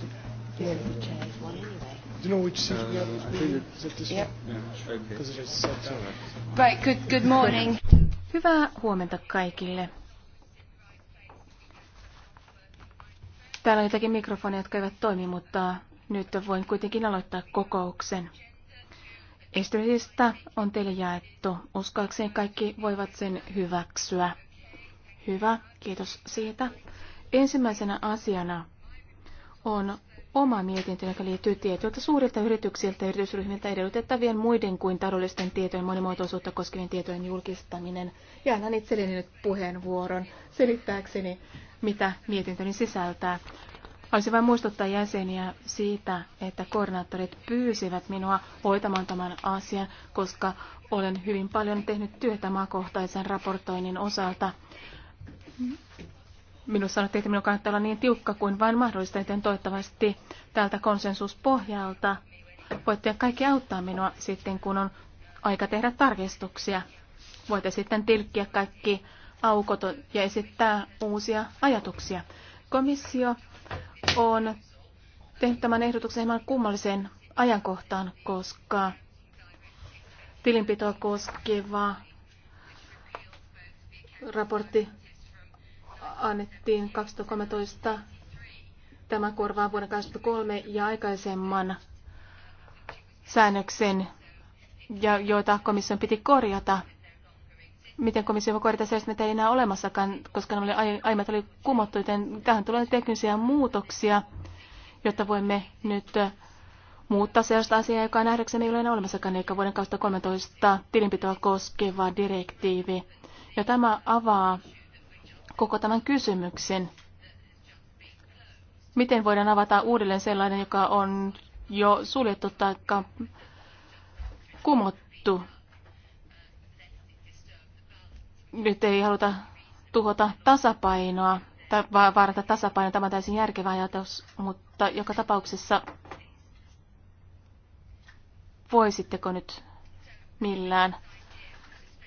Do you know which seat we have? Uh, yeah, Right, good, good morning. Hyvää huomenta kaikille. Täällä on jotakin mikrofoneja, jotka eivät toimi, mutta nyt voin kuitenkin aloittaa kokouksen. Estrisistä on teille jaettu. Uskoakseni kaikki voivat sen hyväksyä. Hyvä, kiitos siitä. Ensimmäisenä asiana on oma mietintö, joka liittyy tietoilta suurilta yrityksiltä ja yritysryhmiltä edellytettävien muiden kuin taloudellisten tietojen monimuotoisuutta koskevien tietojen julkistaminen. Ja annan itselleni nyt puheenvuoron selittääkseni, mitä mietintöni sisältää. Haluaisin vain muistuttaa jäseniä siitä, että koordinaattorit pyysivät minua hoitamaan tämän asian, koska olen hyvin paljon tehnyt työtä maakohtaisen raportoinnin osalta Minulle sanottiin, että minun kannattaa olla niin tiukka kuin vain mahdollista, joten toivottavasti tältä konsensuspohjalta voitte kaikki auttaa minua sitten, kun on aika tehdä tarkistuksia. Voitte sitten tilkkiä kaikki aukot ja esittää uusia ajatuksia. Komissio on tehnyt tämän ehdotuksen hieman kummalliseen ajankohtaan, koska tilinpitoa koskeva raportti annettiin 2013. Tämä korvaa vuonna 2003 ja aikaisemman säännöksen, ja joita komission piti korjata. Miten komissio voi korjata sellaista, mitä ei enää olemassakaan, koska nämä aiemmat oli kumottu, joten tähän tulee teknisiä muutoksia, jotta voimme nyt äh, muuttaa sellaista asiaa, joka nähdäksemme ei ole enää olemassakaan, eli vuoden 2013 tilinpitoa koskeva direktiivi. Ja tämä avaa koko tämän kysymyksen. Miten voidaan avata uudelleen sellainen, joka on jo suljettu tai kumottu? Nyt ei haluta tuhota tasapainoa tai vaarata tasapainoa. Tämä on täysin järkevä ajatus, mutta joka tapauksessa voisitteko nyt millään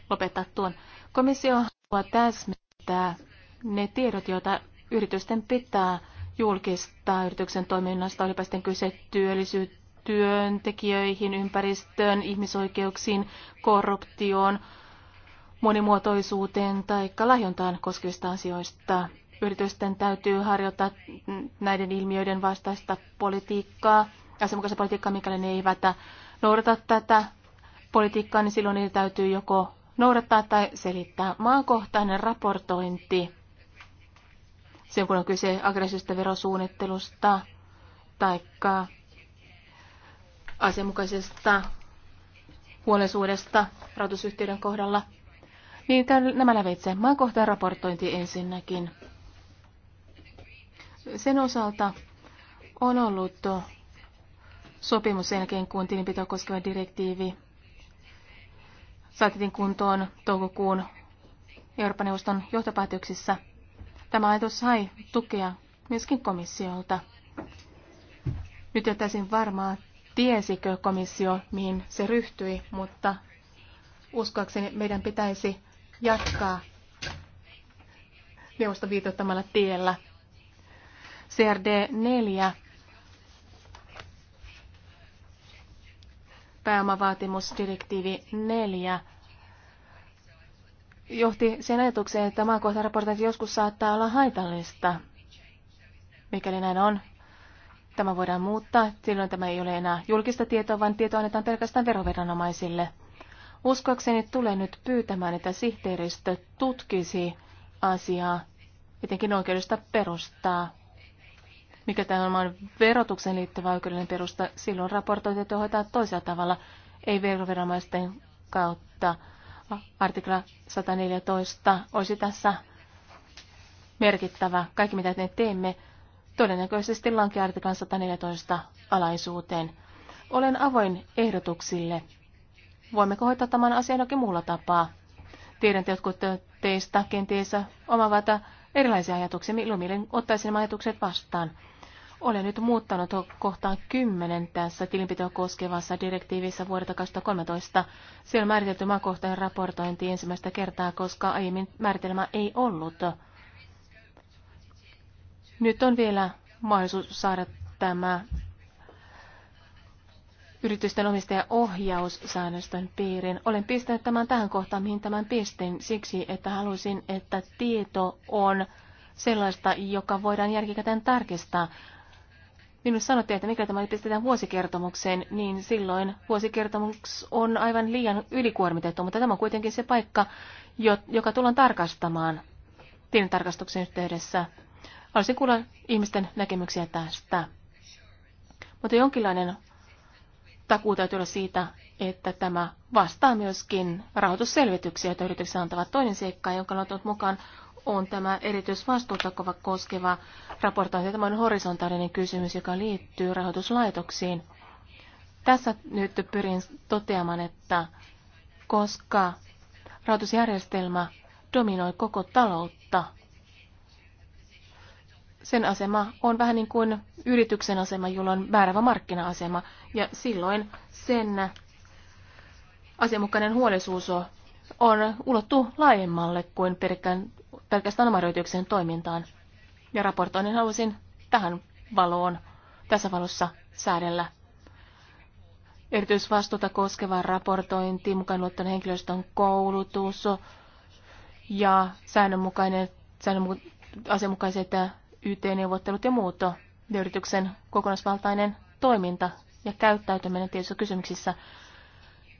lopettaa tuon? Komissio haluaa täsmittää ne tiedot, joita yritysten pitää julkistaa yrityksen toiminnasta, olipa sitten kyse työntekijöihin, ympäristöön, ihmisoikeuksiin, korruptioon, monimuotoisuuteen tai lahjontaan koskevista asioista. Yritysten täytyy harjoittaa näiden ilmiöiden vastaista politiikkaa, asianmukaista politiikkaa, mikäli ne eivät noudata tätä politiikkaa, niin silloin niitä täytyy joko noudattaa tai selittää. Maakohtainen raportointi sen kun on kyse aggressiivisesta verosuunnittelusta tai asianmukaisesta huolisuudesta rahoitusyhtiöiden kohdalla, niin tämän, nämä lävitse maakohtainen raportointi ensinnäkin. Sen osalta on ollut sopimus sen jälkeen, kun tilinpitoa koskeva direktiivi saatettiin kuntoon toukokuun Euroopan neuvoston johtopäätöksissä – Tämä ajatus sai tukea myöskin komissiolta. Nyt jotain varmaa, tiesikö komissio, mihin se ryhtyi, mutta uskoakseni meidän pitäisi jatkaa neuvoston viitottamalla tiellä. CRD 4 pääomavaatimusdirektiivi 4 johti sen ajatukseen, että maakohtainen joskus saattaa olla haitallista. Mikäli näin on, tämä voidaan muuttaa. Silloin tämä ei ole enää julkista tietoa, vaan tieto annetaan pelkästään veroviranomaisille. Uskoakseni tulee nyt pyytämään, että sihteeristö tutkisi asiaa, etenkin oikeudesta perustaa. Mikä tämä on verotuksen liittyvä oikeudellinen perusta, silloin raportointi hoitaa toisella tavalla, ei veroviranomaisten kautta artikla 114 olisi tässä merkittävä. Kaikki mitä ne teemme todennäköisesti lankee artikla 114 alaisuuteen. Olen avoin ehdotuksille. Voimme hoitaa tämän asian jokin muulla tapaa? Tiedän, että jotkut teistä kenties omavat erilaisia ajatuksia. Milloin ottaisin ajatukset vastaan? Olen nyt muuttanut kohtaan 10 tässä tilinpitoa koskevassa direktiivissä vuodelta 2013. Siellä on määritelty maakohtainen raportointi ensimmäistä kertaa, koska aiemmin määritelmä ei ollut. Nyt on vielä mahdollisuus saada tämä yritysten omistajaohjaussäännöstön piirin. Olen pistänyt tämän tähän kohtaan, mihin tämän pistin, siksi että halusin, että tieto on sellaista, joka voidaan järkikäteen tarkistaa. Minulle sanottiin, että mikäli tämä pistetään vuosikertomukseen, niin silloin vuosikertomus on aivan liian ylikuormitettu, mutta tämä on kuitenkin se paikka, joka tullaan tarkastamaan tilintarkastuksen yhteydessä. Haluaisin kuulla ihmisten näkemyksiä tästä. Mutta jonkinlainen takuu täytyy olla siitä, että tämä vastaa myöskin rahoitusselvityksiä, joita yritykset antavat. Toinen seikka, jonka on ottanut mukaan, on tämä erityisvastuutakova koskeva raportointi. Tämä on horisontaalinen kysymys, joka liittyy rahoituslaitoksiin. Tässä nyt pyrin toteamaan, että koska rahoitusjärjestelmä dominoi koko taloutta, sen asema on vähän niin kuin yrityksen asema, jolla on määrävä markkina-asema, ja silloin sen asianmukainen huolisuus on ulottu laajemmalle kuin pelkkään pelkästään omaryhtiökseen toimintaan. Ja raportoinnin halusin tähän valoon, tässä valossa säädellä. Erityisvastuuta koskeva raportointi, mukaan luottanut henkilöstön koulutus ja säännönmukainen, säännönmu- asianmukaiset YT-neuvottelut ja muut yrityksen kokonaisvaltainen toiminta ja käyttäytyminen tietyissä kysymyksissä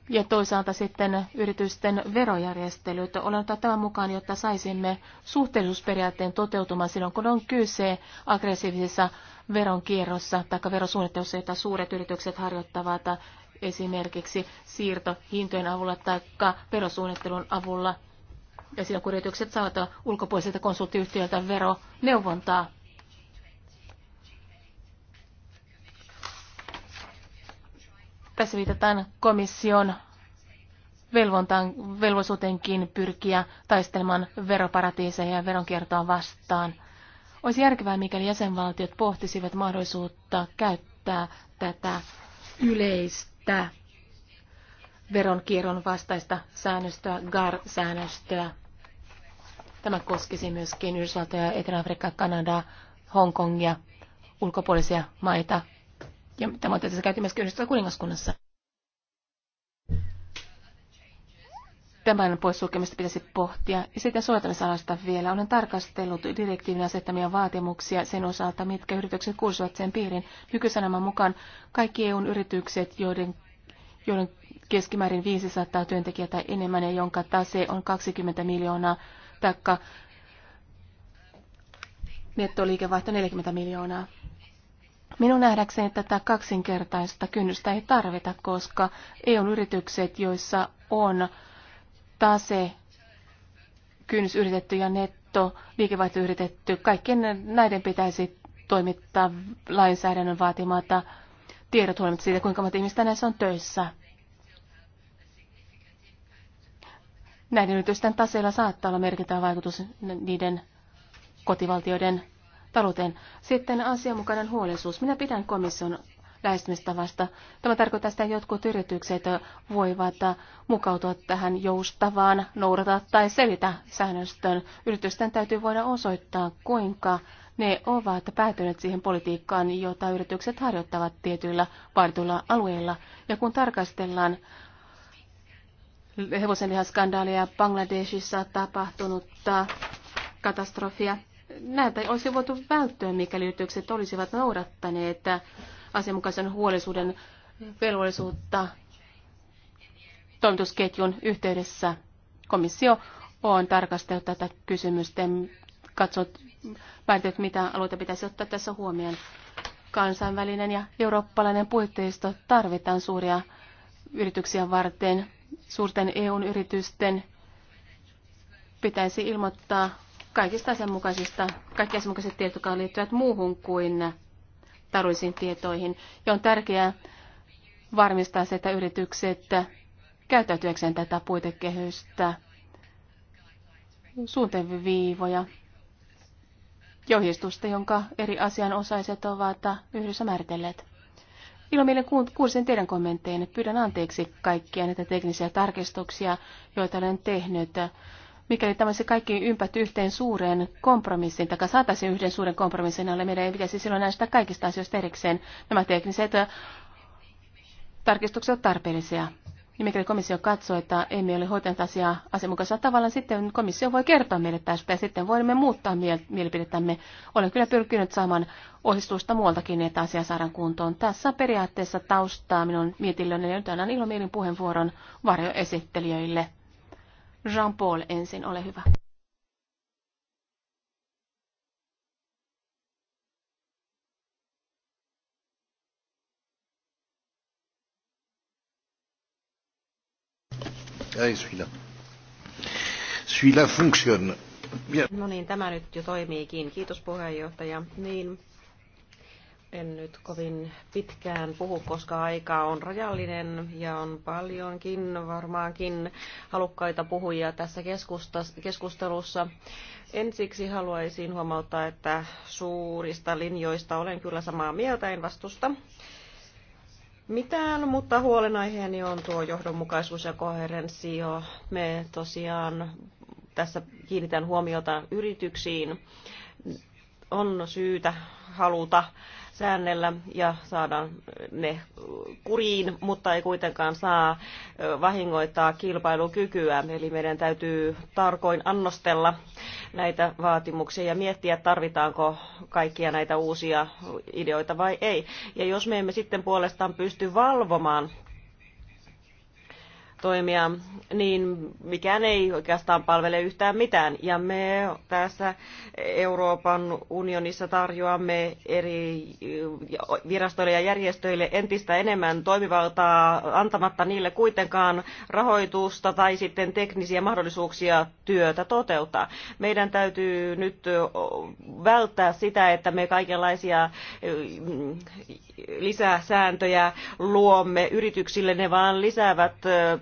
ja toisaalta sitten yritysten verojärjestelyt. Olen ottanut tämän mukaan, jotta saisimme suhteellisuusperiaatteen toteutumaan silloin, kun on kyse aggressiivisessa veronkierrossa tai verosuunnittelussa, jota suuret yritykset harjoittavat esimerkiksi siirtohintojen avulla tai verosuunnittelun avulla. Ja silloin, kun yritykset saavat ulkopuolisilta konsulttiyhtiöiltä veroneuvontaa, Tässä viitataan komission velvontaan, velvollisuuteenkin pyrkiä taistelemaan veroparatiiseja ja veronkiertoa vastaan. Olisi järkevää, mikäli jäsenvaltiot pohtisivat mahdollisuutta käyttää tätä yleistä veronkierron vastaista säännöstöä, GAR-säännöstöä. Tämä koskisi myöskin Yhdysvaltoja, Etelä-Afrikkaa, Kanadaa, Hongkongia, ulkopuolisia maita ja tämä on tietysti käyty myös yhdessä kuningaskunnassa. Tämän poissulkemista pitäisi pohtia. Ja sitten soveltamisalasta vielä olen tarkastellut direktiivin asettamia vaatimuksia sen osalta, mitkä yritykset kuuluvat sen piirin. Nykysanaman mukaan kaikki EUn yritykset, joiden, joiden keskimäärin 500 työntekijää tai enemmän ja jonka tase on 20 miljoonaa, taikka nettoliikevaihto 40 miljoonaa. Minun nähdäkseni tätä kaksinkertaista kynnystä ei tarvita, koska eu yritykset, joissa on tase, kynnys yritetty ja netto, liikevaihto yritetty, kaikkien näiden pitäisi toimittaa lainsäädännön vaatimata tiedot huolimatta siitä, kuinka monta ihmistä näissä on töissä. Näiden yritysten taseilla saattaa olla merkittävä vaikutus niiden kotivaltioiden talouteen. Sitten asianmukainen huolellisuus. Minä pidän komission lähestymistavasta. Tämä tarkoittaa sitä, että jotkut yritykset voivat mukautua tähän joustavaan, noudata tai selitä säännöstön. Yritysten täytyy voida osoittaa, kuinka ne ovat päätyneet siihen politiikkaan, jota yritykset harjoittavat tietyillä vaadituilla alueilla. Ja kun tarkastellaan hevosenlihaskandaalia Bangladesissa tapahtunutta katastrofia, näiltä olisi voitu välttyä, mikäli yritykset olisivat noudattaneet asianmukaisen huolisuuden velvollisuutta toimitusketjun yhteydessä. Komissio on tarkastellut tätä kysymystä ja katsonut, päätet, mitä alueita pitäisi ottaa tässä huomioon. Kansainvälinen ja eurooppalainen puitteisto tarvitaan suuria yrityksiä varten. Suurten EUn yritysten pitäisi ilmoittaa kaikista asianmukaisista, kaikki asianmukaiset tiedot, jotka liittyvät muuhun kuin taruisiin tietoihin. Ja on tärkeää varmistaa se, että yritykset käyttäytyäkseen tätä puitekehystä suunteviivoja, johistusta, jonka eri asianosaiset ovat yhdessä määritelleet. Ilomielen kuulisin teidän kommentteenne. Pyydän anteeksi kaikkia näitä teknisiä tarkistuksia, joita olen tehnyt mikäli tämä se kaikki ympät yhteen suureen kompromissiin, tai saataisiin yhden suuren kompromissin alle, meidän ei pitäisi silloin näistä kaikista asioista erikseen. Nämä tekniset tarkistukset ovat tarpeellisia. Ja mikäli komissio katsoo, että emme ole hoitanut asiaa asianmukaisella tavalla, sitten komissio voi kertoa meille tästä ja sitten voimme muuttaa mielipidettämme. Olen kyllä pyrkinyt saamaan ohjeistusta muualtakin, että asia saadaan kuntoon. Tässä periaatteessa taustaa minun mietinnölle ja nyt annan ilomielin puheenvuoron varjoesittelijöille. Jean-Paul ensin, ole hyvä. No niin, tämä nyt jo toimiikin. Kiitos puheenjohtaja. Niin, en nyt kovin pitkään puhu, koska aika on rajallinen ja on paljonkin varmaankin halukkaita puhujia tässä keskustelussa. Ensiksi haluaisin huomauttaa, että suurista linjoista olen kyllä samaa mieltä, en vastusta mitään, mutta huolenaiheeni on tuo johdonmukaisuus ja koherenssi. Jo. Me tosiaan tässä kiinnitän huomiota yrityksiin. On syytä haluta säännellä ja saada ne kuriin, mutta ei kuitenkaan saa vahingoittaa kilpailukykyä. Eli meidän täytyy tarkoin annostella näitä vaatimuksia ja miettiä, tarvitaanko kaikkia näitä uusia ideoita vai ei. Ja jos me emme sitten puolestaan pysty valvomaan toimia, niin mikään ei oikeastaan palvele yhtään mitään. Ja me tässä Euroopan unionissa tarjoamme eri virastoille ja järjestöille entistä enemmän toimivaltaa antamatta niille kuitenkaan rahoitusta tai sitten teknisiä mahdollisuuksia työtä toteuttaa. Meidän täytyy nyt välttää sitä, että me kaikenlaisia mm, lisäsääntöjä luomme yrityksille, ne vaan lisäävät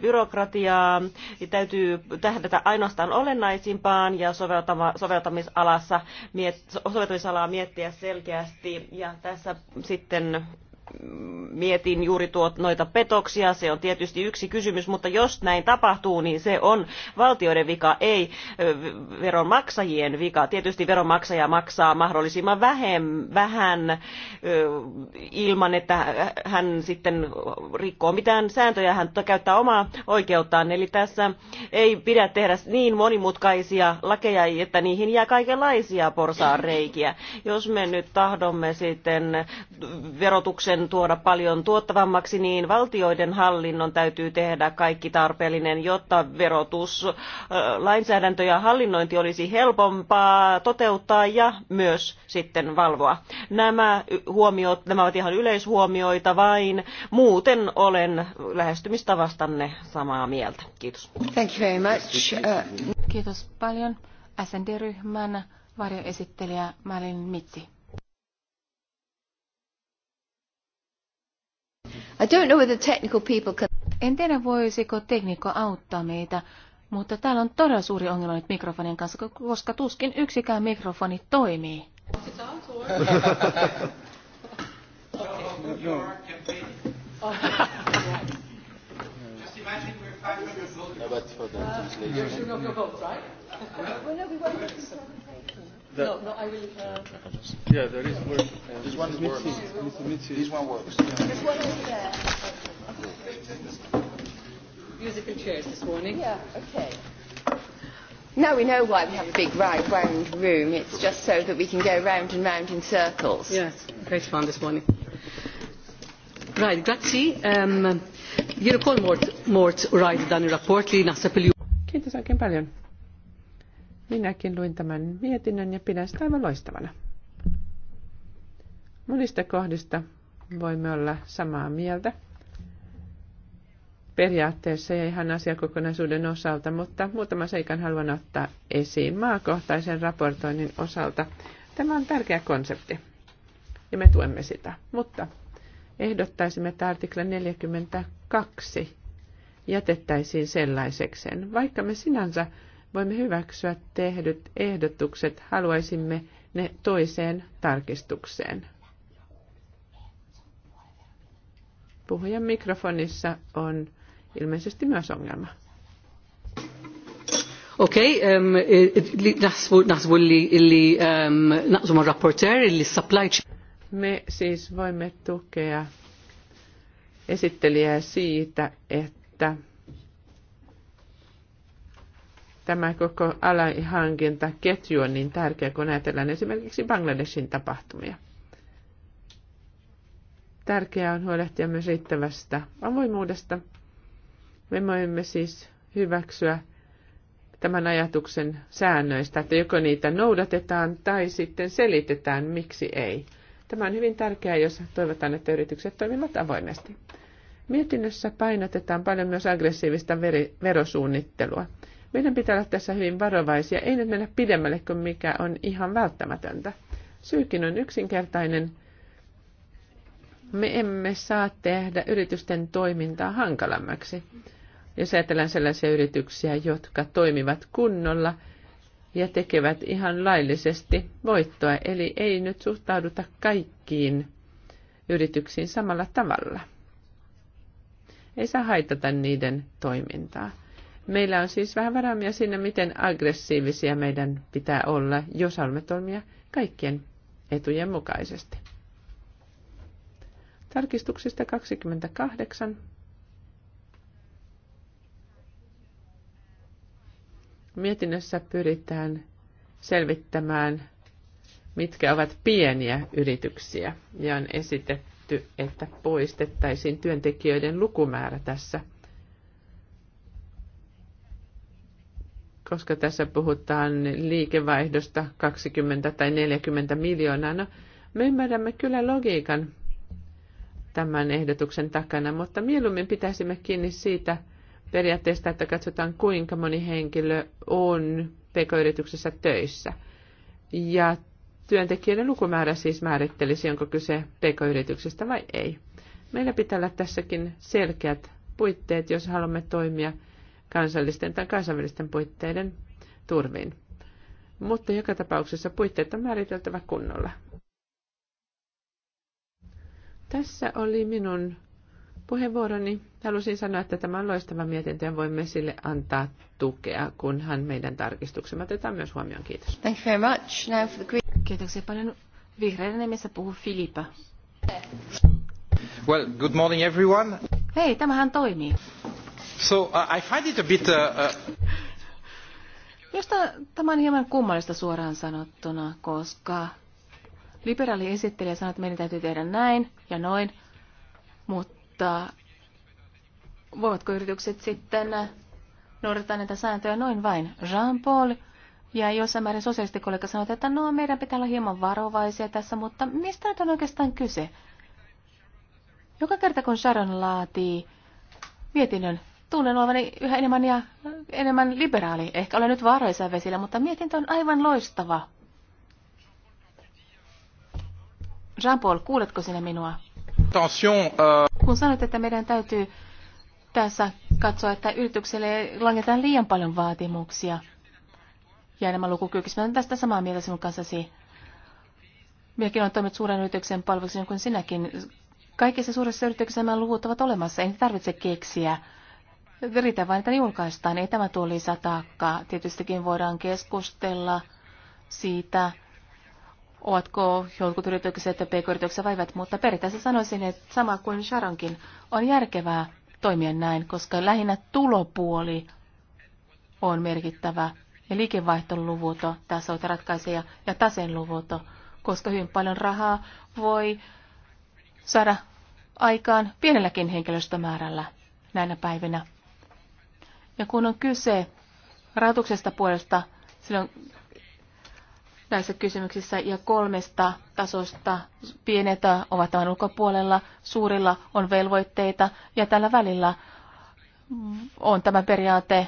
byrokratiaa. Täytyy tähdätä ainoastaan olennaisimpaan ja soveltamisalassa, soveltamisalaa miettiä selkeästi. Ja tässä sitten mietin juuri tuot, noita petoksia, se on tietysti yksi kysymys, mutta jos näin tapahtuu, niin se on valtioiden vika, ei veronmaksajien vika. Tietysti veronmaksaja maksaa mahdollisimman vähem, vähän ilman, että hän sitten rikkoo mitään sääntöjä, hän käyttää omaa oikeuttaan. Eli tässä ei pidä tehdä niin monimutkaisia lakeja, että niihin jää kaikenlaisia porsaan reikiä. Jos me nyt tahdomme sitten verotuksen tuoda paljon tuottavammaksi, niin valtioiden hallinnon täytyy tehdä kaikki tarpeellinen, jotta verotus, lainsäädäntö ja hallinnointi olisi helpompaa toteuttaa ja myös sitten valvoa. Nämä huomiot, nämä ovat ihan yleishuomioita vain. Muuten olen lähestymistavastanne samaa mieltä. Kiitos. Thank you very much. Kiitos paljon. SND-ryhmän varjoesittelijä Malin Mitsi. I don't know whether technical people can... En tiedä, voisiko tekniikko auttaa meitä, mutta täällä on todella suuri ongelma nyt mikrofonin kanssa, koska tuskin yksikään mikrofoni toimii. No, but for the translation. You should not vote, right? Well, no, we want The no, no, I will. Uh, yeah, there is work. this one works. This one works. This one is there. Uh, musical chairs this morning. Yeah, okay. Now we know why we have a big right round room. It's just so that we can go round and round in circles. Yes, great fun this morning. Right, grazie. Um, Jero Kolmort, Mort, right, dan rapport li naħseb li... Kiitos oikein paljon Minäkin luin tämän mietinnön ja pidän sitä aivan loistavana. Monista kohdista voimme olla samaa mieltä. Periaatteessa ja ihan asiakokonaisuuden osalta, mutta muutama seikan haluan ottaa esiin maakohtaisen raportoinnin osalta. Tämä on tärkeä konsepti ja me tuemme sitä, mutta ehdottaisimme, että artikla 42 jätettäisiin sellaisekseen, vaikka me sinänsä voimme hyväksyä tehdyt ehdotukset, haluaisimme ne toiseen tarkistukseen. Puhujan mikrofonissa on ilmeisesti myös ongelma. Okei, okay, um, Me siis voimme tukea esittelijää siitä, että tämä koko alahankintaketju on niin tärkeä, kun ajatellaan esimerkiksi Bangladeshin tapahtumia. Tärkeää on huolehtia myös riittävästä avoimuudesta. Me voimme siis hyväksyä tämän ajatuksen säännöistä, että joko niitä noudatetaan tai sitten selitetään, miksi ei. Tämä on hyvin tärkeää, jos toivotaan, että yritykset toimivat avoimesti. Mietinnössä painotetaan paljon myös aggressiivista verosuunnittelua. Meidän pitää olla tässä hyvin varovaisia, ei nyt mennä pidemmälle kuin mikä on ihan välttämätöntä. Syykin on yksinkertainen. Me emme saa tehdä yritysten toimintaa hankalammaksi. Jos ajatellaan sellaisia yrityksiä, jotka toimivat kunnolla ja tekevät ihan laillisesti voittoa, eli ei nyt suhtauduta kaikkiin yrityksiin samalla tavalla. Ei saa haitata niiden toimintaa Meillä on siis vähän varamia siinä, miten aggressiivisia meidän pitää olla, jos haluamme toimia kaikkien etujen mukaisesti. Tarkistuksista 28. Mietinnössä pyritään selvittämään, mitkä ovat pieniä yrityksiä, ja on esitetty, että poistettaisiin työntekijöiden lukumäärä tässä – koska tässä puhutaan liikevaihdosta 20 tai 40 miljoonaa. No, me ymmärrämme kyllä logiikan tämän ehdotuksen takana, mutta mieluummin pitäisimme kiinni siitä periaatteesta, että katsotaan kuinka moni henkilö on pk-yrityksessä töissä. Ja työntekijöiden lukumäärä siis määrittelisi, onko kyse pk-yrityksestä vai ei. Meillä pitää olla tässäkin selkeät puitteet, jos haluamme toimia – kansallisten tai kansainvälisten puitteiden turvin. Mutta joka tapauksessa puitteet on määriteltävä kunnolla. Tässä oli minun puheenvuoroni. Halusin sanoa, että tämä on loistava mietintö ja voimme sille antaa tukea, kunhan meidän tarkistuksemme otetaan myös huomioon. Kiitos. Thank you very much. Now for the... Kiitoksia paljon. Vihreiden nimessä puhuu Filippa. Well, good morning everyone. Hei, tämähän toimii. So, uh, I find it a bit, uh, uh... Josta tämä on hieman kummallista suoraan sanottuna, koska liberaali esittelijä sanoi, että meidän täytyy tehdä näin ja noin, mutta voivatko yritykset sitten noudattaa näitä sääntöjä noin vain? Jean-Paul ja jossain määrin kollega sanoi, että no meidän pitää olla hieman varovaisia tässä, mutta mistä nyt on oikeastaan kyse? Joka kerta kun Sharon laatii mietinnön tunnen olevani yhä enemmän ja enemmän liberaali. Ehkä olen nyt vaaroisella vesillä, mutta mietintö on aivan loistava. Jean-Paul, kuuletko sinä minua? Tension, uh... Kun sanot, että meidän täytyy tässä katsoa, että yritykselle langetaan liian paljon vaatimuksia ja enemmän lukukykyistä. Olen tästä samaa mieltä sinun kanssasi. Minäkin olen toiminut suuren yrityksen palveluksi niin kuin sinäkin. Kaikissa suurissa yrityksissä nämä luvut ovat olemassa. Ei tarvitse keksiä Riitä vain, että julkaistaan. Ei tämä tuo lisätaakkaa. Tietystikin voidaan keskustella siitä, ovatko jotkut yritykset ja pk-yritykset vaivat, mutta periaatteessa sanoisin, että sama kuin Sharonkin, on järkevää toimia näin, koska lähinnä tulopuoli on merkittävä ja liikevaihtoluvut luvuto tässä on ratkaisija ja tasen luvuto, koska hyvin paljon rahaa voi saada aikaan pienelläkin henkilöstömäärällä näinä päivinä. Ja kun on kyse rahoituksesta puolesta, silloin näissä kysymyksissä ja kolmesta tasosta. Pienet ovat tämän ulkopuolella, suurilla on velvoitteita ja tällä välillä on tämä periaate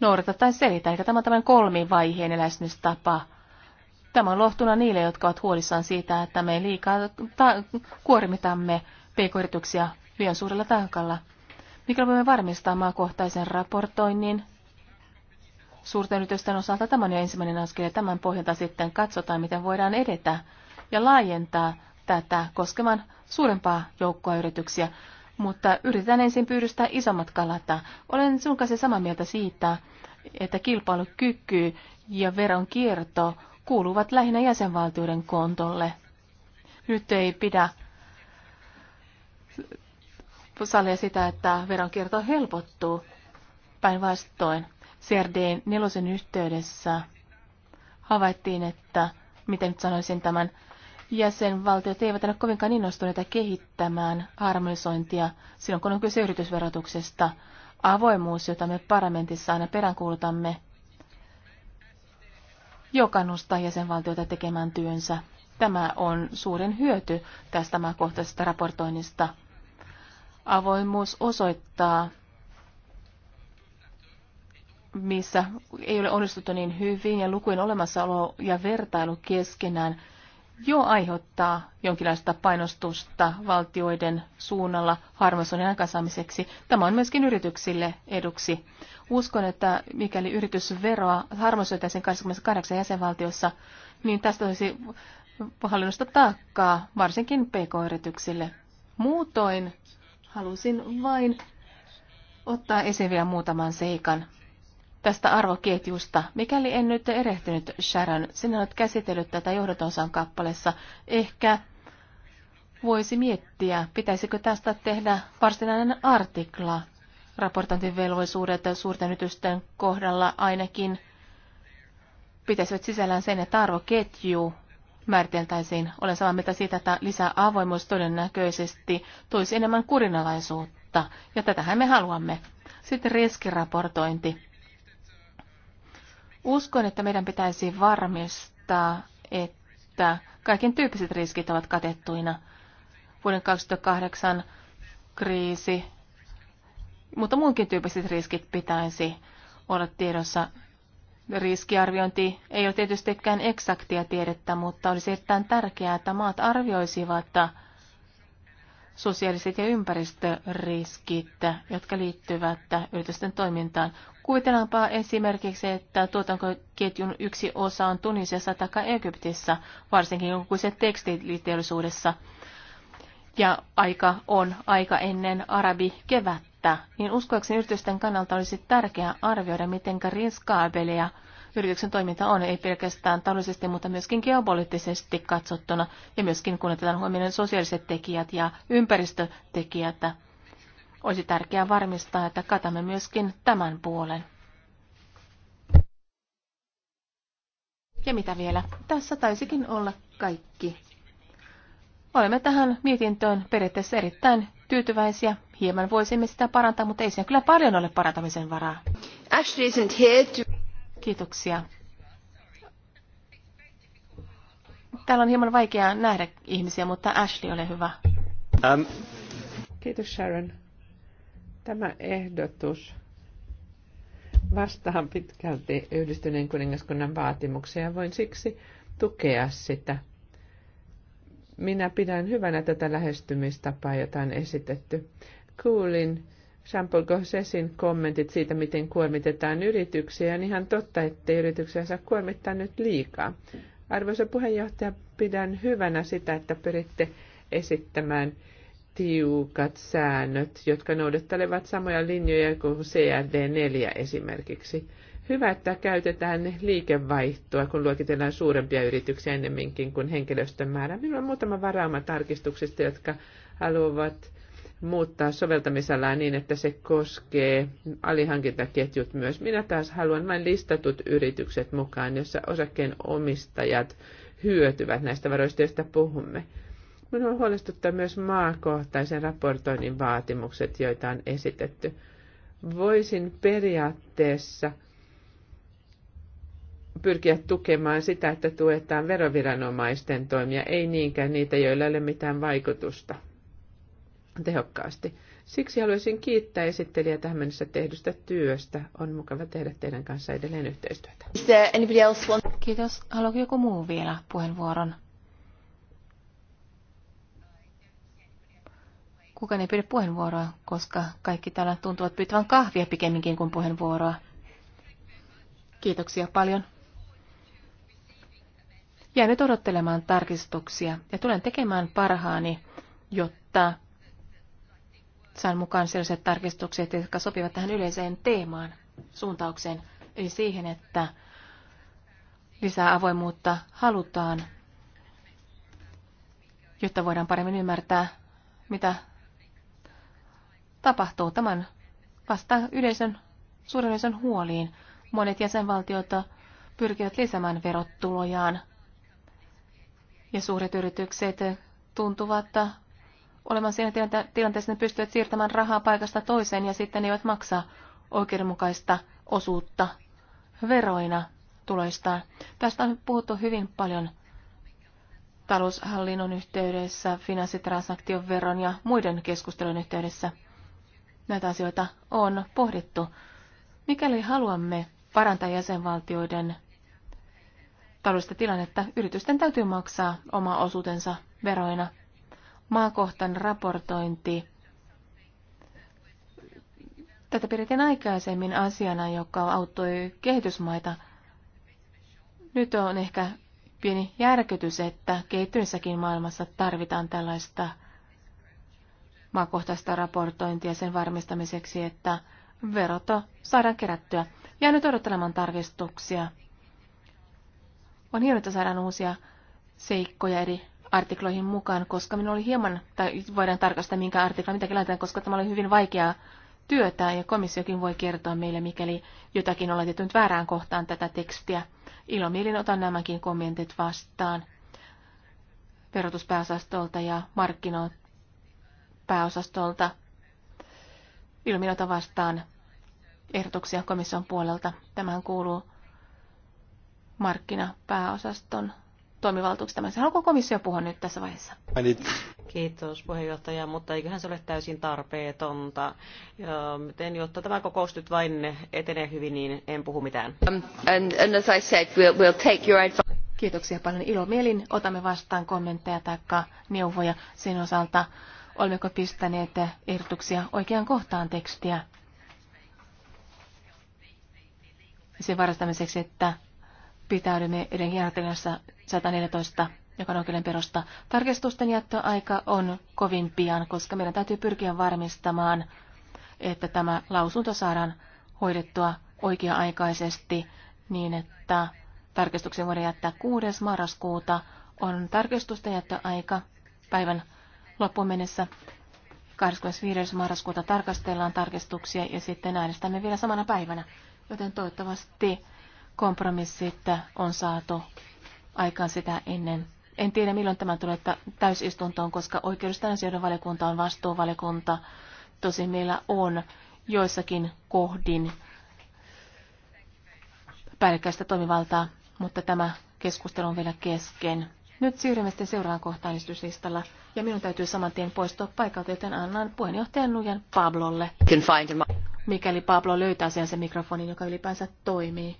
noudata tai selitä. Eli tämä on tämän vaiheen eläisnystapa. Tämä on lohtuna niille, jotka ovat huolissaan siitä, että me liikaa ta- kuormitamme pk-yrityksiä liian suurella taakalla. Mikä voimme varmistaa maakohtaisen raportoinnin suurten yritysten osalta? Tämä on jo ensimmäinen askel ja tämän pohjalta sitten katsotaan, miten voidaan edetä ja laajentaa tätä koskemaan suurempaa joukkoa yrityksiä. Mutta yritetään ensin pyydystää isommat kalata. Olen sinun kanssa samaa mieltä siitä, että kilpailukyky ja veronkierto kuuluvat lähinnä jäsenvaltioiden kontolle. Nyt ei pidä sallia sitä, että veronkierto helpottuu päinvastoin. CRD nelosen yhteydessä havaittiin, että, miten nyt sanoisin tämän, jäsenvaltiot eivät ole kovinkaan innostuneita kehittämään harmonisointia silloin, kun on kyse yritysverotuksesta. Avoimuus, jota me parlamentissa aina peräänkuulutamme, jo kannustaa jäsenvaltioita tekemään työnsä. Tämä on suurin hyöty tästä maakohtaisesta raportoinnista. Avoimuus osoittaa, missä ei ole onnistuttu niin hyvin ja lukujen olemassaolo ja vertailu keskenään jo aiheuttaa jonkinlaista painostusta valtioiden suunnalla harmonisoinnin aikaansaamiseksi. Tämä on myöskin yrityksille eduksi. Uskon, että mikäli yritysveroa harmonisoitaisiin 28 jäsenvaltiossa, niin tästä olisi hallinnosta taakkaa, varsinkin pk-yrityksille. Muutoin Halusin vain ottaa esiin vielä muutaman seikan tästä arvoketjusta. Mikäli en nyt erehtynyt, Sharon, sinä olet käsitellyt tätä johdotonsaan kappaleessa. Ehkä voisi miettiä, pitäisikö tästä tehdä varsinainen artikla. Raportointivelvollisuudet suurten yritysten kohdalla ainakin pitäisivät sisällään sen, että arvoketju määriteltäisiin. Olen samaa mieltä siitä, että lisää avoimuus todennäköisesti toisi enemmän kurinalaisuutta, ja tätähän me haluamme. Sitten riskiraportointi. Uskon, että meidän pitäisi varmistaa, että kaiken tyyppiset riskit ovat katettuina. Vuoden 2008 kriisi, mutta muunkin tyyppiset riskit pitäisi olla tiedossa riskiarviointi ei ole tietystikään eksaktia tiedettä, mutta olisi erittäin tärkeää, että maat arvioisivat sosiaaliset ja ympäristöriskit, jotka liittyvät yritysten toimintaan. Kuvitellaanpa esimerkiksi, että tuotantoketjun yksi osa on Tunisessa tai Egyptissä, varsinkin kun se tekstiiliteollisuudessa. Ja aika on aika ennen arabikevättä tästä, niin uskoakseni yritysten kannalta olisi tärkeää arvioida, miten riskaabelia yrityksen toiminta on, ei pelkästään taloudellisesti, mutta myöskin geopoliittisesti katsottuna, ja myöskin kun otetaan huomioon sosiaaliset tekijät ja ympäristötekijät. Olisi tärkeää varmistaa, että katamme myöskin tämän puolen. Ja mitä vielä? Tässä taisikin olla kaikki. Olemme tähän mietintöön periaatteessa erittäin tyytyväisiä hieman voisimme sitä parantaa, mutta ei siinä kyllä paljon ole parantamisen varaa. Ashley isn't here to... Kiitoksia. Täällä on hieman vaikea nähdä ihmisiä, mutta Ashley, ole hyvä. Um. Kiitos Sharon. Tämä ehdotus vastaa pitkälti yhdistyneen kuningaskunnan vaatimuksia ja voin siksi tukea sitä. Minä pidän hyvänä tätä lähestymistapaa, jota on esitetty kuulin jean Gossesin kommentit siitä, miten kuormitetaan yrityksiä. On ihan totta, että yrityksiä saa kuormittaa nyt liikaa. Arvoisa puheenjohtaja, pidän hyvänä sitä, että pyritte esittämään tiukat säännöt, jotka noudattelevat samoja linjoja kuin CRD4 esimerkiksi. Hyvä, että käytetään liikevaihtoa, kun luokitellaan suurempia yrityksiä ennemminkin kuin henkilöstön määrä. Minulla on muutama varauma tarkistuksista, jotka haluavat muuttaa soveltamisalaa niin, että se koskee alihankintaketjut myös. Minä taas haluan vain listatut yritykset mukaan, jossa osakkeen omistajat hyötyvät näistä varoista, joista puhumme. Minua huolestuttaa myös maakohtaisen raportoinnin vaatimukset, joita on esitetty. Voisin periaatteessa pyrkiä tukemaan sitä, että tuetaan veroviranomaisten toimia, ei niinkään niitä, joilla ei ole mitään vaikutusta tehokkaasti. Siksi haluaisin kiittää esittelijä tähän mennessä tehdystä työstä. On mukava tehdä teidän kanssa edelleen yhteistyötä. Kiitos. Haluaako joku muu vielä puheenvuoron? Kukaan ei pidä puheenvuoroa, koska kaikki täällä tuntuvat pyytävän kahvia pikemminkin kuin puheenvuoroa. Kiitoksia paljon. Jään nyt odottelemaan tarkistuksia ja tulen tekemään parhaani, jotta sain mukaan sellaiset tarkistukset, jotka sopivat tähän yleiseen teemaan, suuntaukseen, eli siihen, että lisää avoimuutta halutaan, jotta voidaan paremmin ymmärtää, mitä tapahtuu tämän vasta yleisön, suuren yleisön huoliin. Monet jäsenvaltiot pyrkivät lisäämään verotulojaan ja suuret yritykset tuntuvat olemaan siinä tilanteessa, että ne pystyvät siirtämään rahaa paikasta toiseen ja sitten ne eivät maksaa oikeudenmukaista osuutta veroina tuloistaan. Tästä on puhuttu hyvin paljon taloushallinnon yhteydessä, finanssitransaktion veron ja muiden keskustelun yhteydessä. Näitä asioita on pohdittu. Mikäli haluamme parantaa jäsenvaltioiden taloudellista tilannetta, yritysten täytyy maksaa oma osuutensa veroina maakohtan raportointi. Tätä pidettiin aikaisemmin asiana, joka auttoi kehitysmaita. Nyt on ehkä pieni järkytys, että kehittyneessäkin maailmassa tarvitaan tällaista maakohtaista raportointia sen varmistamiseksi, että verot saadaan kerättyä. ja nyt odottelemaan tarkistuksia. On hienoa, että saadaan uusia seikkoja eri artikloihin mukaan, koska minulla oli hieman, tai voidaan tarkastaa minkä artikla mitä laitetaan, koska tämä oli hyvin vaikeaa työtä ja komissiokin voi kertoa meille, mikäli jotakin on laitettu nyt väärään kohtaan tätä tekstiä. Ilomielin otan nämäkin kommentit vastaan verotuspääosastolta ja markkinapääosastolta. Ilomielin otan vastaan ehdotuksia komission puolelta. Tämähän kuuluu markkinapääosaston toimivaltuuksia. Mä haluan komissio puhua nyt tässä vaiheessa? Kiitos puheenjohtaja, mutta eiköhän se ole täysin tarpeetonta. Ja miten, jotta tämä kokous nyt vain etenee hyvin, niin en puhu mitään. Um, Kiitoksia paljon ilo, mielin. Otamme vastaan kommentteja tai neuvoja sen osalta, olemmeko pistäneet ehdotuksia oikeaan kohtaan tekstiä sen varastamiseksi, että pitäydymme edelleen järjestelmässä 114, joka on oikeuden perusta. Tarkistusten jättöaika on kovin pian, koska meidän täytyy pyrkiä varmistamaan, että tämä lausunto saadaan hoidettua oikea-aikaisesti niin, että tarkistuksen voidaan jättää 6. marraskuuta on tarkistusten jättöaika päivän loppuun mennessä. 25. marraskuuta tarkastellaan tarkistuksia ja sitten äänestämme vielä samana päivänä, joten toivottavasti kompromissit on saatu aikaan sitä ennen. En tiedä, milloin tämä tulee täysistuntoon, koska oikeudestaan asioiden valiokunta on vastuuvaliokunta. Tosin meillä on joissakin kohdin päällekkäistä toimivaltaa, mutta tämä keskustelu on vielä kesken. Nyt siirrymme sitten seuraavaan kohtaan istuslistalla, ja minun täytyy saman tien poistua paikalta, joten annan puheenjohtajan Nujan Pablolle. Mikäli Pablo löytää sen mikrofonin, joka ylipäänsä toimii.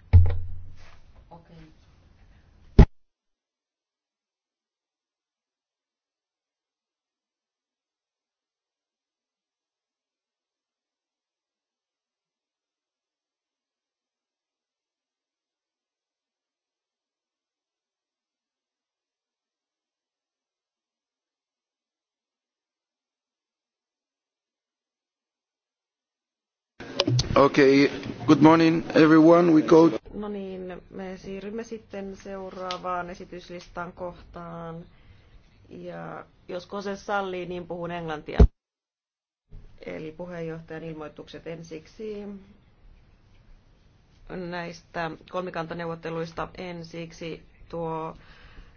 Okay. Good morning, everyone. We go... No niin, me siirrymme sitten seuraavaan esityslistan kohtaan. Ja jos se sallii, niin puhun englantia. Eli puheenjohtajan ilmoitukset ensiksi näistä kolmikantaneuvotteluista ensiksi tuo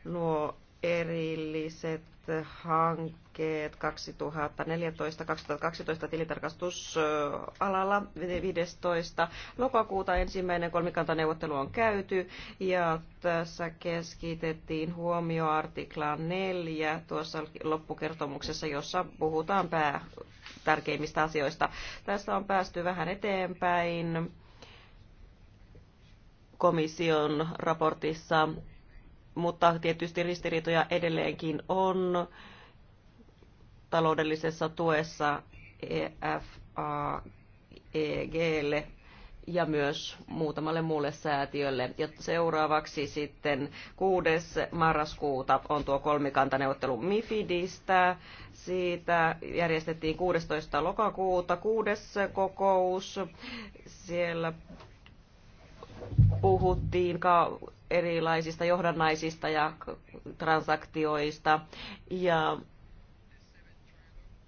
nuo erilliset hankkeet 2014-2012 tilintarkastusalalla 15. lokakuuta ensimmäinen kolmikantaneuvottelu on käyty ja tässä keskitettiin huomio artiklaan 4 tuossa loppukertomuksessa, jossa puhutaan pää tärkeimmistä asioista. Tässä on päästy vähän eteenpäin komission raportissa mutta tietysti ristiriitoja edelleenkin on taloudellisessa tuessa EFAEGlle ja myös muutamalle muulle säätiölle. Ja seuraavaksi sitten 6. marraskuuta on tuo kolmikantaneuvottelu MIFIDistä. Siitä järjestettiin 16. lokakuuta kuudes kokous. Siellä puhuttiin ka- erilaisista johdannaisista ja transaktioista. Ja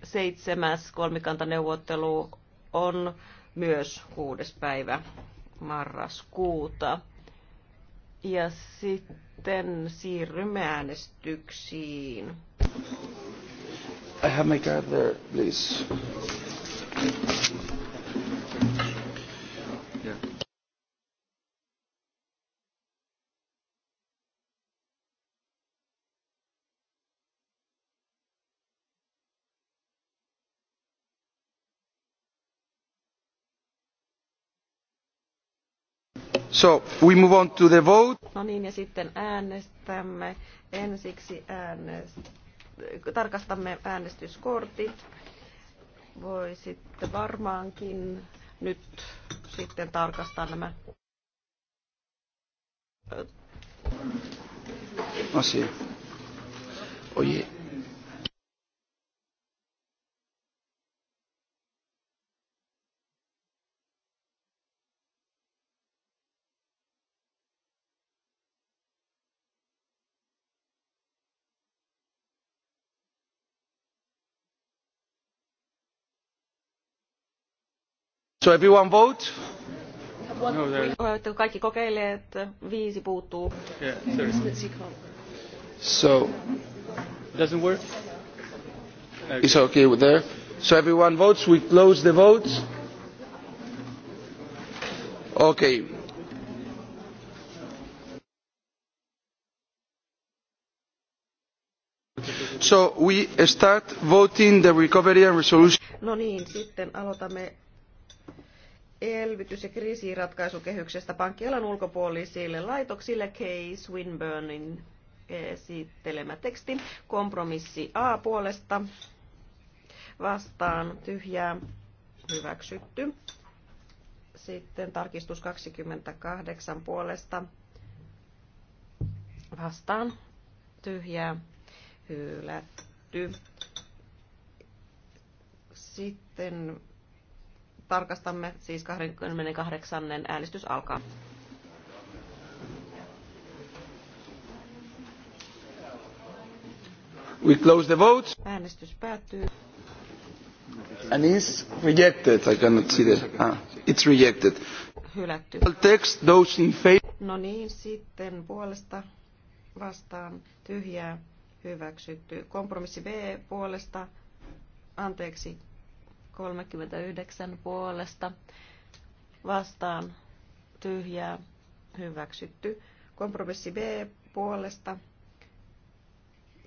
seitsemäs kolmikantaneuvottelu on myös kuudes päivä marraskuuta. Ja sitten siirrymme äänestyksiin. I have my card there, please. No niin, ja sitten äänestämme. Ensiksi äänest... tarkastamme äänestyskortit. Voisitte varmaankin nyt sitten tarkastaa nämä. Asia. Ah, So everyone vote? Oletteko kaikki kokeilleet? Viisi puuttuu. Yeah, so, doesn't work? Okay. It's okay with there. So everyone votes, we close the vote. Okay. So we start voting the recovery and resolution. No niin, sitten aloitamme elvytys- ja kriisiratkaisukehyksestä pankkialan ulkopuolisille laitoksille Kay Swinburnin esittelemä teksti. Kompromissi A puolesta vastaan tyhjää hyväksytty. Sitten tarkistus 28 puolesta vastaan tyhjää hylätty. Sitten tarkastamme, siis 28. äänestys alkaa. We close the vote. Äänestys päättyy. And is rejected. I cannot see the... Ah, it's rejected. Hylätty. Text, those in favor. No niin, sitten puolesta vastaan tyhjää hyväksytty. Kompromissi B puolesta, anteeksi, 39 puolesta vastaan tyhjää hyväksytty. Kompromissi B puolesta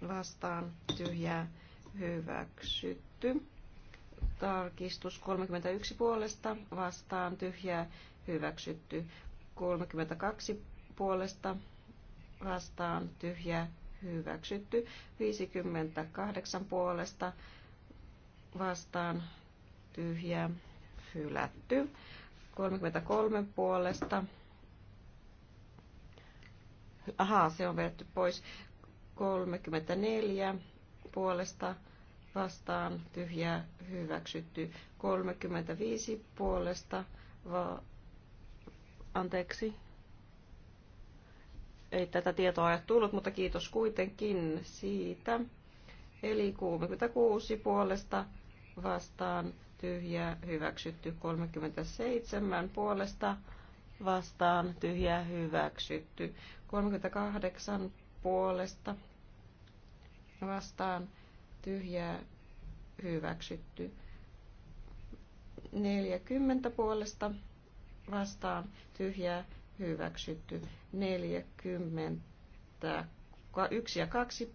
vastaan tyhjää hyväksytty. Tarkistus 31 puolesta vastaan tyhjää hyväksytty. 32 puolesta vastaan tyhjää hyväksytty. 58 puolesta vastaan tyhjää hylätty. 33 puolesta. Ahaa, se on vedetty pois. 34 puolesta vastaan tyhjää hyväksytty. 35 puolesta va- anteeksi. Ei tätä tietoa ole tullut, mutta kiitos kuitenkin siitä. Eli 66 puolesta vastaan tyhjää hyväksytty 37 puolesta vastaan tyhjää hyväksytty 38 puolesta vastaan tyhjää hyväksytty 40 puolesta vastaan tyhjää hyväksytty 40 1 ja 2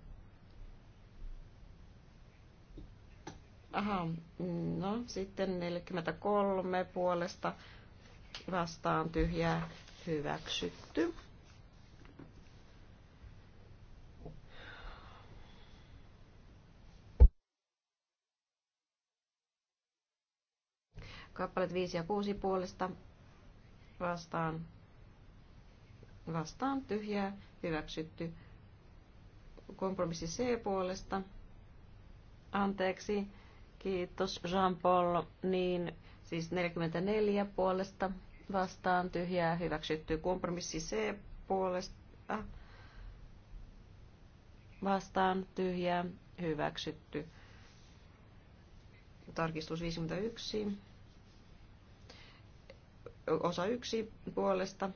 Aha, no sitten 43 puolesta vastaan tyhjää hyväksytty. Kappalet 5 ja 6 puolesta vastaan, vastaan tyhjää hyväksytty. Kompromissi C puolesta. Anteeksi, Kiitos Jean-Paul. Niin, siis 44 puolesta vastaan tyhjää hyväksytty. Kompromissi C puolesta vastaan tyhjää hyväksytty. Tarkistus 51. Osa 1 puolesta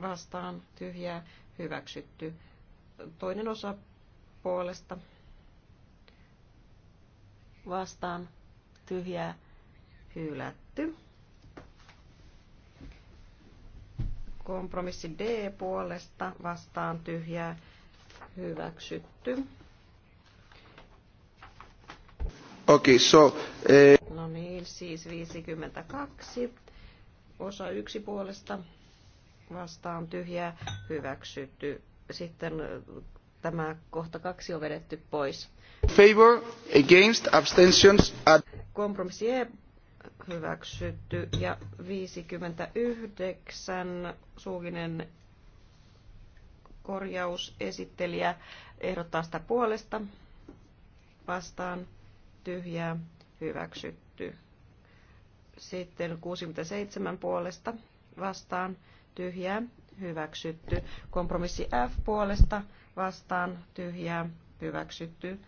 vastaan tyhjää hyväksytty. Toinen osa puolesta vastaan tyhjää hylätty. Kompromissi D puolesta vastaan tyhjää hyväksytty. Okei, okay, so... Eh... No niin, siis 52. Osa yksi puolesta vastaan tyhjää hyväksytty. Sitten tämä kohta kaksi on vedetty pois. Favor, against, abstentions. Ad- Kompromissi E hyväksytty ja 59 suullinen korjausesittelijä ehdottaa sitä puolesta vastaan tyhjää hyväksytty. Sitten 67 puolesta vastaan tyhjää hyväksytty. Kompromissi F puolesta vastaan tyhjää hyväksytty.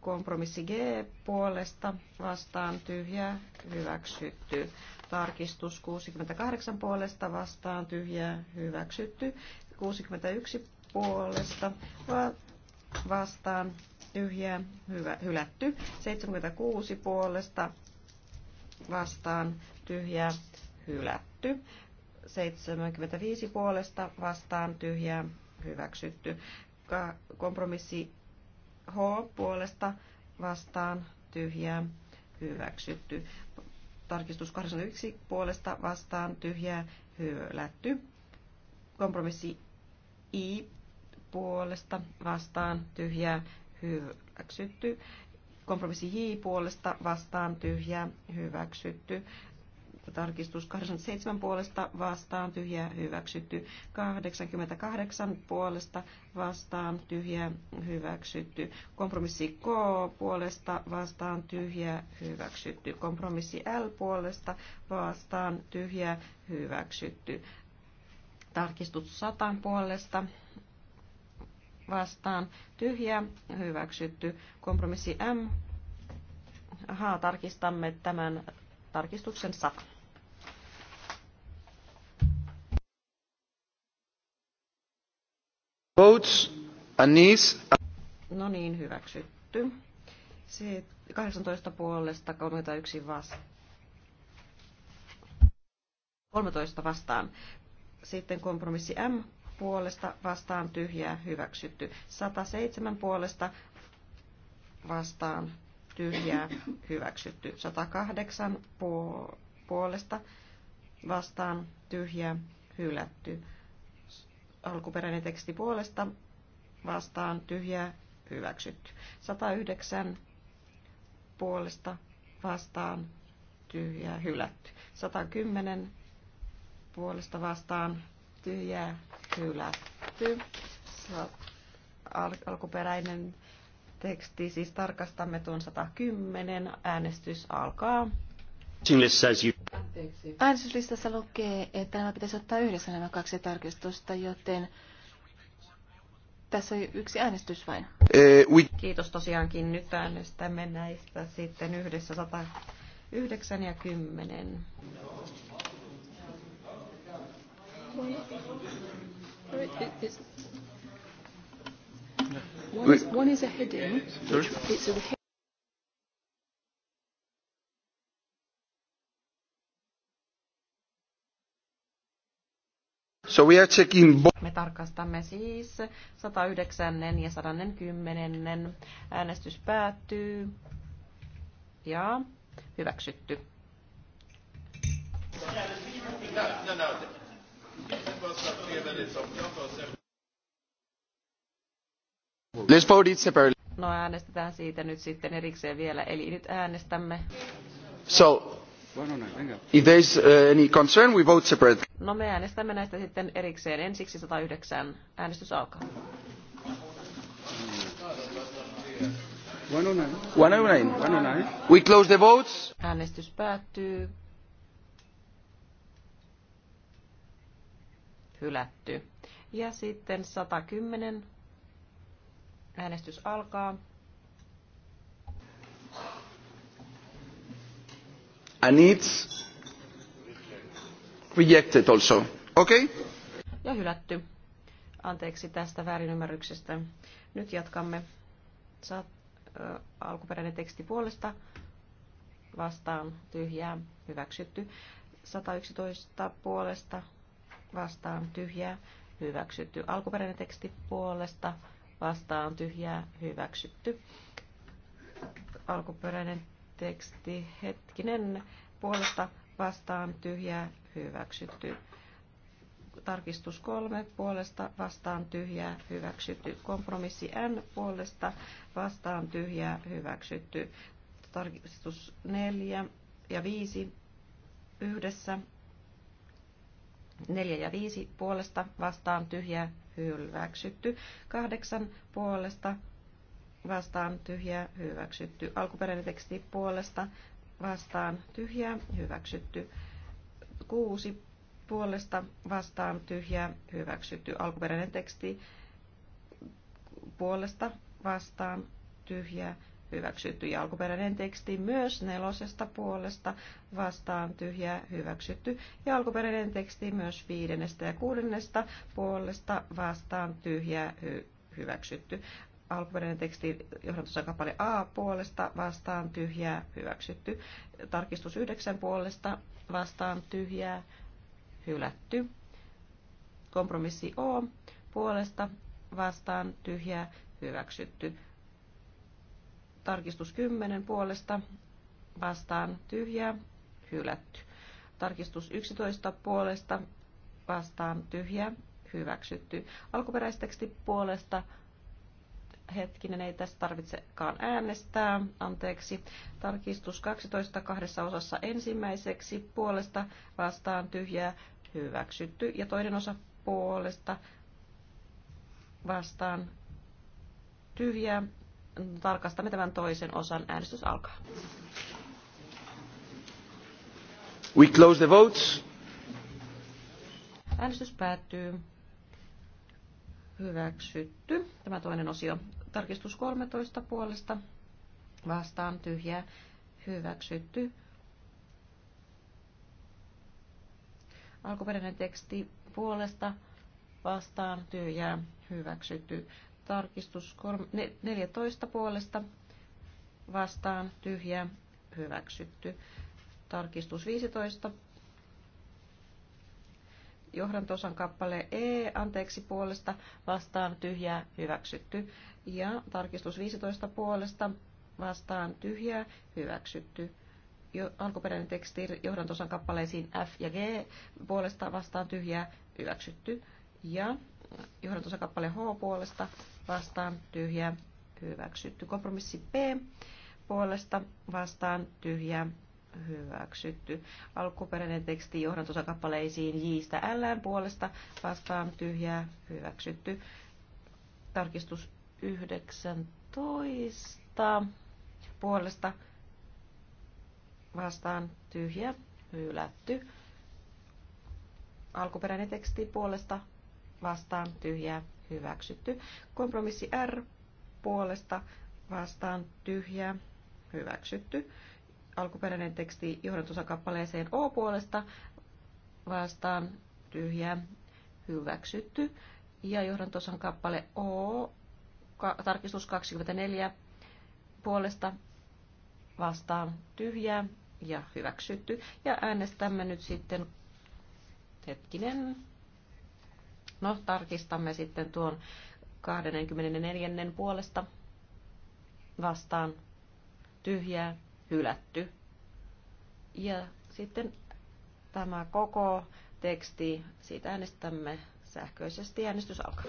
Kompromissi G puolesta vastaan tyhjää hyväksytty. Tarkistus 68 puolesta vastaan tyhjää hyväksytty. 61 puolesta va- vastaan tyhjää hyvä, hylätty. 76 puolesta vastaan tyhjää hylätty. 75 puolesta vastaan tyhjää hyväksytty kompromissi H puolesta vastaan tyhjää hyväksytty. Tarkistus 81 puolesta vastaan tyhjää hylätty. Kompromissi I puolesta vastaan tyhjää hyväksytty. Kompromissi J puolesta vastaan tyhjää hyväksytty tarkistus 87 puolesta vastaan tyhjä hyväksytty, 88 puolesta vastaan tyhjä hyväksytty, kompromissi K puolesta vastaan tyhjä hyväksytty, kompromissi L puolesta vastaan tyhjä hyväksytty, tarkistus 100 puolesta vastaan tyhjä hyväksytty, kompromissi M Ahaa, tarkistamme tämän tarkistuksen 100. Votes, Anis. No niin, hyväksytty. Sitten 18 puolesta, 31 vastaan. 13 vastaan. Sitten kompromissi M puolesta vastaan tyhjää hyväksytty. 107 puolesta vastaan tyhjää hyväksytty. 108 puolesta vastaan tyhjää hylätty. Alkuperäinen teksti puolesta vastaan tyhjää hyväksytty. 109 puolesta vastaan tyhjää hylätty. 110 puolesta vastaan tyhjää hylätty. Alkuperäinen teksti, siis tarkastamme tuon 110, äänestys alkaa. Äänestyslistassa lukee, että nämä pitäisi ottaa yhdessä nämä kaksi tarkistusta, joten tässä on yksi äänestys vain. Eh, Kiitos tosiaankin. Nyt äänestämme näistä sitten yhdessä 109 ja 10. It, One is, one is a heading. It's a So we are checking Me tarkastamme siis 109 ja 110. Äänestys päättyy. Ja hyväksytty. No, no, no. Let's vote No äänestetään siitä nyt sitten erikseen vielä, eli nyt äänestämme. So, if there is uh, any concern, we vote separate. No me äänestämme näistä sitten erikseen. Ensiksi 109 äänestys alkaa. 109. 109. 109. We close the votes. Äänestys päättyy. Hylätty. Ja sitten 110 Äänestys alkaa. And it's rejected also. Okay? Ja hylätty. Anteeksi tästä väärinymmärryksestä. Nyt jatkamme. Saat äh, alkuperäinen teksti puolesta vastaan tyhjää hyväksytty. 111 puolesta vastaan tyhjää hyväksytty. Alkuperäinen teksti puolesta vastaan tyhjää hyväksytty. Alkuperäinen teksti hetkinen puolesta vastaan tyhjää hyväksytty. Tarkistus kolme puolesta vastaan tyhjää hyväksytty. Kompromissi N puolesta vastaan tyhjää hyväksytty. Tarkistus neljä ja viisi yhdessä. neljä ja viisi puolesta vastaan tyhjää hyväksytty. Kahdeksan puolesta vastaan tyhjä, hyväksytty. Alkuperäinen teksti puolesta vastaan tyhjä, hyväksytty. Kuusi puolesta vastaan tyhjä, hyväksytty. Alkuperäinen teksti puolesta vastaan tyhjä hyväksytty. Ja alkuperäinen teksti myös nelosesta puolesta vastaan tyhjä hyväksytty. Ja alkuperäinen teksti myös viidennestä ja kuudennesta puolesta vastaan tyhjä hy- hyväksytty. Alkuperäinen teksti kappale A puolesta vastaan tyhjää hyväksytty. Tarkistus 9 puolesta vastaan tyhjää hylätty. Kompromissi O puolesta vastaan tyhjää hyväksytty. Tarkistus 10 puolesta vastaan tyhjä, hylätty. Tarkistus 11 puolesta vastaan tyhjä, hyväksytty. Alkuperäisteksti puolesta hetkinen, ei tässä tarvitsekaan äänestää, anteeksi. Tarkistus 12 kahdessa osassa ensimmäiseksi puolesta vastaan tyhjää hyväksytty ja toinen osa puolesta vastaan tyhjää tarkastamme tämän toisen osan. Äänestys alkaa. We close the votes. Äänestys päättyy. Hyväksytty. Tämä toinen osio. Tarkistus 13 puolesta. Vastaan tyhjää. Hyväksytty. Alkuperäinen teksti puolesta vastaan tyhjää hyväksytty. Tarkistus 14 puolesta vastaan tyhjä hyväksytty. Tarkistus 15. Johdantosan kappale E, anteeksi puolesta, vastaan tyhjä hyväksytty. Ja tarkistus 15 puolesta, vastaan tyhjä hyväksytty. Jo, alkuperäinen teksti johdantosan kappaleisiin F ja G puolesta vastaan tyhjä hyväksytty. Ja Johdatusakappale H puolesta vastaan tyhjä hyväksytty. Kompromissi P puolesta vastaan tyhjä hyväksytty. Alkuperäinen teksti johdantosakappaleisiin Jistä L puolesta vastaan tyhjä hyväksytty. Tarkistus 19 puolesta vastaan tyhjä hylätty. Alkuperäinen teksti puolesta vastaan tyhjä hyväksytty. Kompromissi R puolesta vastaan tyhjä hyväksytty. Alkuperäinen teksti johdatusakappaleeseen O puolesta vastaan tyhjä hyväksytty. Ja johdantosan kappale O, tarkistus 24 puolesta vastaan tyhjää ja hyväksytty. Ja äänestämme nyt sitten hetkinen No, tarkistamme sitten tuon 24. puolesta vastaan tyhjää, hylätty. Ja sitten tämä koko teksti, siitä äänestämme sähköisesti. Äänestys alkaa.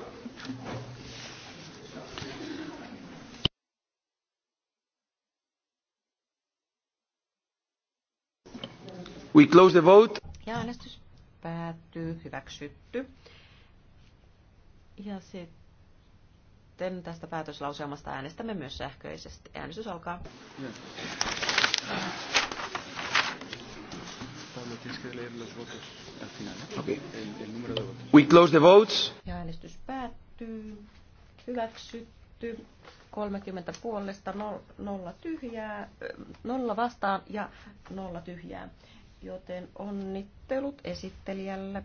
We close the vote. Ja äänestys päättyy. Hyväksytty. Ja sitten tästä päätöslauselmasta äänestämme myös sähköisesti. Äänestys alkaa. ¿no? We close the votes. Ja äänestys päättyy. Hyväksytty. 30 puolesta, no, nolla tyhjää, nolla vastaan ja nolla tyhjää. Joten onnittelut esittelijälle.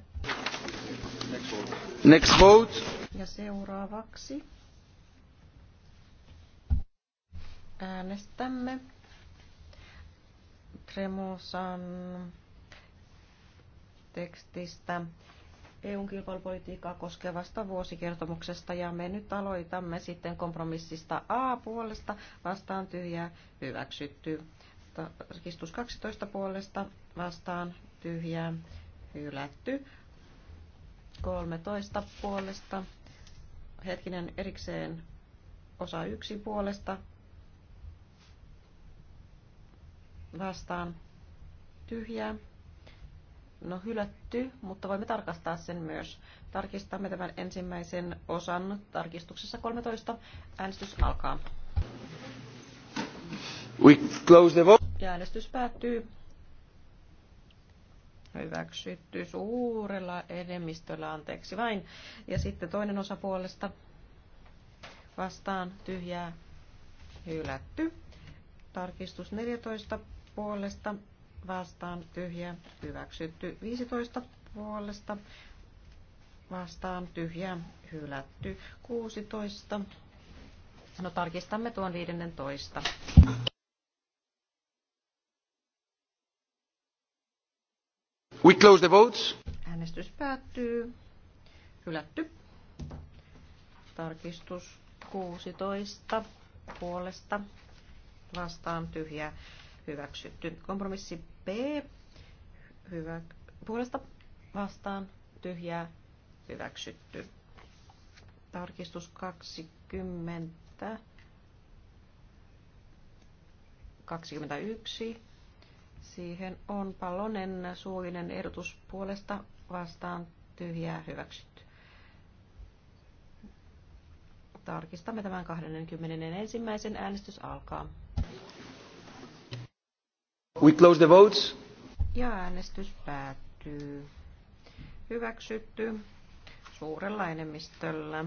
Next vote. Ja seuraavaksi äänestämme Tremosan tekstistä EUn kilpailupolitiikkaa koskevasta vuosikertomuksesta ja me nyt aloitamme sitten kompromissista A puolesta vastaan tyhjää hyväksytty. Tarkistus 12 puolesta vastaan tyhjää hylätty. 13 puolesta. Hetkinen erikseen osa 1 puolesta vastaan tyhjää. No hylätty, mutta voimme tarkastaa sen myös. Tarkistamme tämän ensimmäisen osan tarkistuksessa 13. Äänestys alkaa. We close the vote. Ja äänestys päättyy. Hyväksytty suurella enemmistöllä, anteeksi vain. Ja sitten toinen osa puolesta vastaan tyhjää hylätty. Tarkistus 14 puolesta vastaan tyhjää hyväksytty. 15 puolesta vastaan tyhjää hylätty. 16. No tarkistamme tuon 15. We close the votes. Äänestys päättyy. Hylätty. Tarkistus 16 puolesta vastaan tyhjä hyväksytty. Kompromissi B hyvä, puolesta vastaan tyhjää hyväksytty. Tarkistus 20. 21 Siihen on Pallonen suullinen ehdotus puolesta vastaan tyhjää hyväksytty. Tarkistamme tämän 21. äänestys alkaa. We close the votes. Ja äänestys päättyy. Hyväksytty suurella enemmistöllä.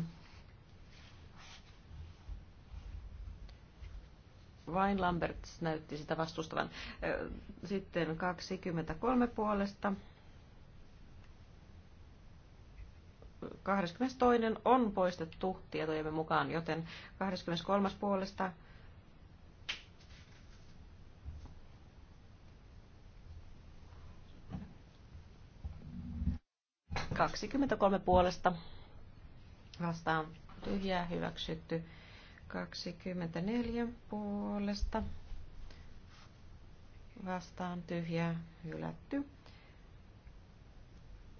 Vain Lamberts näytti sitä vastustavan. Sitten 23 puolesta. 22 on poistettu tietojemme mukaan, joten 23 puolesta Kaksikymmentäkolme puolesta vastaan tyhjää hyväksytty. 24 puolesta vastaan tyhjä hylätty.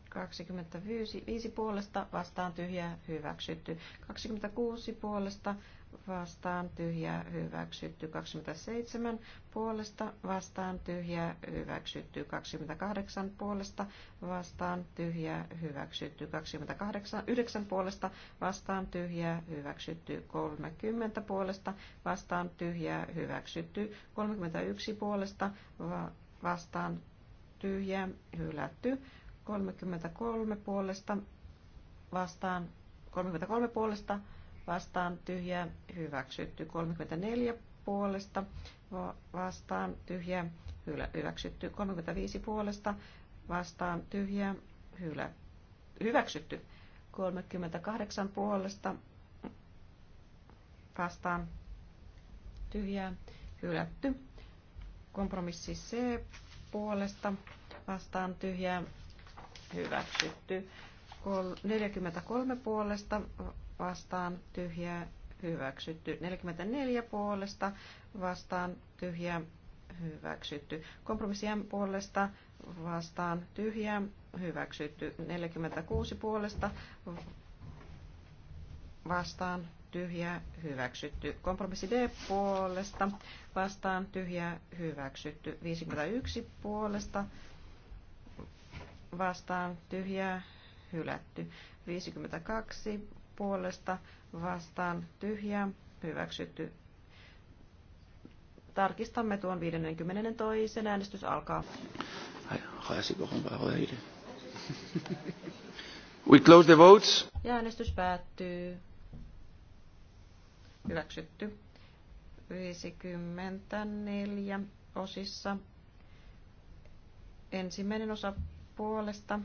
25 puolesta vastaan tyhjä hyväksytty. 26 puolesta vastaan tyhjä hyväksytty 27 puolesta vastaan tyhjä hyväksytty 28 puolesta vastaan tyhjä hyväksytty 28 9 puolesta vastaan tyhjä hyväksytty 30 puolesta vastaan tyhjä hyväksytty 31 puolesta va- vastaan tyhjä hylätty 33 puolesta vastaan 33 puolesta vastaan tyhjää hyväksytty. 34 puolesta vastaan tyhjää hyväksytty. 35 puolesta vastaan tyhjää hylä, hyväksytty. 38 puolesta vastaan tyhjää hylätty. Kompromissi C puolesta vastaan tyhjää hyväksytty. 43 puolesta vastaan tyhjää hyväksytty. 44 puolesta vastaan tyhjää hyväksytty. Kompromissien puolesta vastaan tyhjää hyväksytty. 46 puolesta vastaan tyhjää hyväksytty. Kompromissi D puolesta vastaan tyhjää hyväksytty. 51 puolesta vastaan tyhjää hylätty. 52 puolesta vastaan tyhjää hyväksytty. Tarkistamme tuon 52. Äänestys alkaa. We close the votes. Ja äänestys päättyy. Hyväksytty. 54 osissa. Ensimmäinen osa puolesta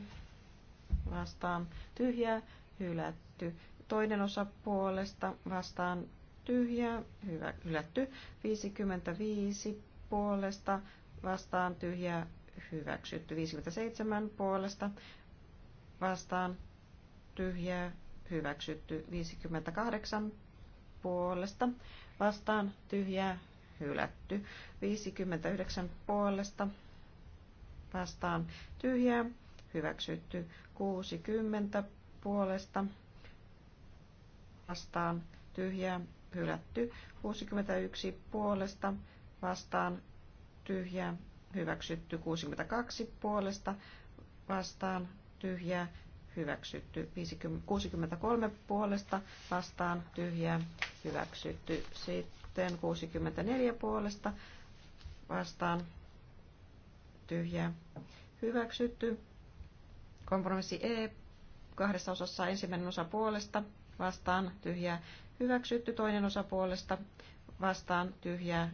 vastaan tyhjää, hylätty. Toinen osa puolesta vastaan tyhjä hyvä, hylätty. 55 puolesta vastaan tyhjä hyväksytty. 57 puolesta vastaan tyhjä hyväksytty. 58 puolesta vastaan tyhjä, hylätty. 59 puolesta vastaan tyhjä hyväksytty. 60 puolesta vastaan tyhjää hylätty. 61 puolesta vastaan tyhjää hyväksytty. 62 puolesta vastaan tyhjää hyväksytty. 63 puolesta vastaan tyhjää hyväksytty. Sitten 64 puolesta vastaan tyhjää hyväksytty. Kompromissi E kahdessa osassa ensimmäinen osa puolesta vastaan tyhjää hyväksytty, toinen osa puolesta vastaan tyhjää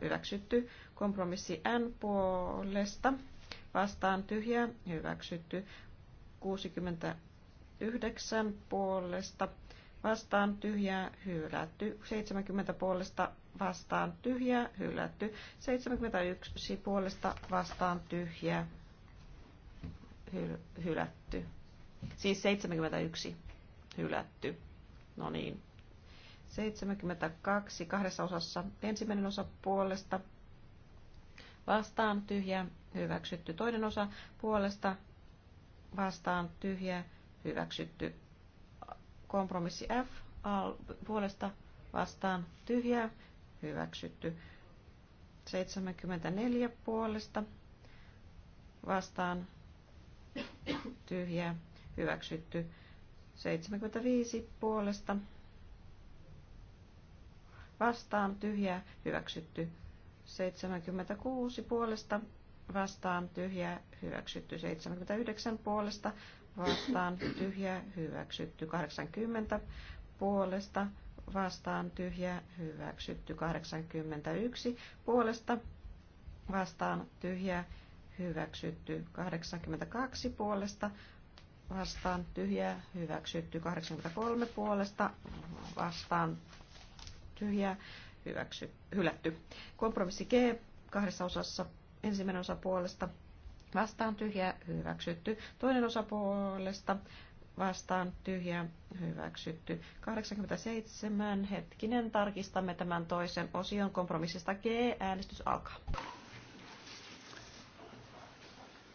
hyväksytty, kompromissi N puolesta vastaan tyhjää hyväksytty, 69 puolesta vastaan tyhjää hylätty, 70 puolesta vastaan tyhjää hylätty, 71 puolesta vastaan tyhjää hylätty. Siis 71 hylätty. No niin. 72 kahdessa osassa. Ensimmäinen osa puolesta vastaan tyhjä hyväksytty. Toinen osa puolesta vastaan tyhjä hyväksytty. Kompromissi F puolesta vastaan tyhjä hyväksytty. 74 puolesta vastaan tyhjä hyväksytty. 75 puolesta vastaan tyhjä hyväksytty. 76 puolesta vastaan tyhjä hyväksytty. 79 puolesta vastaan tyhjä hyväksytty. 80 puolesta vastaan tyhjä hyväksytty. 81 puolesta vastaan tyhjä hyväksytty. 82 puolesta vastaan tyhjää hyväksytty. 83 puolesta vastaan tyhjää hyväksy, hylätty. Kompromissi G kahdessa osassa ensimmäinen osa puolesta vastaan tyhjää hyväksytty. Toinen osa puolesta vastaan tyhjä hyväksytty. 87 hetkinen tarkistamme tämän toisen osion kompromissista G. Äänestys alkaa.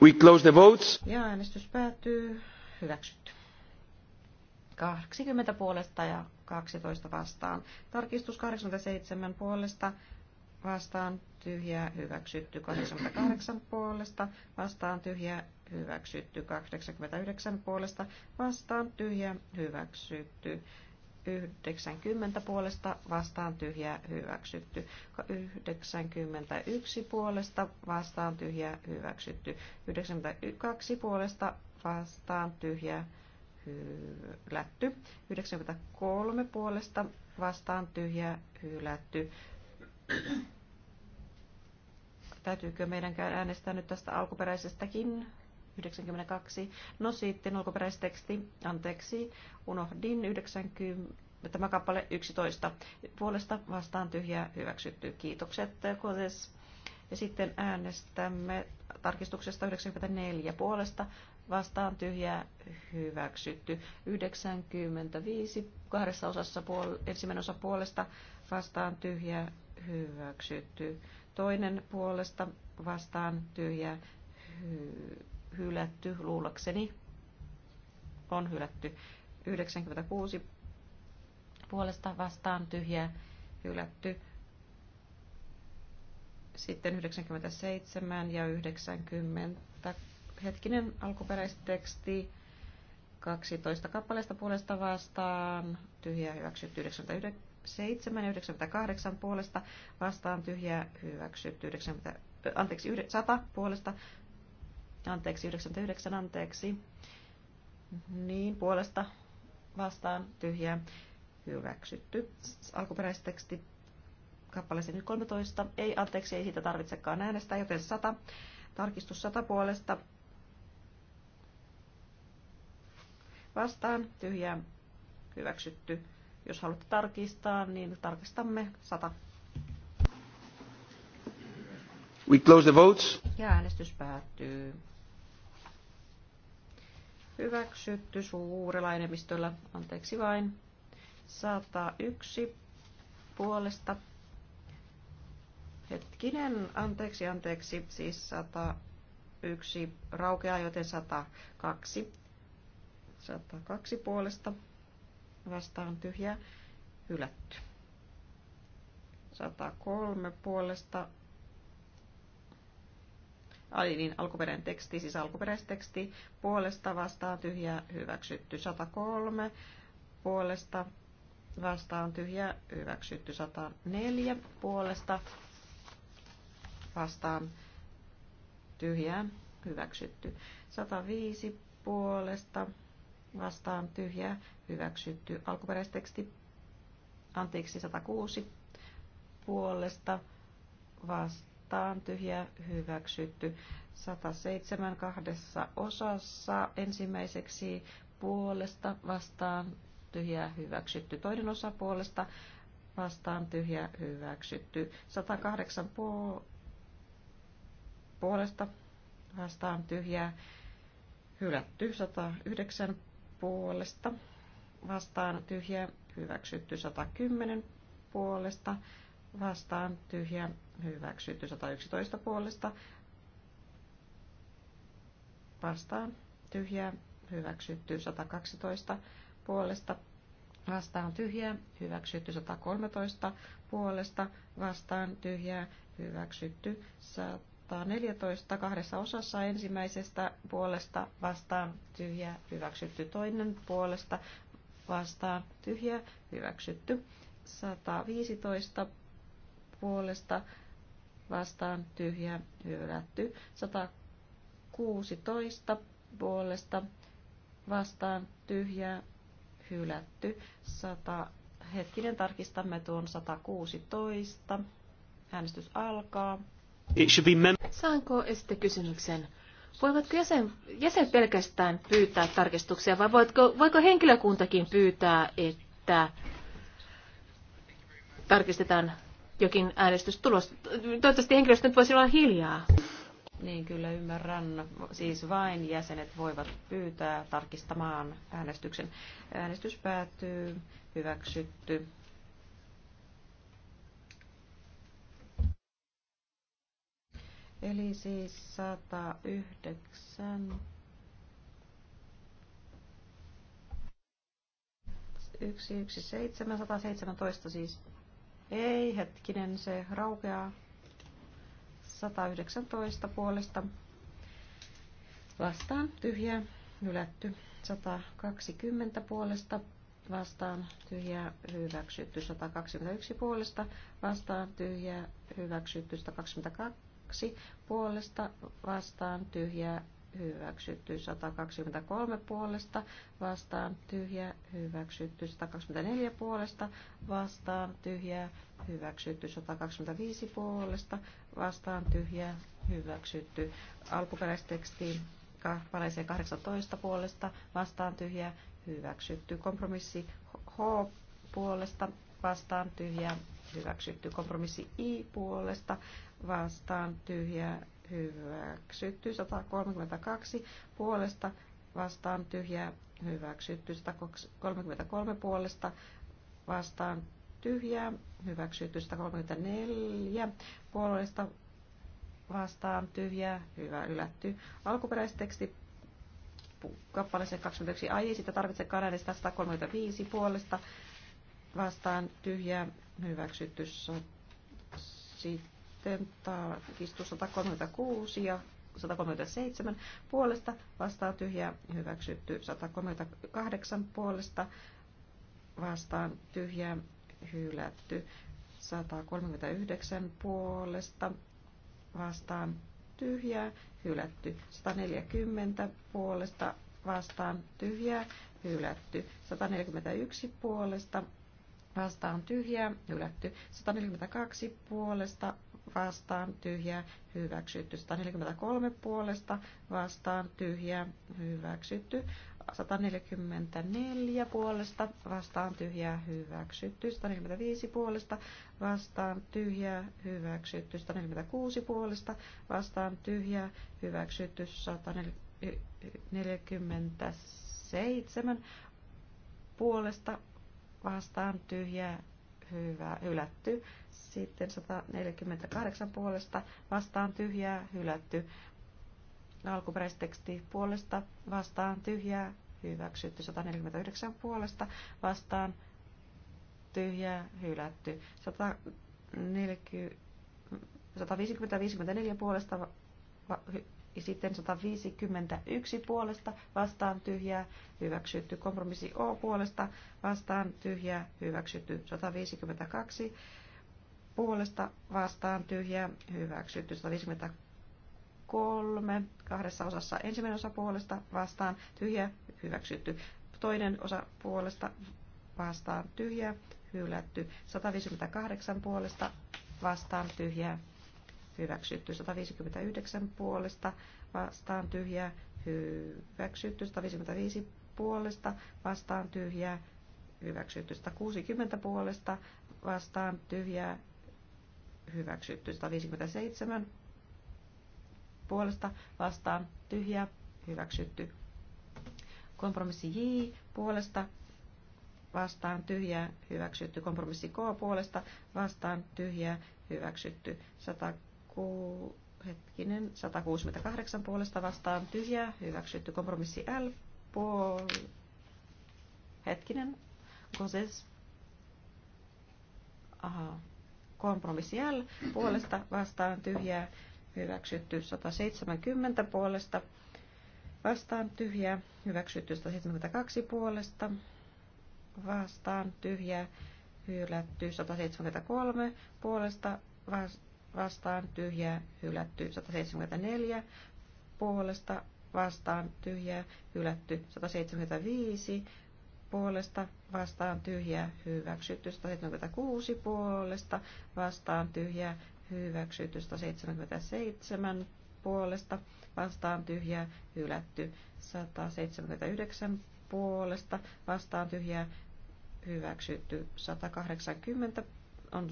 We close the votes. Ja äänestys päättyy hyväksytty. 80 puolesta ja 12 vastaan. Tarkistus 87 puolesta vastaan tyhjää hyväksytty 88 puolesta, vastaan tyhjää hyväksytty 89 puolesta, vastaan tyhjää hyväksytty 90 puolesta, vastaan tyhjää hyväksytty 91 puolesta, vastaan tyhjää hyväksytty 92 puolesta, vastaan tyhjä hylätty. 93 puolesta vastaan tyhjä hylätty. Täytyykö meidän äänestää nyt tästä alkuperäisestäkin? 92. No sitten alkuperäisteksti, anteeksi, unohdin 90, tämä kappale 11. Puolesta vastaan tyhjä hyväksytty. Kiitokset, Kotes. Ja sitten äänestämme tarkistuksesta 94 puolesta vastaan tyhjää hyväksytty. 95 kahdessa osassa puol- ensimmäinen osa puolesta vastaan tyhjää hyväksytty. Toinen puolesta vastaan tyhjää hy- hylätty luulakseni. On hylätty. 96 puolesta vastaan tyhjää hylätty. Sitten 97 ja 90 hetkinen alkuperäisteksti 12 kappaleesta puolesta vastaan, tyhjä hyväksytty 97 ja 98 puolesta vastaan, tyhjä hyväksytty 90, äh, anteeksi 100 puolesta, anteeksi 99 anteeksi, niin puolesta vastaan tyhjä hyväksytty. Alkuperäisteksti kappaleeseen nyt 13. Ei, anteeksi, ei siitä tarvitsekaan äänestää, joten 100. Tarkistus 100 puolesta vastaan tyhjää hyväksytty. Jos haluatte tarkistaa, niin tarkistamme 100. We close the votes. Ja äänestys päättyy. Hyväksytty suurella enemmistöllä, anteeksi vain. 101 puolesta. Hetkinen, anteeksi, anteeksi, siis 101 raukeaa, joten 102 kaksi puolesta vastaan tyhjä hylätty. 103 puolesta Ai niin, alkuperäinen teksti, siis alkuperäisteksti puolesta vastaan tyhjä hyväksytty 103, puolesta vastaan tyhjä hyväksytty 104, puolesta vastaan tyhjä hyväksytty 105, puolesta vastaan tyhjä hyväksytty. Alkuperäisteksti anteeksi 106 puolesta vastaan tyhjä hyväksytty. 107 kahdessa osassa ensimmäiseksi puolesta vastaan tyhjä hyväksytty. Toinen osa puolesta vastaan tyhjä hyväksytty. 108 puolesta vastaan tyhjä hylätty. 109 puolesta vastaan tyhjä hyväksytty 110 puolesta vastaan tyhjä hyväksytty 111 puolesta vastaan tyhjä hyväksytty 112 puolesta vastaan tyhjä hyväksytty 113 puolesta vastaan tyhjä hyväksytty 100 214 kahdessa osassa ensimmäisestä puolesta vastaan tyhjä hyväksytty, toinen puolesta vastaan tyhjä hyväksytty, 115 puolesta vastaan tyhjä hylätty, 116 puolesta vastaan tyhjä hylätty, 100, hetkinen tarkistamme tuon 116, äänestys alkaa. Saanko esittää kysymyksen? Voivatko jäsen, jäsen pelkästään pyytää tarkistuksia vai voitko, voiko henkilökuntakin pyytää, että tarkistetaan jokin äänestystulos? Toivottavasti henkilöstö nyt voisi olla hiljaa. Niin kyllä ymmärrän. Siis vain jäsenet voivat pyytää tarkistamaan äänestyksen. Äänestys päättyy. Hyväksytty. Eli siis 109. Yksi, yksi, seitsemän, 117 siis. Ei, hetkinen, se raukeaa. 119 puolesta. Vastaan tyhjä, hylätty. 120 puolesta vastaan tyhjä hyväksytty 121 puolesta, vastaan tyhjä hyväksytty 122 2 puolesta vastaan tyhjää hyväksytty 123 puolesta, vastaan tyhjä hyväksytty 124 puolesta, vastaan tyhjä hyväksytty 125 puolesta, vastaan tyhjä hyväksytty alkuperäisteksti kappaleeseen 18 puolesta, vastaan tyhjä hyväksytty kompromissi H puolesta, vastaan tyhjä hyväksytty kompromissi I puolesta, vastaan tyhjä hyväksytty 132 puolesta vastaan tyhjä hyväksytty 133 puolesta vastaan tyhjä hyväksytty 134 puolesta vastaan tyhjä hyvä ylätty alkuperäisteksti kappaleeseen 21 ai, sitä tarvitse kanadista 135 puolesta vastaan tyhjä hyväksytty sitten tarkistus 136 ja 137 puolesta vastaan tyhjä hyväksytty 138 puolesta vastaan tyhjä hylätty 139 puolesta vastaan tyhjä hylätty 140 puolesta vastaan tyhjä hylätty 141 puolesta vastaan tyhjä hylätty 142 puolesta vastaan tyhjää hyväksytty. 143 puolesta vastaan tyhjää hyväksytty. 144 puolesta vastaan tyhjää hyväksytty, 145 puolesta vastaan tyhjää hyväksytty, 146 puolesta vastaan tyhjää hyväksytty, 147 puolesta vastaan tyhjää hyvä, hylätty. Sitten 148 puolesta vastaan tyhjää, hylätty. Alkuperäisteksti puolesta vastaan tyhjää, hyväksytty. 149 puolesta vastaan tyhjää, hylätty. 140, 150-54 puolesta ja sitten 151 puolesta vastaan tyhjää hyväksytty. Kompromissi O puolesta vastaan tyhjää hyväksytty. 152 puolesta vastaan tyhjää hyväksytty. 153 kahdessa osassa ensimmäinen osa puolesta vastaan tyhjää hyväksytty. Toinen osa puolesta vastaan tyhjää hylätty. 158 puolesta vastaan tyhjää hyväksytty 159 puolesta, vastaan tyhjä hyväksytty 155 puolesta, vastaan tyhjä hyväksytty 160 puolesta, vastaan tyhjä hyväksytty 157 puolesta, vastaan tyhjä hyväksytty. Kompromissi J puolesta, vastaan tyhjä hyväksytty. Kompromissi K puolesta, vastaan tyhjä hyväksytty. 100 ku, hetkinen, 168 puolesta vastaan tyhjä hyväksytty kompromissi L, puol, hetkinen, onko se aha, kompromissi L, puolesta vastaan tyhjä hyväksytty 170 puolesta, vastaan tyhjä hyväksytty 172 puolesta, vastaan tyhjä hylätty 173 puolesta, vastaan vastaan tyhjää hylätty 174 puolesta vastaan tyhjää hylätty 175 puolesta vastaan tyhjää hyväksytty 176 puolesta vastaan tyhjää hyväksytty 177 puolesta vastaan tyhjää hylätty 179 puolesta vastaan tyhjää hyväksytty 180 on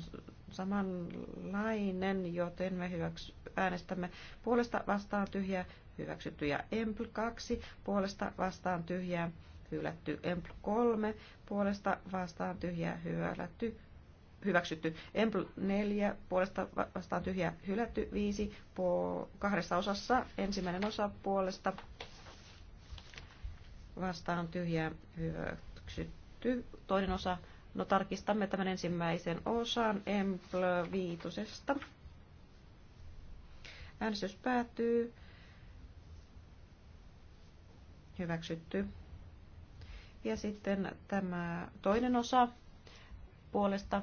samanlainen, joten me hyväksy, äänestämme puolesta vastaan tyhjää hyväksytty ja empl 2, puolesta vastaan tyhjää hylätty empl 3, puolesta vastaan tyhjää hylätty hyväksytty empl 4, puolesta vastaan tyhjää hylätty 5, kahdessa osassa ensimmäinen osa puolesta vastaan tyhjää hyväksytty toinen osa No tarkistamme tämän ensimmäisen osan Empl viitosesta. Äänestys päättyy. Hyväksytty. Ja sitten tämä toinen osa puolesta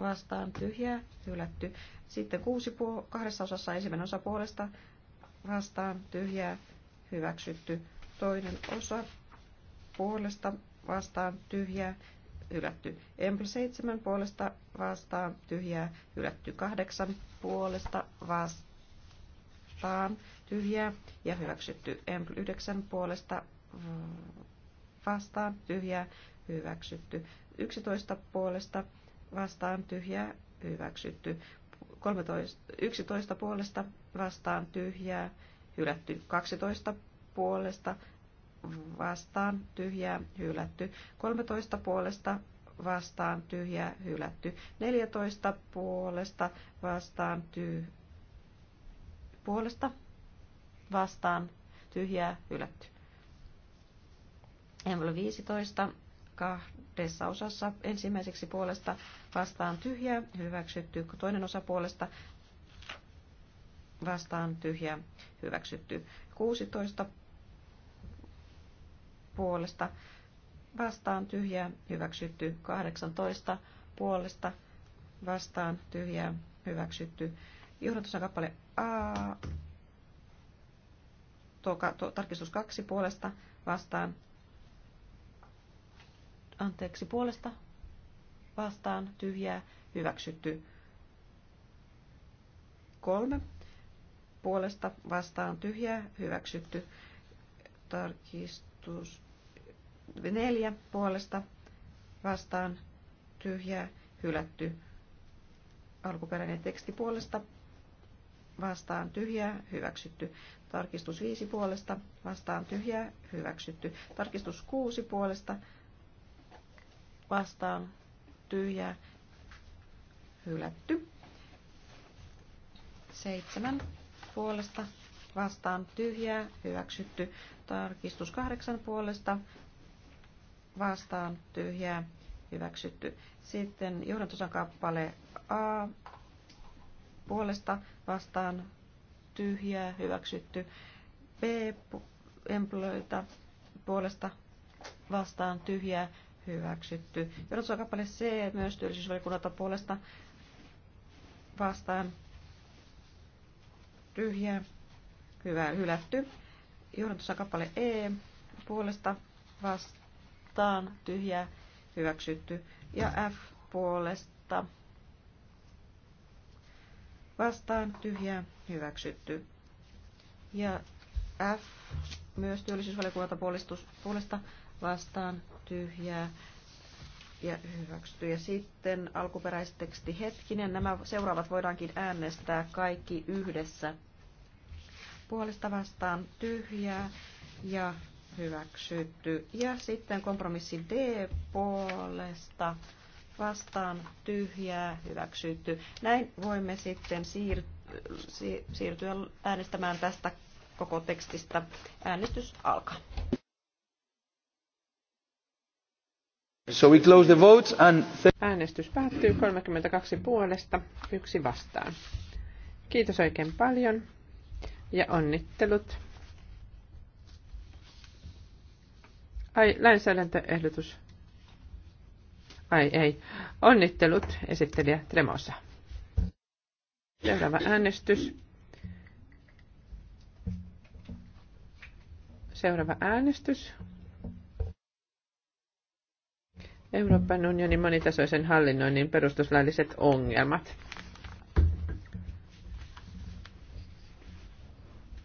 vastaan tyhjää, hylätty. Sitten kuusi kahdessa osassa ensimmäinen osa puolesta vastaan tyhjää, hyväksytty. Toinen osa puolesta vastaan tyhjää hylätty. Empl 7 puolesta vastaan tyhjää hylätty. 8 puolesta vastaan tyhjää ja hyväksytty. Empl 9 puolesta vastaan tyhjää hyväksytty. 11 puolesta vastaan tyhjää hyväksytty. 13, 11 puolesta vastaan tyhjää hylätty. 12 puolesta vastaan tyhjää hylätty. 13 puolesta vastaan tyhjää hylätty. 14 puolesta vastaan ty... puolesta vastaan tyhjää hylätty. Envelo 15 kahdessa osassa ensimmäiseksi puolesta vastaan tyhjää hyväksytty, toinen osa puolesta vastaan tyhjää hyväksytty. 16 puolesta vastaan tyhjää hyväksytty 18 puolesta vastaan tyhjää hyväksytty. on kappale A, tuo, tuo, tarkistus 2 puolesta vastaan, anteeksi puolesta vastaan tyhjää hyväksytty. Kolme puolesta vastaan tyhjää hyväksytty. Tarkistus neljä puolesta vastaan tyhjää hylätty. Alkuperäinen teksti puolesta vastaan tyhjää hyväksytty. Tarkistus viisi puolesta vastaan tyhjää hyväksytty. Tarkistus kuusi puolesta vastaan tyhjää hylätty. seitsemän puolesta vastaan tyhjää hyväksytty. Tarkistus kahdeksan puolesta vastaan tyhjää hyväksytty. Sitten johdantosan kappale A puolesta vastaan tyhjää hyväksytty. B employta puolesta vastaan tyhjää hyväksytty. Johdantosan kappale C myös työllisyysvalikunnalta puolesta vastaan tyhjää hyvä hylätty. Johdantosan kappale E puolesta vastaan vastaan tyhjää hyväksytty ja F puolesta vastaan tyhjää hyväksytty. Ja F myös työllisyysvaliokunnalta puolesta vastaan tyhjää ja hyväksytty. Ja sitten alkuperäisteksti hetkinen. Nämä seuraavat voidaankin äänestää kaikki yhdessä. Puolesta vastaan tyhjää ja hyväksytty. Ja sitten kompromissi D puolesta vastaan tyhjää hyväksytty. Näin voimme sitten siirtyä äänestämään tästä koko tekstistä. Äänestys alkaa. So we close the votes and... Äänestys päättyy 32 puolesta, yksi vastaan. Kiitos oikein paljon ja onnittelut Ai, lainsäädäntöehdotus. Ai ei. Onnittelut esittelijä Tremosa. Seuraava äänestys. Seuraava äänestys. Euroopan unionin monitasoisen hallinnoinnin perustuslailliset ongelmat.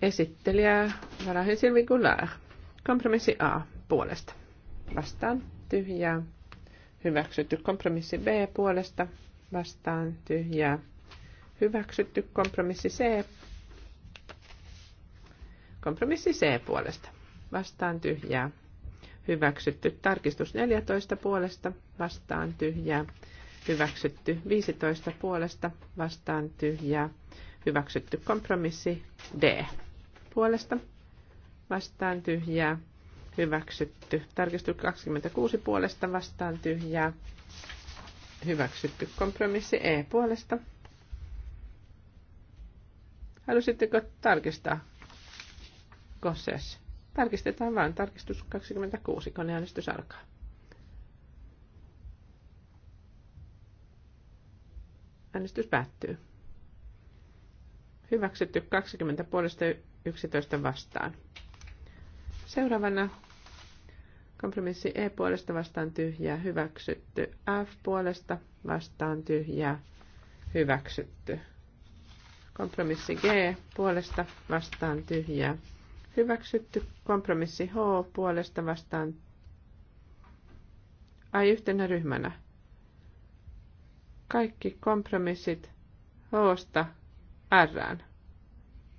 Esittelijä Varahin Silvi Goulart. Kompromissi A puolesta. Vastaan tyhjää. Hyväksytty kompromissi B puolesta. Vastaan tyhjää. Hyväksytty kompromissi C. Kompromissi C puolesta. Vastaan tyhjää. Hyväksytty tarkistus 14 puolesta. Vastaan tyhjää. Hyväksytty 15 puolesta. Vastaan tyhjää. Hyväksytty kompromissi D puolesta. Vastaan tyhjää hyväksytty. Tarkistus 26 puolesta vastaan tyhjää, hyväksytty. Kompromissi E puolesta. Halusitteko tarkistaa? Koses. Tarkistetaan vain. Tarkistus 26. Koneäänestys alkaa. Äänestys päättyy. Hyväksytty 20 puolesta 11 vastaan. Seuraavana Kompromissi E puolesta vastaan tyhjää hyväksytty. F puolesta vastaan tyhjää hyväksytty. Kompromissi G puolesta vastaan tyhjää hyväksytty. Kompromissi H puolesta vastaan ai yhtenä ryhmänä. Kaikki kompromissit H-sta r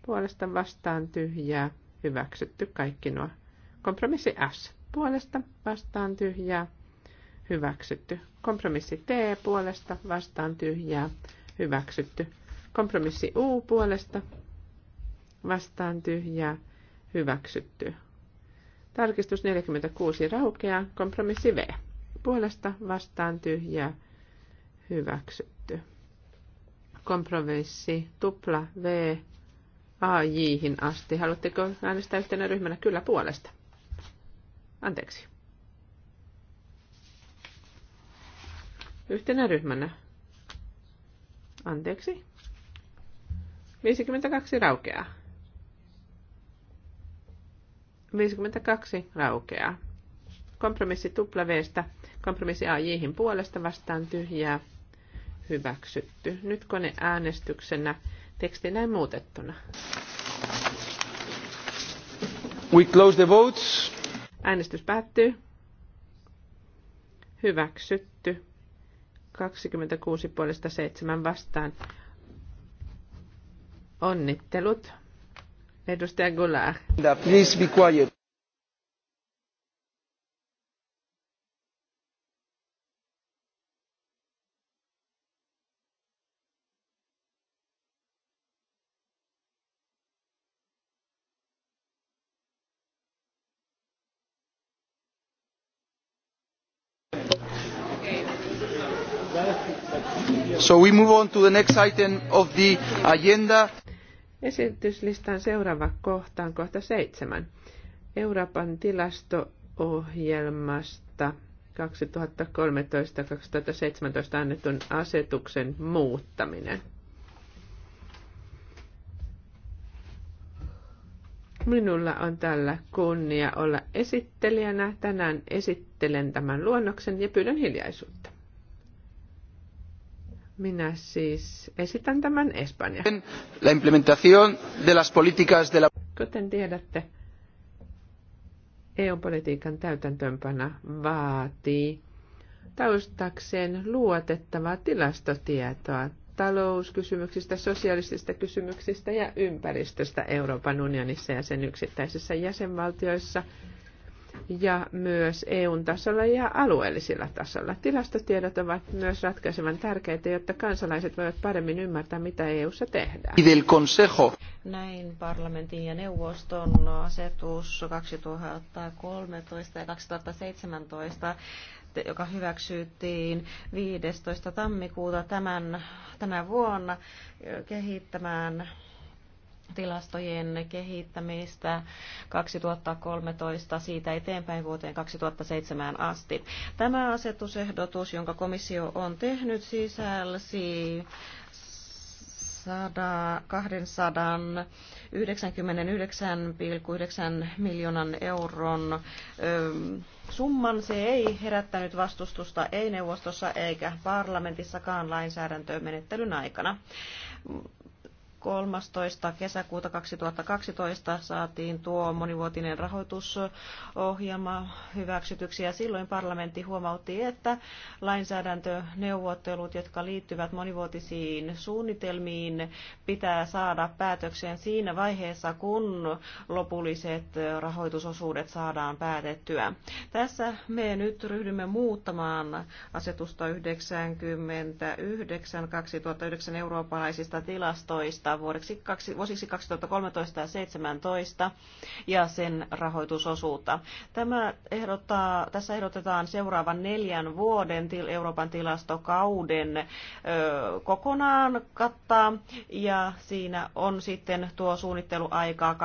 Puolesta vastaan tyhjää hyväksytty kaikki nuo. Kompromissi S puolesta vastaan tyhjää hyväksytty. Kompromissi T puolesta vastaan tyhjää hyväksytty. Kompromissi U puolesta vastaan tyhjää hyväksytty. Tarkistus 46 raukeaa. Kompromissi V puolesta vastaan tyhjää hyväksytty. Kompromissi tupla V AJ:hin asti. Haluatteko äänestää yhtenä ryhmänä kyllä puolesta? Anteeksi. Yhtenä ryhmänä. Anteeksi. 52 raukeaa. 52 raukeaa. Kompromissi tuplaveestä, kompromissi AJhin puolesta vastaan tyhjää, hyväksytty. Nyt kone äänestyksenä. teksti näin muutettuna. We close the votes. Äänestys päättyy. Hyväksytty. 26 puolesta 7 vastaan. Onnittelut. Edustaja Goulart. Please be quiet. So we move on to the next item of the agenda. Esityslistan seuraava kohta on kohta seitsemän. Euroopan tilastoohjelmasta 2013-2017 annetun asetuksen muuttaminen. Minulla on täällä kunnia olla esittelijänä. Tänään esittelen tämän luonnoksen ja pyydän hiljaisuutta. Minä siis esitän tämän espanja. La implementación de las políticas de la... Kuten tiedätte, EU-politiikan täytäntöönpana vaatii taustakseen luotettavaa tilastotietoa talouskysymyksistä, sosiaalisista kysymyksistä ja ympäristöstä Euroopan unionissa ja sen yksittäisissä jäsenvaltioissa – ja myös EUn tasolla ja alueellisilla tasolla. Tilastotiedot ovat myös ratkaisevan tärkeitä, jotta kansalaiset voivat paremmin ymmärtää, mitä EUssa tehdään. Näin parlamentin ja neuvoston asetus 2013 ja 2017 joka hyväksyttiin 15. tammikuuta tämän, tänä vuonna kehittämään tilastojen kehittämistä 2013 siitä eteenpäin vuoteen 2007 asti. Tämä asetusehdotus, jonka komissio on tehnyt, sisälsi 299,9 miljoonan euron summan. Se ei herättänyt vastustusta ei neuvostossa eikä parlamentissakaan lainsäädäntömenettelyn aikana. 13. kesäkuuta 2012 saatiin tuo monivuotinen rahoitusohjelma hyväksytyksi ja silloin parlamentti huomautti, että lainsäädäntöneuvottelut, jotka liittyvät monivuotisiin suunnitelmiin, pitää saada päätökseen siinä vaiheessa, kun lopulliset rahoitusosuudet saadaan päätettyä. Tässä me nyt ryhdymme muuttamaan asetusta 99 2009 eurooppalaisista tilastoista ehdotetaan vuodeksi, kaksi, vuosiksi 2013 ja 2017 ja sen rahoitusosuutta. Tämä ehdottaa, tässä ehdotetaan seuraavan neljän vuoden til, Euroopan tilastokauden ö, kokonaan kattaa ja siinä on sitten tuo suunnitteluaikaa 2014-2010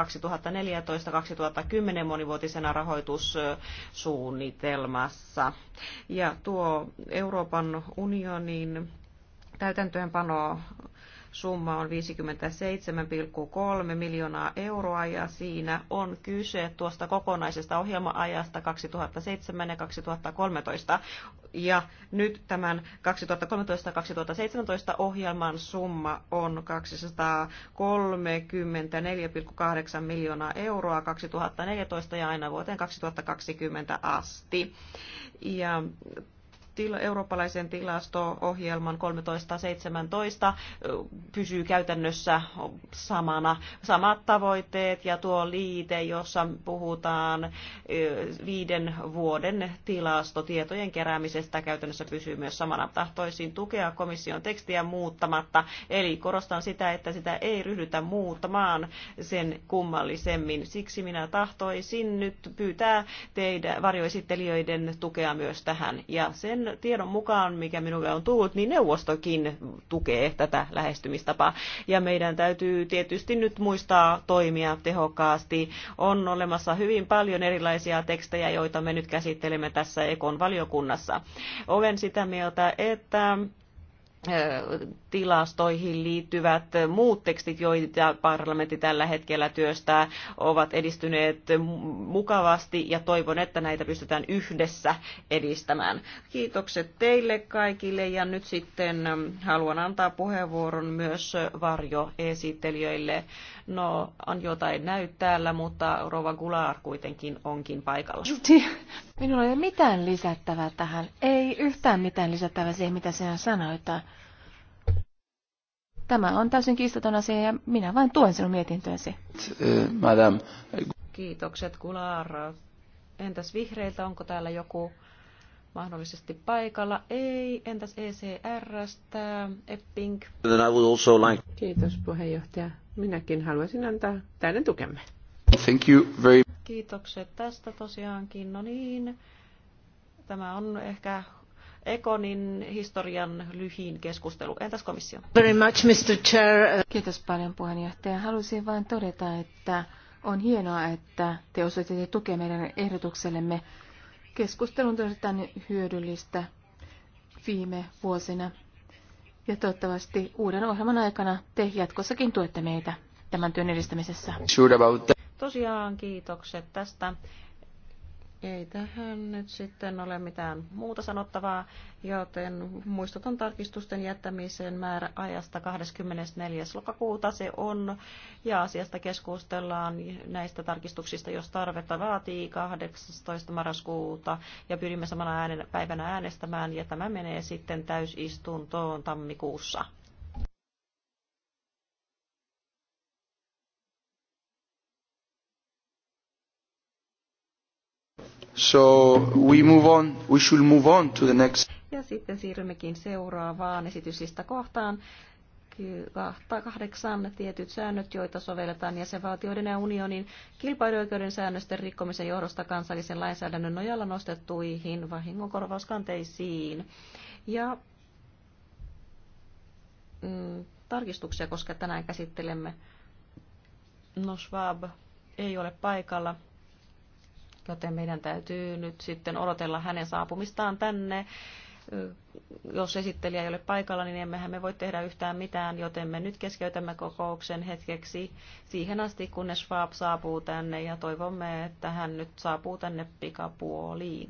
monivuotisena rahoitussuunnitelmassa. Ja tuo Euroopan unionin täytäntöönpano summa on 57,3 miljoonaa euroa ja siinä on kyse tuosta kokonaisesta ohjelmaajasta 2007 ja 2013. Ja nyt tämän 2013-2017 ohjelman summa on 234,8 miljoonaa euroa 2014 ja aina vuoteen 2020 asti. Ja tila, eurooppalaisen tilasto-ohjelman 1317 pysyy käytännössä samana. Samat tavoitteet ja tuo liite, jossa puhutaan viiden vuoden tilastotietojen keräämisestä käytännössä pysyy myös samana. Tahtoisin tukea komission tekstiä muuttamatta, eli korostan sitä, että sitä ei ryhdytä muuttamaan sen kummallisemmin. Siksi minä tahtoisin nyt pyytää teidän varjoesittelijöiden tukea myös tähän. Ja sen tiedon mukaan, mikä minulle on tullut, niin neuvostokin tukee tätä lähestymistapaa. Ja meidän täytyy tietysti nyt muistaa toimia tehokkaasti. On olemassa hyvin paljon erilaisia tekstejä, joita me nyt käsittelemme tässä Ekon valiokunnassa. Olen sitä mieltä, että tilastoihin liittyvät muut tekstit, joita parlamentti tällä hetkellä työstää, ovat edistyneet mukavasti ja toivon, että näitä pystytään yhdessä edistämään. Kiitokset teille kaikille ja nyt sitten haluan antaa puheenvuoron myös varjoesittelijöille. No, on jotain näy täällä, mutta Rova Gular kuitenkin onkin paikalla. Minulla ei ole mitään lisättävää tähän. Ei yhtään mitään lisättävää siihen, mitä sinä sanoit. Tämä on täysin kiistaton asia ja minä vain tuen sinun mietintöäsi. Eh, Madame. Kiitokset Kulaara. Entäs vihreiltä, onko täällä joku mahdollisesti paikalla? Ei. Entäs ECRstä? Epping. Then I would also like... Kiitos puheenjohtaja. Minäkin haluaisin antaa täyden tukemme. Thank you very... Kiitokset tästä tosiaankin. No niin. Tämä on ehkä Ekonin historian lyhin keskustelu. Entäs komissio? Very much, Mr. Chair. Kiitos paljon puheenjohtaja. Haluaisin vain todeta, että on hienoa, että te osoititte tukea meidän ehdotuksellemme. Keskustelu on hyödyllistä viime vuosina. Ja toivottavasti uuden ohjelman aikana te jatkossakin tuette meitä tämän työn edistämisessä. Tosiaan kiitokset tästä ei tähän nyt sitten ole mitään muuta sanottavaa, joten muistutan tarkistusten jättämisen määrä ajasta 24. lokakuuta se on, ja asiasta keskustellaan näistä tarkistuksista, jos tarvetta vaatii 18. marraskuuta, ja pyrimme samana äänen, päivänä äänestämään, ja tämä menee sitten täysistuntoon tammikuussa. So we move on, we should move on to the next. Ja sitten siirrymmekin seuraavaan esityslista kohtaan. Kahdeksan tietyt säännöt, joita sovelletaan jäsenvaltioiden ja unionin kilpailuoikeuden säännösten rikkomisen johdosta kansallisen lainsäädännön nojalla nostettuihin vahingonkorvauskanteisiin. Ja mm, tarkistuksia, koska tänään käsittelemme. No Schwab ei ole paikalla joten meidän täytyy nyt sitten odotella hänen saapumistaan tänne. Jos esittelijä ei ole paikalla, niin emmehän me voi tehdä yhtään mitään, joten me nyt keskeytämme kokouksen hetkeksi siihen asti, kunnes Schwab saapuu tänne ja toivomme, että hän nyt saapuu tänne pikapuoliin.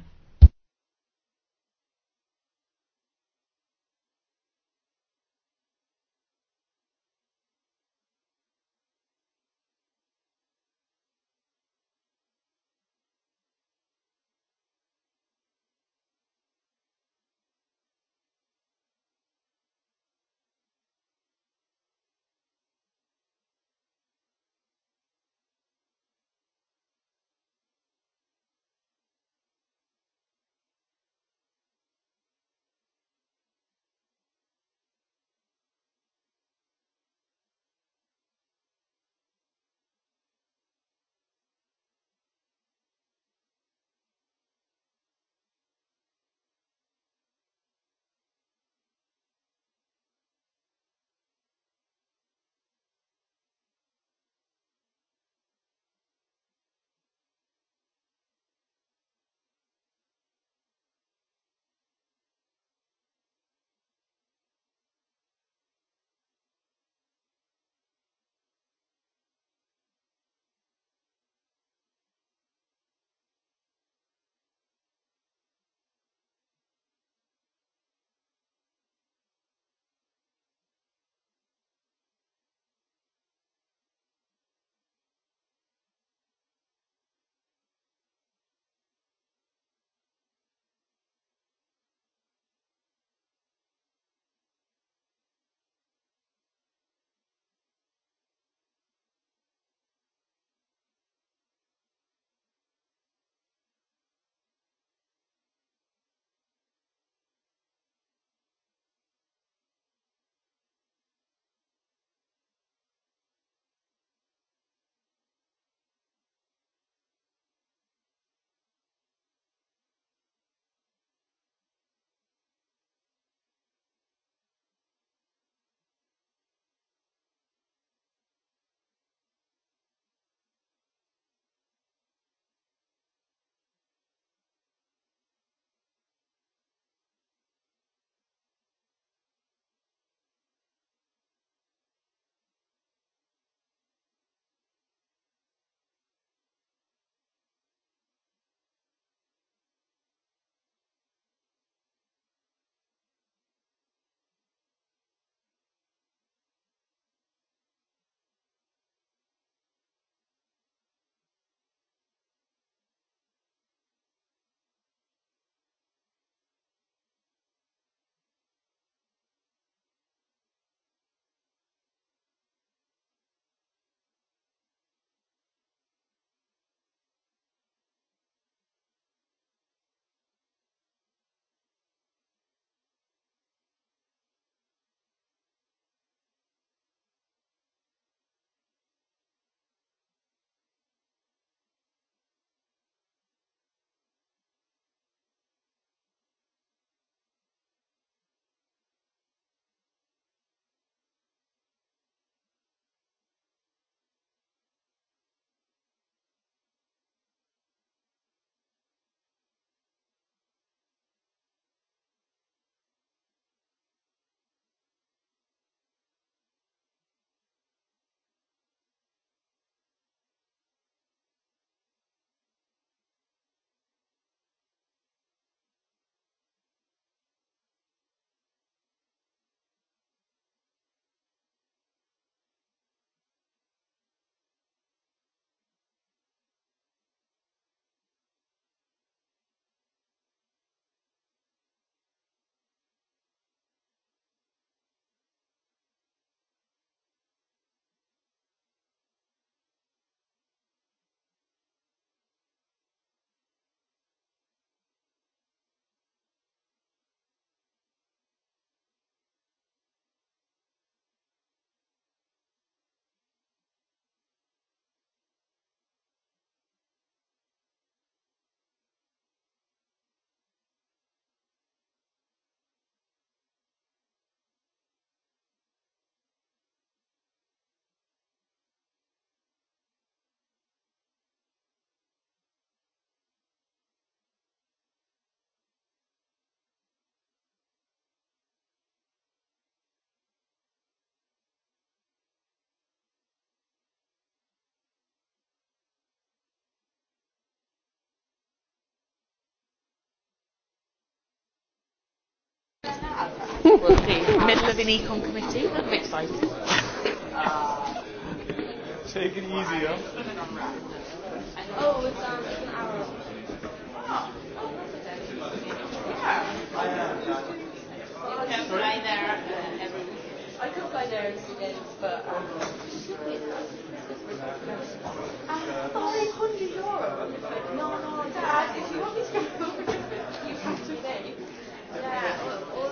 Middle of an econ committee. I'm excited. Take it easy, huh? Oh, it's an hour. Oh, oh that's okay. Yeah. You don't fly there every I could fly there in students, but um, uh, euro. no, no, Dad, if you want me to come you have to pay. Yeah, all, all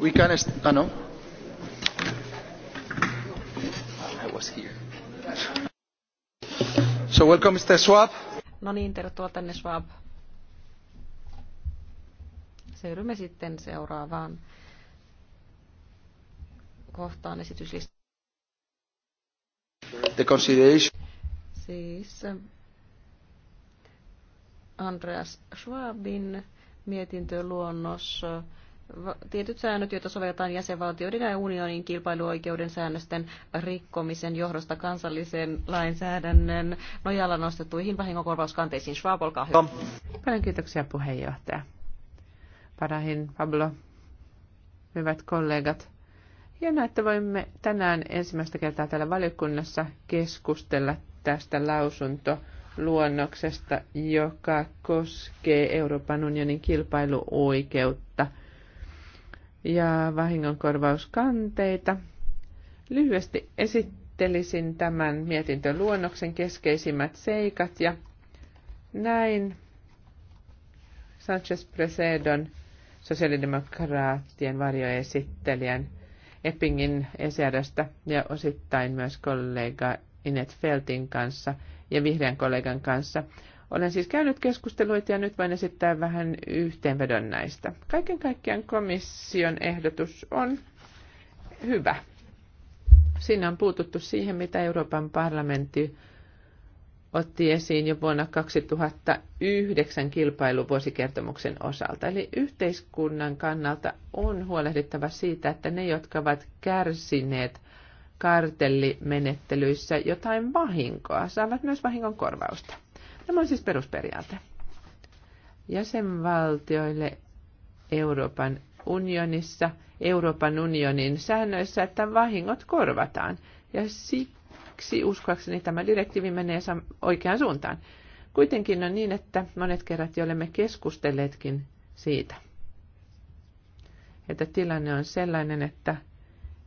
We can... Ah, no? I was here. So welcome, Mr. Schwab. No niin, tervetuloa tänne Schwab. Seuraamme sitten seuraavaan kohtaan esityslista. The consideration. Siis Andreas Schwabin mietintöluonnos tietyt säännöt, joita sovelletaan jäsenvaltioiden ja unionin kilpailuoikeuden säännösten rikkomisen johdosta kansallisen lainsäädännön nojalla nostettuihin vahingokorvauskanteisiin. Schwab, olkaa hyvä. Paljon kiitoksia puheenjohtaja. Parahin, Pablo, hyvät kollegat. Hienoa, että voimme tänään ensimmäistä kertaa täällä valiokunnassa keskustella tästä lausunto luonnoksesta, joka koskee Euroopan unionin kilpailuoikeutta ja vahingonkorvauskanteita. Lyhyesti esittelisin tämän mietintöluonnoksen keskeisimmät seikat ja näin Sanchez Presedon sosiaalidemokraattien varjoesittelijän Eppingin esiärästä ja osittain myös kollega Inet Feltin kanssa ja vihreän kollegan kanssa olen siis käynyt keskusteluita ja nyt voin esittää vähän yhteenvedon näistä. Kaiken kaikkiaan komission ehdotus on hyvä. Siinä on puututtu siihen, mitä Euroopan parlamentti otti esiin jo vuonna 2009 kilpailuvuosikertomuksen osalta. Eli yhteiskunnan kannalta on huolehdittava siitä, että ne, jotka ovat kärsineet kartellimenettelyissä jotain vahinkoa, saavat myös vahingon korvausta. Tämä on siis perusperiaate. Jäsenvaltioille Euroopan unionissa, Euroopan unionin säännöissä, että vahingot korvataan. Ja siksi uskoakseni tämä direktiivi menee oikeaan suuntaan. Kuitenkin on niin, että monet kerrat jo olemme keskustelleetkin siitä, että tilanne on sellainen, että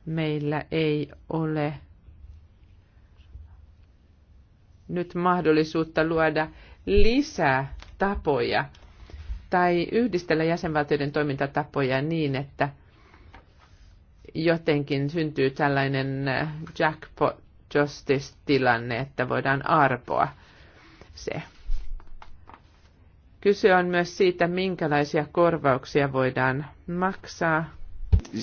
meillä ei ole nyt mahdollisuutta luoda lisää tapoja tai yhdistellä jäsenvaltioiden toimintatapoja niin, että jotenkin syntyy tällainen äh, jackpot justice-tilanne, että voidaan arpoa se. Kyse on myös siitä, minkälaisia korvauksia voidaan maksaa.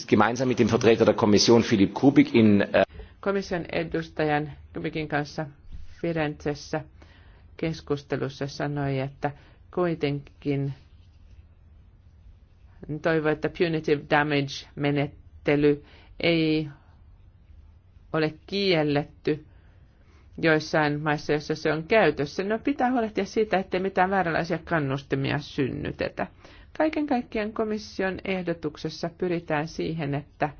Gemeinsam mit dem Vertreter der Kommission Philipp Kubik in, äh, Komission edustajan Kubikin kanssa Firenzessä keskustelussa sanoi, että kuitenkin toivoi, että punitive damage-menettely ei ole kielletty joissain maissa, joissa se on käytössä. No pitää huolehtia siitä, ettei mitään vääränlaisia kannustimia synnytetä. Kaiken kaikkiaan komission ehdotuksessa pyritään siihen, että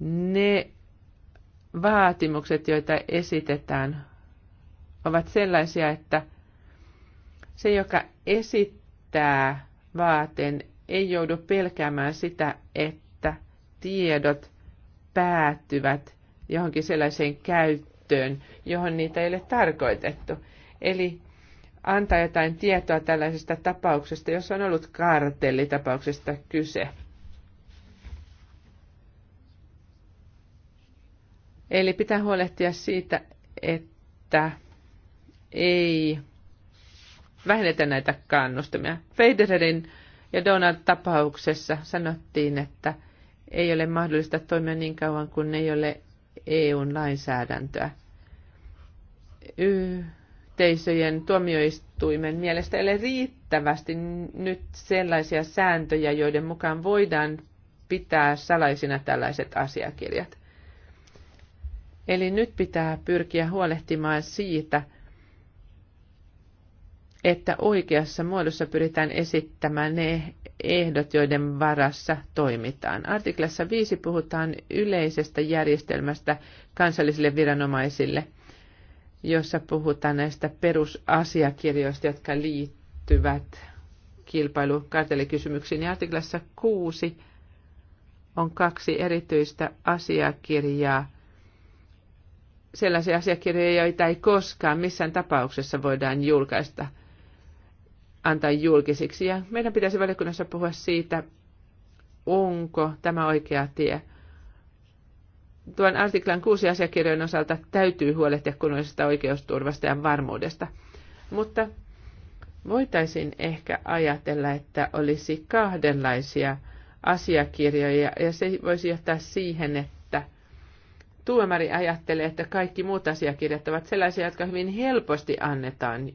ne vaatimukset, joita esitetään, ovat sellaisia, että se, joka esittää vaaten, ei joudu pelkäämään sitä, että tiedot päätyvät johonkin sellaiseen käyttöön, johon niitä ei ole tarkoitettu. Eli antaa jotain tietoa tällaisesta tapauksesta, jos on ollut kartellitapauksesta kyse – Eli pitää huolehtia siitä, että ei vähennetä näitä kannustamia. Federerin ja Donald tapauksessa sanottiin, että ei ole mahdollista toimia niin kauan kuin ei ole eu lainsäädäntöä. Yhteisöjen tuomioistuimen mielestä ei ole riittävästi nyt sellaisia sääntöjä, joiden mukaan voidaan pitää salaisina tällaiset asiakirjat. Eli nyt pitää pyrkiä huolehtimaan siitä, että oikeassa muodossa pyritään esittämään ne ehdot, joiden varassa toimitaan. Artiklassa 5 puhutaan yleisestä järjestelmästä kansallisille viranomaisille, jossa puhutaan näistä perusasiakirjoista, jotka liittyvät kilpailukartelikysymyksiin. Ja artiklassa 6 on kaksi erityistä asiakirjaa, sellaisia asiakirjoja, joita ei koskaan missään tapauksessa voidaan julkaista, antaa julkisiksi. Ja meidän pitäisi valiokunnassa puhua siitä, onko tämä oikea tie. Tuon artiklan kuusi asiakirjojen osalta täytyy huolehtia kunnollisesta oikeusturvasta ja varmuudesta. Mutta voitaisiin ehkä ajatella, että olisi kahdenlaisia asiakirjoja, ja se voisi johtaa siihen, että tuomari ajattelee, että kaikki muut asiakirjat ovat sellaisia, jotka hyvin helposti annetaan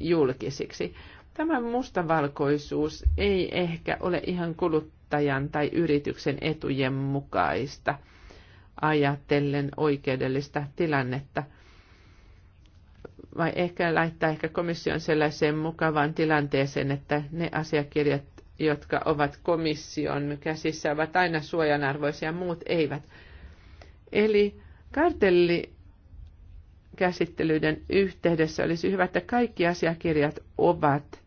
julkisiksi. Tämä mustavalkoisuus ei ehkä ole ihan kuluttajan tai yrityksen etujen mukaista ajatellen oikeudellista tilannetta. Vai ehkä laittaa ehkä komission sellaiseen mukavaan tilanteeseen, että ne asiakirjat, jotka ovat komission käsissä, ovat aina suojanarvoisia, muut eivät. Eli kartellikäsittelyiden yhteydessä olisi hyvä, että kaikki asiakirjat ovat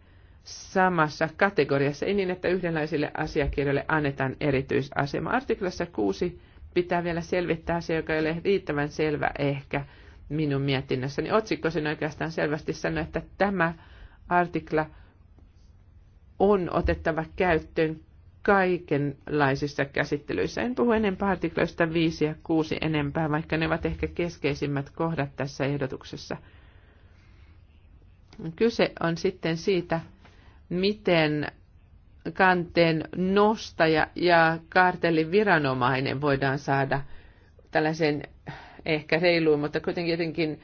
samassa kategoriassa, ei niin, että yhdenlaisille asiakirjoille annetaan erityisasema. Artiklassa 6 pitää vielä selvittää asia, joka ei ole riittävän selvä ehkä minun mietinnössäni. Otsikko sen oikeastaan selvästi sanoi, että tämä artikla on otettava käyttöön kaikenlaisissa käsittelyissä. En puhu enempää artikloista 5 ja 6 enempää, vaikka ne ovat ehkä keskeisimmät kohdat tässä ehdotuksessa. Kyse on sitten siitä, miten kanteen nostaja ja kartellin viranomainen voidaan saada tällaisen ehkä reiluun, mutta kuitenkin jotenkin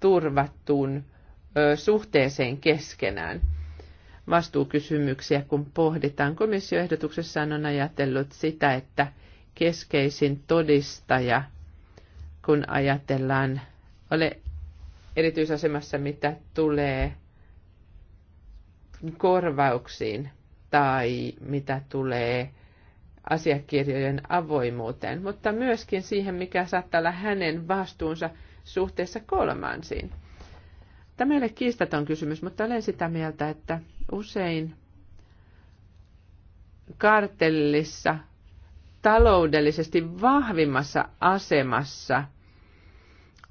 turvattuun suhteeseen keskenään vastuukysymyksiä, kun pohditaan. komissioehdotuksessa on ajatellut sitä, että keskeisin todistaja, kun ajatellaan, ole erityisasemassa, mitä tulee korvauksiin tai mitä tulee asiakirjojen avoimuuteen, mutta myöskin siihen, mikä saattaa olla hänen vastuunsa suhteessa kolmansiin. Tämä ei ole kiistaton kysymys, mutta olen sitä mieltä, että usein kartellissa taloudellisesti vahvimmassa asemassa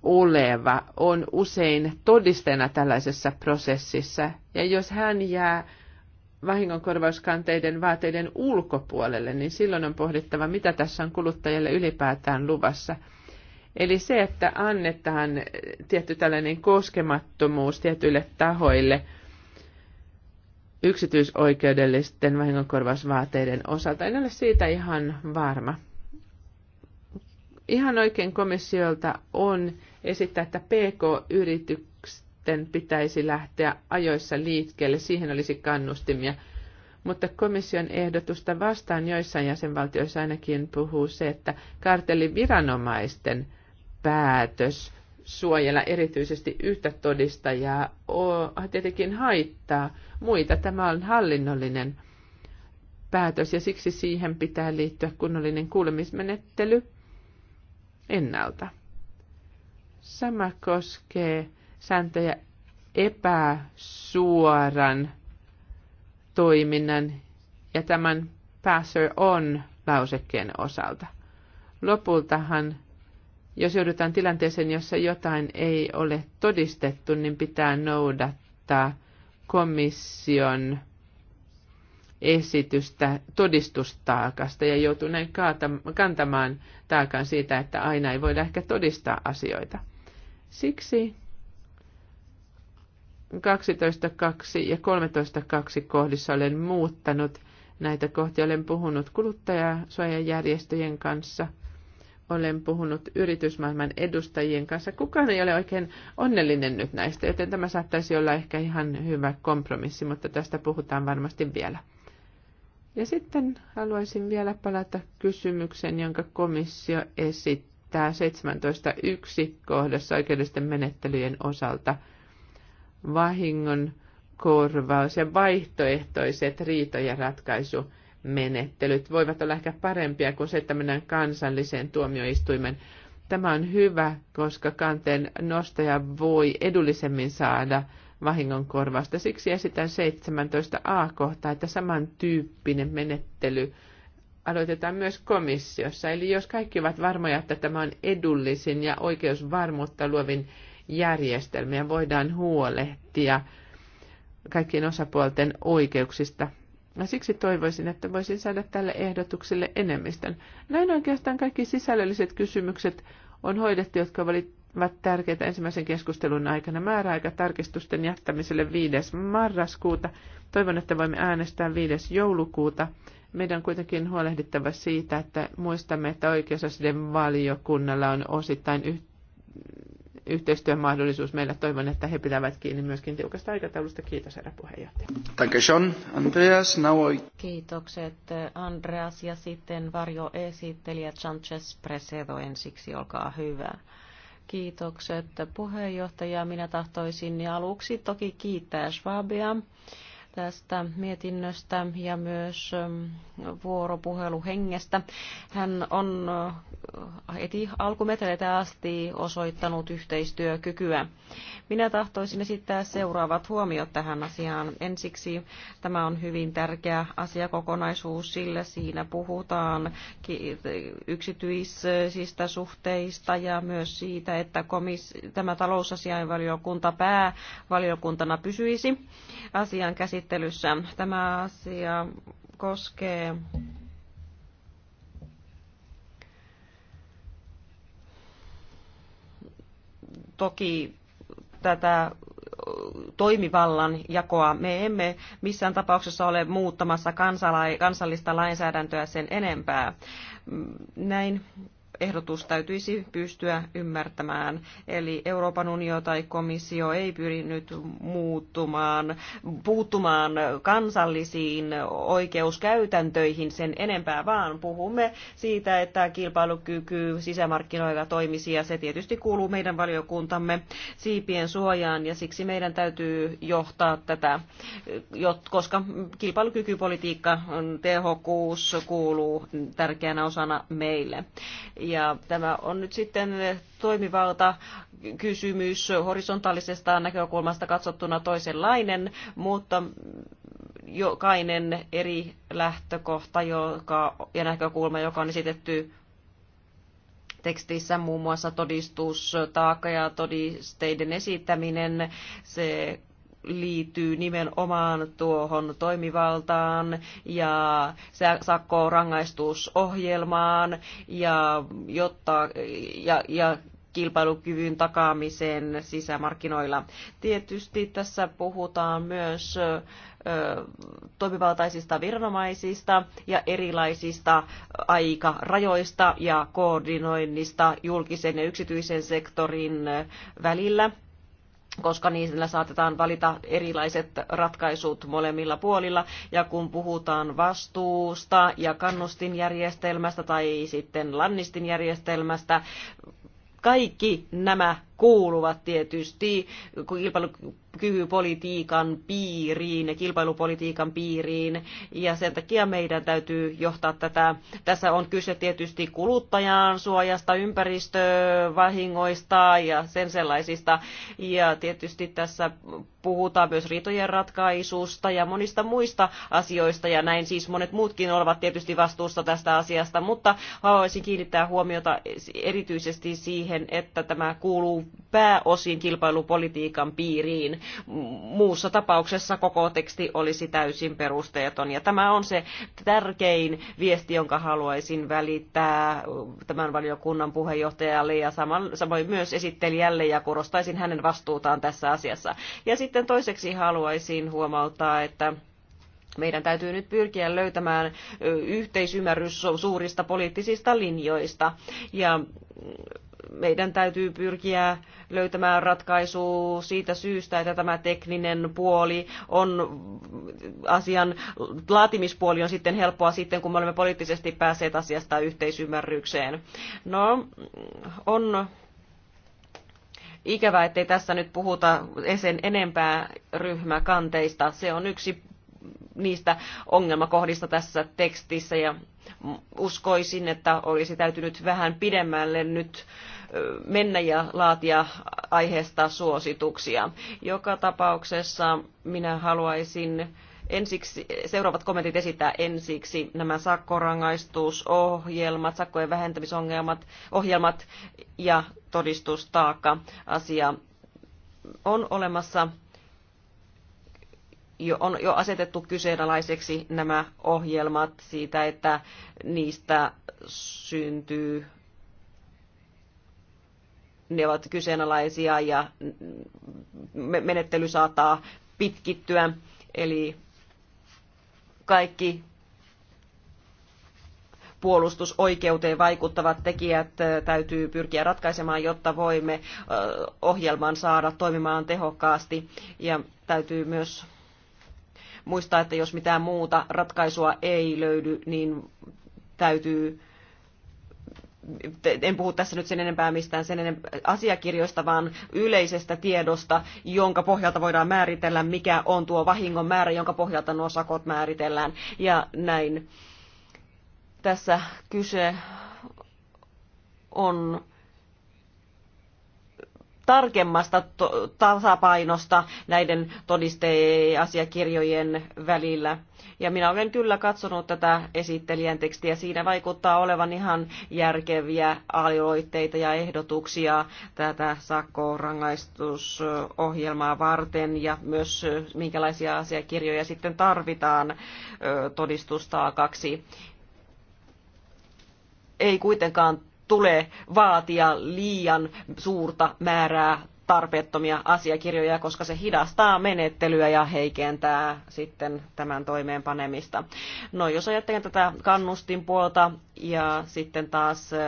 oleva on usein todisteena tällaisessa prosessissa. Ja jos hän jää vahingonkorvauskanteiden vaateiden ulkopuolelle, niin silloin on pohdittava, mitä tässä on kuluttajalle ylipäätään luvassa – Eli se, että annetaan tietty tällainen koskemattomuus tietyille tahoille yksityisoikeudellisten vahingonkorvausvaateiden osalta, en ole siitä ihan varma. Ihan oikein komissiolta on esittää, että PK-yritysten pitäisi lähteä ajoissa liikkeelle, siihen olisi kannustimia mutta komission ehdotusta vastaan joissain jäsenvaltioissa ainakin puhuu se, että kartelliviranomaisten päätös suojella erityisesti yhtä todistajaa ah, tietenkin haittaa muita. Tämä on hallinnollinen päätös ja siksi siihen pitää liittyä kunnollinen kuulemismenettely ennalta. Sama koskee sääntöjä epäsuoran toiminnan ja tämän passer on lausekkeen osalta. Lopultahan jos joudutaan tilanteeseen, jossa jotain ei ole todistettu, niin pitää noudattaa komission esitystä todistustaakasta ja joutuneen kantamaan taakan siitä, että aina ei voida ehkä todistaa asioita. Siksi 12.2 ja 13.2 kohdissa olen muuttanut näitä kohtia. Olen puhunut kuluttajasuojajärjestöjen kanssa – olen puhunut yritysmaailman edustajien kanssa. Kukaan ei ole oikein onnellinen nyt näistä, joten tämä saattaisi olla ehkä ihan hyvä kompromissi, mutta tästä puhutaan varmasti vielä. Ja sitten haluaisin vielä palata kysymykseen, jonka komissio esittää 17.1 kohdassa oikeudellisten menettelyjen osalta. Vahingon korvaus ja vaihtoehtoiset riitojen ratkaisu menettelyt voivat olla ehkä parempia kuin se, että mennään kansalliseen tuomioistuimen. Tämä on hyvä, koska kanteen nostaja voi edullisemmin saada vahingonkorvasta. Siksi esitän 17a-kohtaa, että samantyyppinen menettely aloitetaan myös komissiossa. Eli jos kaikki ovat varmoja, että tämä on edullisin ja oikeusvarmuutta luovin järjestelmiä, voidaan huolehtia kaikkien osapuolten oikeuksista No, siksi toivoisin, että voisin saada tälle ehdotukselle enemmistön. Näin oikeastaan kaikki sisällölliset kysymykset on hoidettu, jotka olivat tärkeitä ensimmäisen keskustelun aikana. Määräaika tarkistusten jättämiselle 5. marraskuuta. Toivon, että voimme äänestää 5. joulukuuta. Meidän on kuitenkin huolehdittava siitä, että muistamme, että oikeusasioiden valiokunnalla on osittain yhteydessä yhteistyön mahdollisuus meillä. Toivon, että he pitävät kiinni myöskin tiukasta aikataulusta. Kiitos, herra puheenjohtaja. Andreas. Now Kiitokset, Andreas. Ja sitten varjoesittelijä Sanchez Presedo ensiksi, olkaa hyvä. Kiitokset puheenjohtaja. Minä tahtoisin aluksi toki kiittää Schwabia tästä mietinnöstä ja myös ähm, vuoropuheluhengestä. Hän on äh, heti alkumetreitä asti osoittanut yhteistyökykyä. Minä tahtoisin esittää seuraavat huomiot tähän asiaan. Ensiksi tämä on hyvin tärkeä asiakokonaisuus, sillä siinä puhutaan yksityisistä suhteista ja myös siitä, että komis- tämä talousasiainvaliokunta päävaliokuntana pysyisi asian käsittelyssä käsittelyssä. Tämä asia koskee toki tätä toimivallan jakoa. Me emme missään tapauksessa ole muuttamassa kansallista lainsäädäntöä sen enempää. Näin ehdotus täytyisi pystyä ymmärtämään. Eli Euroopan unio tai komissio ei pyri nyt muuttumaan, puuttumaan kansallisiin oikeuskäytäntöihin sen enempää, vaan puhumme siitä, että kilpailukyky sisämarkkinoilla toimisi ja se tietysti kuuluu meidän valiokuntamme siipien suojaan ja siksi meidän täytyy johtaa tätä, koska kilpailukykypolitiikka, tehokkuus kuuluu tärkeänä osana meille. Ja tämä on nyt sitten toimivalta kysymys horisontaalisesta näkökulmasta katsottuna toisenlainen, mutta jokainen eri lähtökohta joka, ja näkökulma, joka on esitetty tekstissä muun muassa todistustaakka ja todisteiden esittäminen, se liittyy nimenomaan tuohon toimivaltaan ja rangaistusohjelmaan ja, jotta, ja, ja kilpailukyvyn takaamiseen sisämarkkinoilla. Tietysti tässä puhutaan myös toimivaltaisista viranomaisista ja erilaisista aikarajoista ja koordinoinnista julkisen ja yksityisen sektorin välillä koska niillä saatetaan valita erilaiset ratkaisut molemmilla puolilla. Ja kun puhutaan vastuusta ja kannustinjärjestelmästä tai sitten lannistinjärjestelmästä, kaikki nämä kuuluvat tietysti kilpailukykypolitiikan piiriin ja kilpailupolitiikan piiriin. Ja sen takia meidän täytyy johtaa tätä. Tässä on kyse tietysti kuluttajan suojasta, ympäristövahingoista ja sen sellaisista. Ja tietysti tässä puhutaan myös riitojen ratkaisusta ja monista muista asioista. Ja näin siis monet muutkin ovat tietysti vastuussa tästä asiasta. Mutta haluaisin kiinnittää huomiota erityisesti siihen, että tämä kuuluu pääosin kilpailupolitiikan piiriin. Muussa tapauksessa koko teksti olisi täysin perusteeton. Ja tämä on se tärkein viesti, jonka haluaisin välittää tämän valiokunnan puheenjohtajalle ja samoin myös esittelijälle ja korostaisin hänen vastuutaan tässä asiassa. Ja sitten toiseksi haluaisin huomauttaa, että meidän täytyy nyt pyrkiä löytämään yhteisymmärrys suurista poliittisista linjoista. Ja meidän täytyy pyrkiä löytämään ratkaisu siitä syystä, että tämä tekninen puoli on asian laatimispuoli on sitten helppoa sitten, kun me olemme poliittisesti päässeet asiasta yhteisymmärrykseen. No, on ikävä, ettei tässä nyt puhuta sen enempää ryhmäkanteista. Se on yksi niistä ongelmakohdista tässä tekstissä ja uskoisin, että olisi täytynyt vähän pidemmälle nyt äh, mennä ja laatia aiheesta suosituksia. Joka tapauksessa minä haluaisin ensiksi, seuraavat kommentit esittää ensiksi nämä sakkorangaistusohjelmat, sakkojen vähentämisongelmat ohjelmat ja todistustaakka asia on olemassa jo, on jo asetettu kyseenalaiseksi nämä ohjelmat siitä, että niistä syntyy ne ovat kyseenalaisia ja menettely saattaa pitkittyä. Eli kaikki puolustusoikeuteen vaikuttavat tekijät täytyy pyrkiä ratkaisemaan, jotta voimme ohjelman saada toimimaan tehokkaasti. Ja täytyy myös muistaa, että jos mitään muuta ratkaisua ei löydy, niin täytyy en puhu tässä nyt sen enempää mistään sen enempää asiakirjoista, vaan yleisestä tiedosta, jonka pohjalta voidaan määritellä, mikä on tuo vahingon määrä, jonka pohjalta nuo sakot määritellään. Ja näin tässä kyse on tarkemmasta tasapainosta näiden todisteasiakirjojen välillä. Ja minä olen kyllä katsonut tätä esittelijän tekstiä. Siinä vaikuttaa olevan ihan järkeviä aloitteita ja ehdotuksia tätä sakkorangaistusohjelmaa varten ja myös minkälaisia asiakirjoja sitten tarvitaan todistustaakaksi. Ei kuitenkaan tule vaatia liian suurta määrää tarpeettomia asiakirjoja, koska se hidastaa menettelyä ja heikentää sitten tämän toimeenpanemista. No jos ajattelen tätä kannustinpuolta ja sitten taas öö,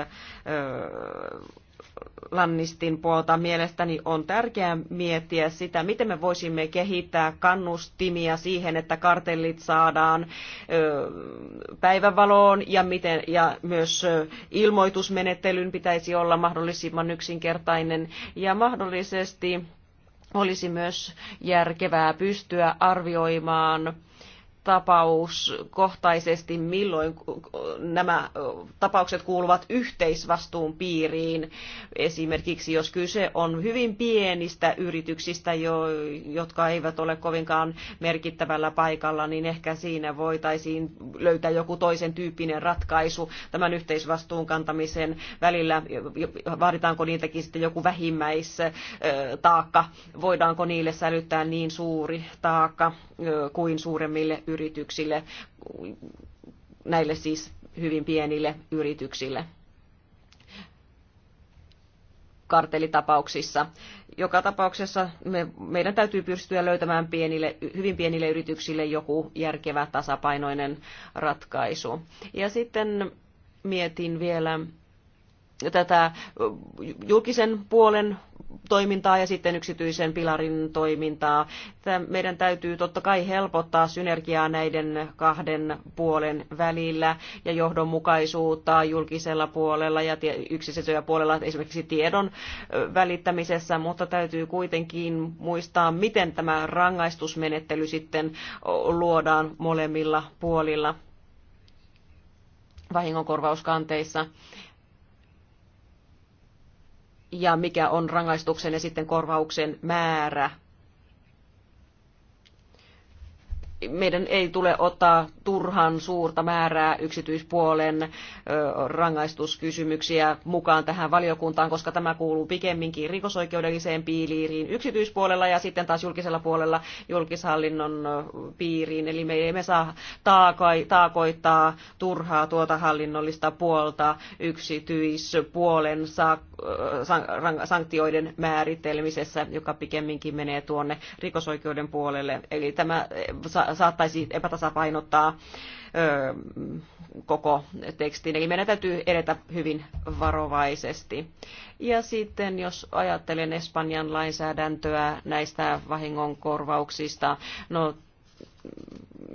Lannistin puolta mielestäni on tärkeää miettiä sitä, miten me voisimme kehittää kannustimia siihen, että kartellit saadaan päivänvaloon ja, miten, ja myös ilmoitusmenettelyn pitäisi olla mahdollisimman yksinkertainen ja mahdollisesti olisi myös järkevää pystyä arvioimaan tapauskohtaisesti, milloin nämä tapaukset kuuluvat yhteisvastuun piiriin. Esimerkiksi jos kyse on hyvin pienistä yrityksistä, jo jotka eivät ole kovinkaan merkittävällä paikalla, niin ehkä siinä voitaisiin löytää joku toisen tyyppinen ratkaisu tämän yhteisvastuun kantamisen välillä. Vaaditaanko niitäkin sitten joku vähimmäistaakka? Voidaanko niille sälyttää niin suuri taakka kuin suuremmille yrityksille? yrityksille, näille siis hyvin pienille yrityksille kartelitapauksissa. Joka tapauksessa me, meidän täytyy pystyä löytämään pienille, hyvin pienille yrityksille joku järkevä tasapainoinen ratkaisu. Ja sitten mietin vielä tätä julkisen puolen toimintaa ja sitten yksityisen pilarin toimintaa. Meidän täytyy totta kai helpottaa synergiaa näiden kahden puolen välillä ja johdonmukaisuutta julkisella puolella ja yksityisellä puolella esimerkiksi tiedon välittämisessä, mutta täytyy kuitenkin muistaa, miten tämä rangaistusmenettely sitten luodaan molemmilla puolilla vahingonkorvauskanteissa ja mikä on rangaistuksen ja sitten korvauksen määrä meidän ei tule ottaa turhan suurta määrää yksityispuolen rangaistuskysymyksiä mukaan tähän valiokuntaan, koska tämä kuuluu pikemminkin rikosoikeudelliseen piiriin yksityispuolella ja sitten taas julkisella puolella julkishallinnon piiriin. Eli me emme saa taakoittaa turhaa tuota hallinnollista puolta yksityispuolen sanktioiden määritelmisessä, joka pikemminkin menee tuonne rikosoikeuden puolelle. Eli tämä saattaisi epätasapainottaa öö, koko tekstin. Eli meidän täytyy edetä hyvin varovaisesti. Ja sitten jos ajattelen Espanjan lainsäädäntöä näistä vahingonkorvauksista, no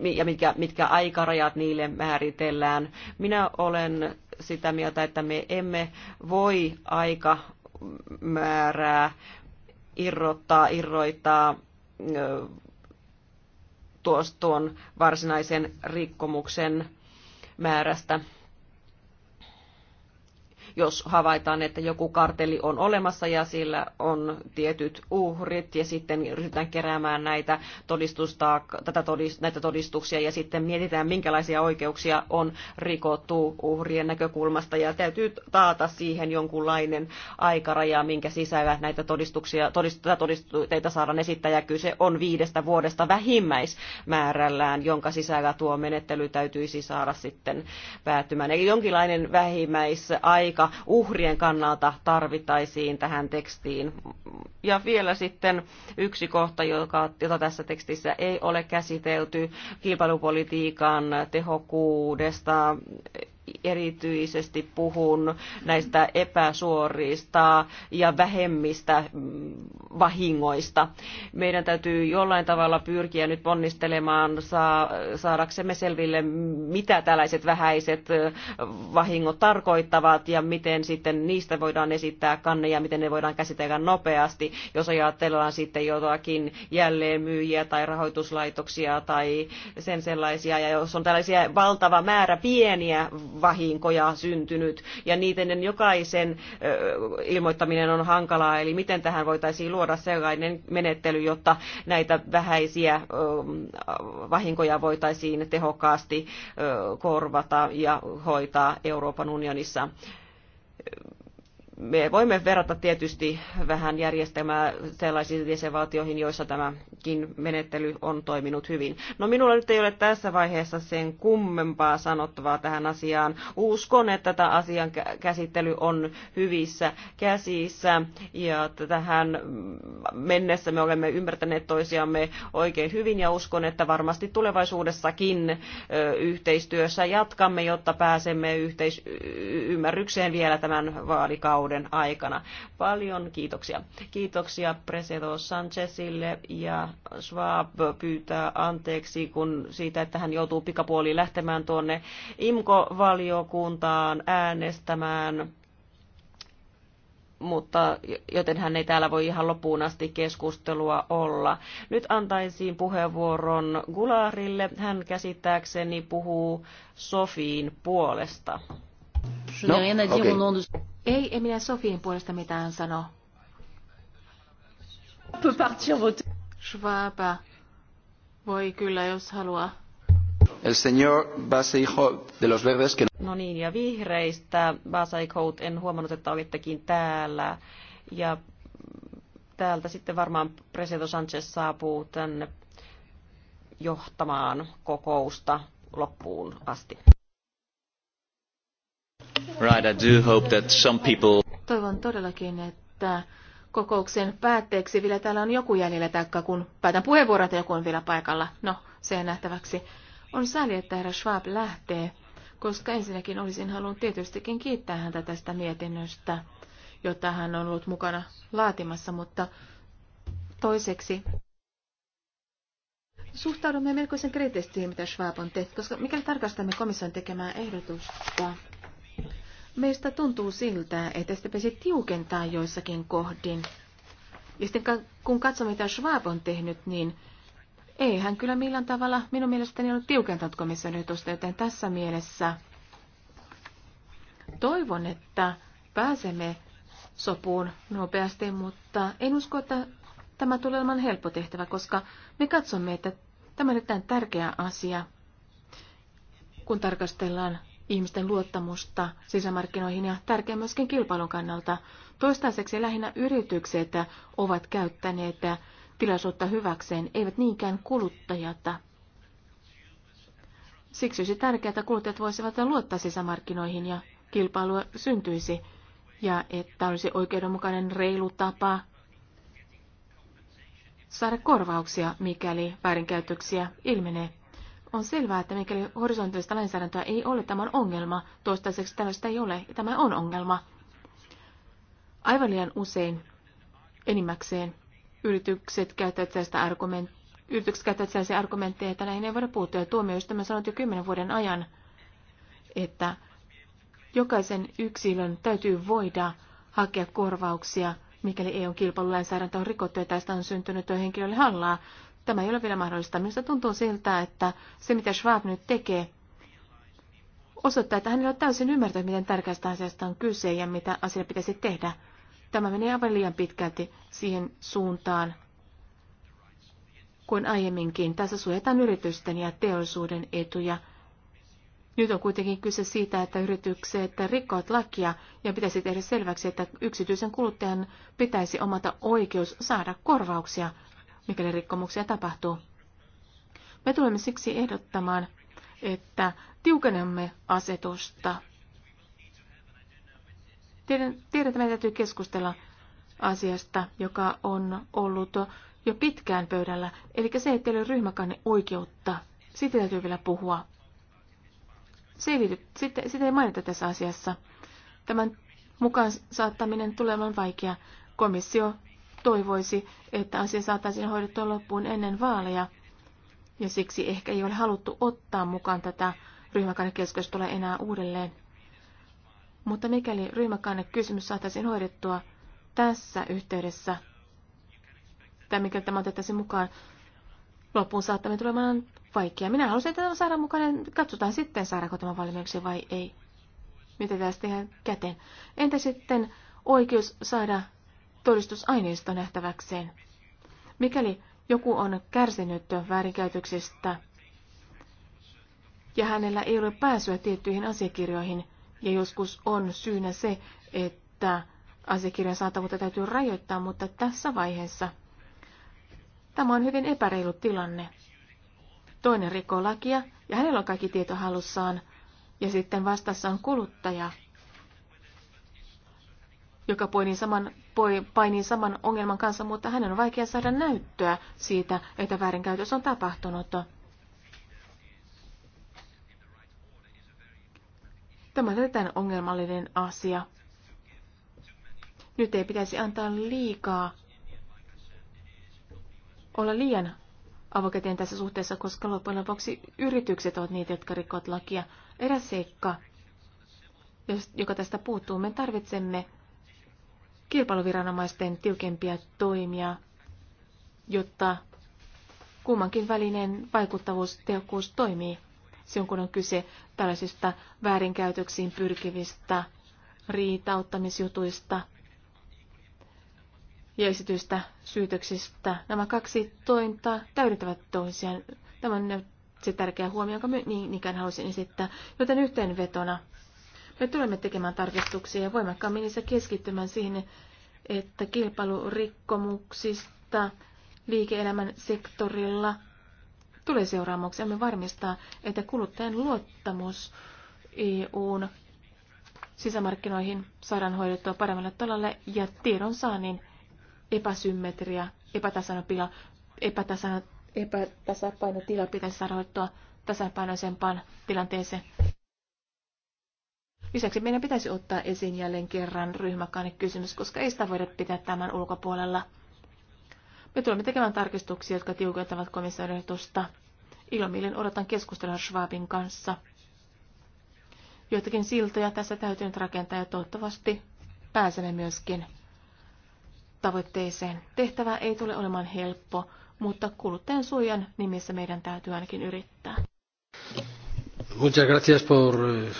ja mitkä, mitkä aikarajat niille määritellään. Minä olen sitä mieltä, että me emme voi aika määrää, irrottaa, irroittaa tuon varsinaisen rikkomuksen määrästä jos havaitaan, että joku karteli on olemassa ja sillä on tietyt uhrit ja sitten ryhdytään keräämään näitä, todistusta, tätä todist, näitä todistuksia ja sitten mietitään, minkälaisia oikeuksia on rikottu uhrien näkökulmasta ja täytyy taata siihen jonkunlainen aikaraja, minkä sisällä näitä todistuksia, todistusta, todisteita saadaan esittää ja kyse on viidestä vuodesta vähimmäismäärällään, jonka sisällä tuo menettely täytyisi saada sitten päättymään. Eli jonkinlainen vähimmäisaika joita uhrien kannalta tarvittaisiin tähän tekstiin. Ja vielä sitten yksi kohta, joka, jota tässä tekstissä ei ole käsitelty, kilpailupolitiikan tehokkuudesta erityisesti puhun näistä epäsuorista ja vähemmistä mm, vahingoista. Meidän täytyy jollain tavalla pyrkiä nyt ponnistelemaan saadaksemme selville, mitä tällaiset vähäiset vahingot tarkoittavat ja miten sitten niistä voidaan esittää kanneja, miten ne voidaan käsitellä nopeasti, jos ajatellaan sitten jotakin jälleenmyyjiä tai rahoituslaitoksia tai sen sellaisia. Ja jos on tällaisia valtava määrä pieniä vahinkoja syntynyt ja niiden jokaisen ilmoittaminen on hankalaa, eli miten tähän voitaisiin luoda sellainen menettely, jotta näitä vähäisiä vahinkoja voitaisiin tehokkaasti korvata ja hoitaa Euroopan unionissa me voimme verrata tietysti vähän järjestelmää sellaisiin jäsenvaltioihin, joissa tämäkin menettely on toiminut hyvin. No minulla nyt ei ole tässä vaiheessa sen kummempaa sanottavaa tähän asiaan. Uskon, että tämä asian käsittely on hyvissä käsissä ja tähän mennessä me olemme ymmärtäneet toisiamme oikein hyvin ja uskon, että varmasti tulevaisuudessakin yhteistyössä jatkamme, jotta pääsemme yhteisymmärrykseen vielä tämän vaalikauden kauden aikana. Paljon kiitoksia. Kiitoksia Presedo Sanchezille ja Schwab pyytää anteeksi kun siitä, että hän joutuu pikapuoliin lähtemään tuonne IMKO-valiokuntaan äänestämään mutta joten hän ei täällä voi ihan loppuun asti keskustelua olla. Nyt antaisin puheenvuoron Gularille. Hän käsittääkseni puhuu Sofiin puolesta. No, okay. Ei, en minä Sofiin puolesta mitään sano. Schwab voi kyllä, jos haluaa. El señor Baseijo de los Verdes. Que... No niin, ja vihreistä Baseijo, en huomannut, että olittekin täällä. Ja täältä sitten varmaan Presido Sanchez saapuu tänne johtamaan kokousta loppuun asti. Right, I do hope that some people... Toivon todellakin, että kokouksen päätteeksi vielä täällä on joku jäljellä, taikka kun päätän puheenvuorot, joku on vielä paikalla. No, se nähtäväksi. On sääli, että herra Schwab lähtee, koska ensinnäkin olisin halunnut tietystikin kiittää häntä tästä mietinnöstä, jota hän on ollut mukana laatimassa, mutta toiseksi suhtaudumme melkoisen kriittisesti siihen, mitä Schwab on tehty, koska mikäli tarkastamme komission tekemää ehdotusta, Meistä tuntuu siltä, että sitä pitäisi tiukentaa joissakin kohdin. Ja sitten kun katsomme, mitä Schwab on tehnyt, niin ei hän kyllä millään tavalla minun mielestäni ole tiukentanut komission ehdotusta, joten tässä mielessä toivon, että pääsemme sopuun nopeasti, mutta en usko, että tämä tulee olemaan helppo tehtävä, koska me katsomme, että tämä on erittäin tärkeä asia, kun tarkastellaan ihmisten luottamusta sisämarkkinoihin ja tärkeä myöskin kilpailun kannalta. Toistaiseksi lähinnä yritykset ovat käyttäneet tilaisuutta hyväkseen, eivät niinkään kuluttajat. Siksi olisi tärkeää, että kuluttajat voisivat luottaa sisämarkkinoihin ja kilpailua syntyisi ja että olisi oikeudenmukainen reilu tapa saada korvauksia, mikäli väärinkäytöksiä ilmenee. On selvää, että mikäli horisontillista lainsäädäntöä ei ole, tämä on ongelma. Toistaiseksi tällaista ei ole, ja tämä on ongelma. Aivan liian usein, enimmäkseen, yritykset käyttävät tästä argumenttia, yritykset käyttävät sellaisia argumentteja, että näihin ei voida puuttua. Ja tuomioistuimen sanoi jo kymmenen vuoden ajan, että jokaisen yksilön täytyy voida hakea korvauksia, mikäli eu kilpailulainsäädäntö on rikottu ja tästä on syntynyt henkilölle hallaa. Tämä ei ole vielä mahdollista. Minusta tuntuu siltä, että se mitä Schwab nyt tekee, osoittaa, että hänellä on täysin ymmärtänyt, miten tärkeästä asiasta on kyse ja mitä asia pitäisi tehdä. Tämä menee aivan liian pitkälti siihen suuntaan kuin aiemminkin. Tässä suojataan yritysten ja teollisuuden etuja. Nyt on kuitenkin kyse siitä, että yritykset rikkovat lakia ja pitäisi tehdä selväksi, että yksityisen kuluttajan pitäisi omata oikeus saada korvauksia mikäli rikkomuksia tapahtuu. Me tulemme siksi ehdottamaan, että tiukennamme asetusta. Tiedetään, että meidän täytyy keskustella asiasta, joka on ollut jo pitkään pöydällä. Eli se, että ole ryhmäkanne oikeutta, siitä täytyy vielä puhua. Se ei liity, sitä, sitä ei mainita tässä asiassa. Tämän mukaan saattaminen tulee olemaan vaikea. Komissio toivoisi, että asia saataisiin hoidettua loppuun ennen vaaleja. Ja siksi ehkä ei ole haluttu ottaa mukaan tätä ryhmäkannekeskustelua enää uudelleen. Mutta mikäli ryhmäkannekysymys saataisiin hoidettua tässä yhteydessä, tai mikäli tämä otettaisiin mukaan, loppuun saattaminen tulemaan vaikea. Minä halusin tämän saada mukaan ja niin katsotaan sitten saadaanko tämä valmiiksi vai ei. Mitä tästä tehdään käteen? Entä sitten oikeus saada todistusaineisto nähtäväkseen. Mikäli joku on kärsinyt väärinkäytöksestä ja hänellä ei ole pääsyä tiettyihin asiakirjoihin, ja joskus on syynä se, että asiakirjan saatavuutta täytyy rajoittaa, mutta tässä vaiheessa tämä on hyvin epäreilu tilanne. Toinen rikkoo lakia ja hänellä on kaikki tieto halussaan, ja sitten vastassa on kuluttaja – joka poinii saman, poi, painii saman ongelman kanssa, mutta hänen on vaikea saada näyttöä siitä, että väärinkäytös on tapahtunut. Tämä on erittäin ongelmallinen asia. Nyt ei pitäisi antaa liikaa olla liian avokäteen tässä suhteessa, koska loppujen lopuksi yritykset ovat niitä, jotka rikkovat lakia. Eräs seikka, joka tästä puuttuu, me tarvitsemme kilpailuviranomaisten tiukempia toimia, jotta kummankin välinen vaikuttavuus tehokkuus toimii silloin, kun on kyse tällaisista väärinkäytöksiin pyrkivistä riitauttamisjutuista ja esityistä syytöksistä. Nämä kaksi tointa täydentävät toisiaan. Tämä on se tärkeä huomio, jonka niin ikään haluaisin esittää. Joten yhteenvetona me tulemme tekemään tarkistuksia ja voimakkaammin niissä keskittymään siihen, että kilpailurikkomuksista liike-elämän sektorilla tulee seuraamuksia. Me varmistaa, että kuluttajan luottamus EUn sisämarkkinoihin saadaan hoidettua paremmalle tolalle ja tiedon saannin epäsymmetria, epätasainopila, epätasapainotila pitäisi saada hoidettua tasapainoisempaan tilanteeseen. Lisäksi meidän pitäisi ottaa esiin jälleen kerran ryhmäkannekysymys, koska ei sitä voida pitää tämän ulkopuolella. Me tulemme tekemään tarkistuksia, jotka tiukentavat komissaariohjelmasta. Ilomielin odotan keskustella Schwabin kanssa. Joitakin siltoja tässä täytyy nyt rakentaa ja toivottavasti pääsemme myöskin tavoitteeseen. Tehtävä ei tule olemaan helppo, mutta kuluttajan suojan nimissä meidän täytyy ainakin yrittää. Muchas gracias por eh,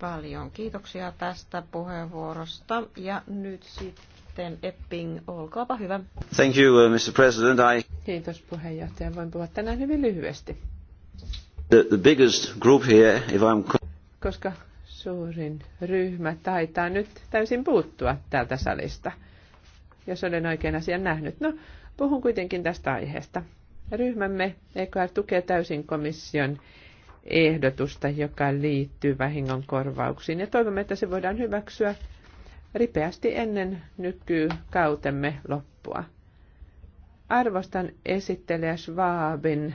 paljon. Kiitoksia tästä puheenvuorosta. Ja nyt sitten Epping, olkaapa hyvä. Thank you, uh, Mr. President. I... Kiitos puheenjohtaja. Voin puhua tänään hyvin lyhyesti. The, the biggest group here, if I'm... Koska suurin ryhmä taitaa nyt täysin puuttua tältä salista, jos olen oikein asian nähnyt. No, puhun kuitenkin tästä aiheesta. Ryhmämme EKR tukee täysin komission ehdotusta, joka liittyy vahingonkorvauksiin. Ja toivomme, että se voidaan hyväksyä ripeästi ennen nykykautemme loppua. Arvostan esittelijä Schwabin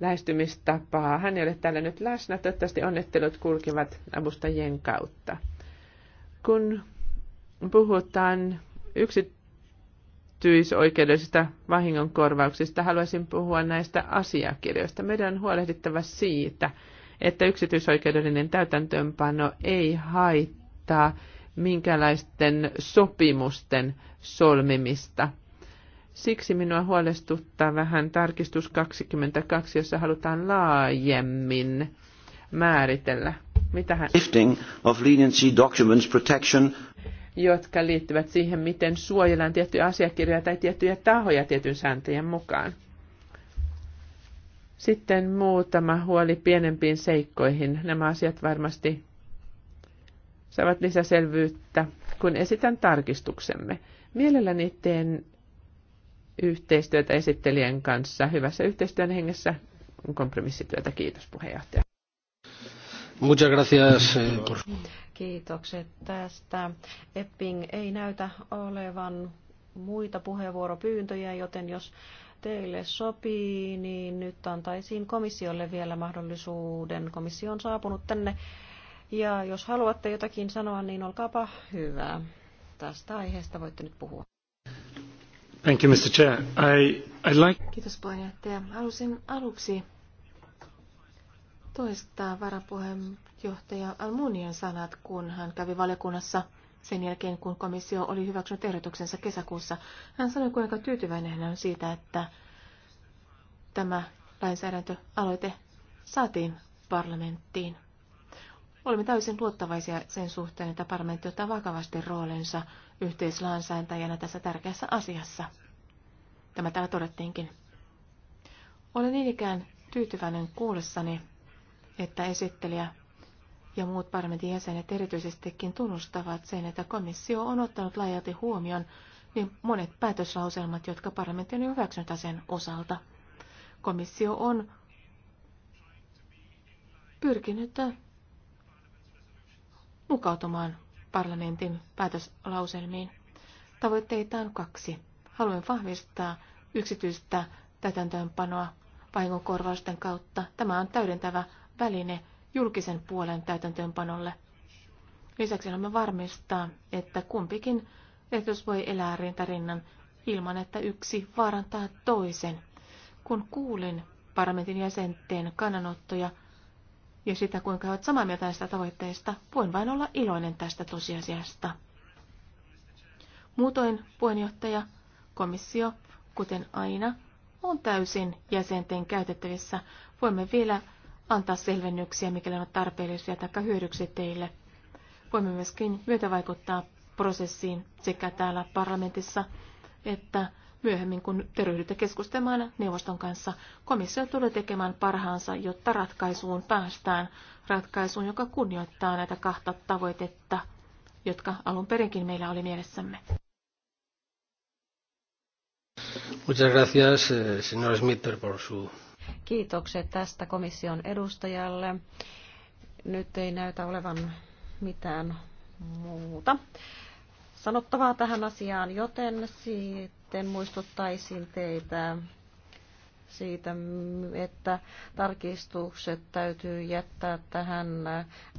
lähestymistapaa. Hän ei ole täällä nyt läsnä. Toivottavasti onnettelut kulkivat avustajien kautta. Kun puhutaan yksittäisistä yksityisoikeudellisista vahingonkorvauksista haluaisin puhua näistä asiakirjoista. Meidän on huolehdittava siitä, että yksityisoikeudellinen täytäntöönpano ei haittaa minkälaisten sopimusten solmimista. Siksi minua huolestuttaa vähän tarkistus 22, jossa halutaan laajemmin määritellä. Mitähän? Lifting of leniency documents protection jotka liittyvät siihen, miten suojellaan tiettyjä asiakirjoja tai tiettyjä tahoja tietyn sääntöjen mukaan. Sitten muutama huoli pienempiin seikkoihin. Nämä asiat varmasti saavat lisäselvyyttä, kun esitän tarkistuksemme. Mielelläni teen yhteistyötä esittelijän kanssa hyvässä yhteistyön hengessä kompromissityötä. Kiitos puheenjohtaja. Muchas gracias. Eh, por... Kiitokset tästä. Epping ei näytä olevan muita puheenvuoropyyntöjä, joten jos teille sopii, niin nyt antaisin komissiolle vielä mahdollisuuden. Komissio on saapunut tänne. Ja jos haluatte jotakin sanoa, niin olkaapa hyvä. Tästä aiheesta voitte nyt puhua. Thank you, Mr. Chair. I, I'd like... Kiitos puheenjohtaja. Halusin aluksi toistaa varapuheen johtaja Almunian sanat, kun hän kävi valiokunnassa sen jälkeen, kun komissio oli hyväksynyt ehdotuksensa kesäkuussa. Hän sanoi, kuinka tyytyväinen hän on siitä, että tämä lainsäädäntöaloite saatiin parlamenttiin. Olemme täysin luottavaisia sen suhteen, että parlamentti ottaa vakavasti roolinsa yhteislaansääntäjänä tässä tärkeässä asiassa. Tämä täällä todettiinkin. Olen niin ikään tyytyväinen kuullessani, että esittelijä ja muut parlamentin jäsenet erityisestikin tunnustavat sen, että komissio on ottanut laajalti huomioon niin monet päätöslauselmat, jotka parlamentti on hyväksynyt asian osalta. Komissio on pyrkinyt mukautumaan parlamentin päätöslauselmiin. Tavoitteita on kaksi. Haluan vahvistaa yksityistä täytäntöönpanoa vahingonkorvausten kautta. Tämä on täydentävä väline julkisen puolen täytäntöönpanolle. Lisäksi haluamme varmistaa, että kumpikin ehdotus voi elää rintarinnan ilman, että yksi vaarantaa toisen. Kun kuulin parlamentin jäsenten kannanottoja ja sitä, kuinka he ovat samaa mieltä näistä tavoitteista, voin vain olla iloinen tästä tosiasiasta. Muutoin puheenjohtaja, komissio, kuten aina, on täysin jäsenten käytettävissä. Voimme vielä antaa selvennyksiä, mikäli ovat tarpeellisia tai hyödyksi teille. Voimme myöskin myötävaikuttaa prosessiin sekä täällä parlamentissa että myöhemmin, kun te ryhdytte keskustelemaan neuvoston kanssa. Komissio tulee tekemään parhaansa, jotta ratkaisuun päästään. Ratkaisuun, joka kunnioittaa näitä kahta tavoitetta, jotka alun perinkin meillä oli mielessämme. Muchas gracias, eh, señor Smith, por su Kiitokset tästä komission edustajalle. Nyt ei näytä olevan mitään muuta sanottavaa tähän asiaan, joten sitten muistuttaisin teitä siitä, että tarkistukset täytyy jättää tähän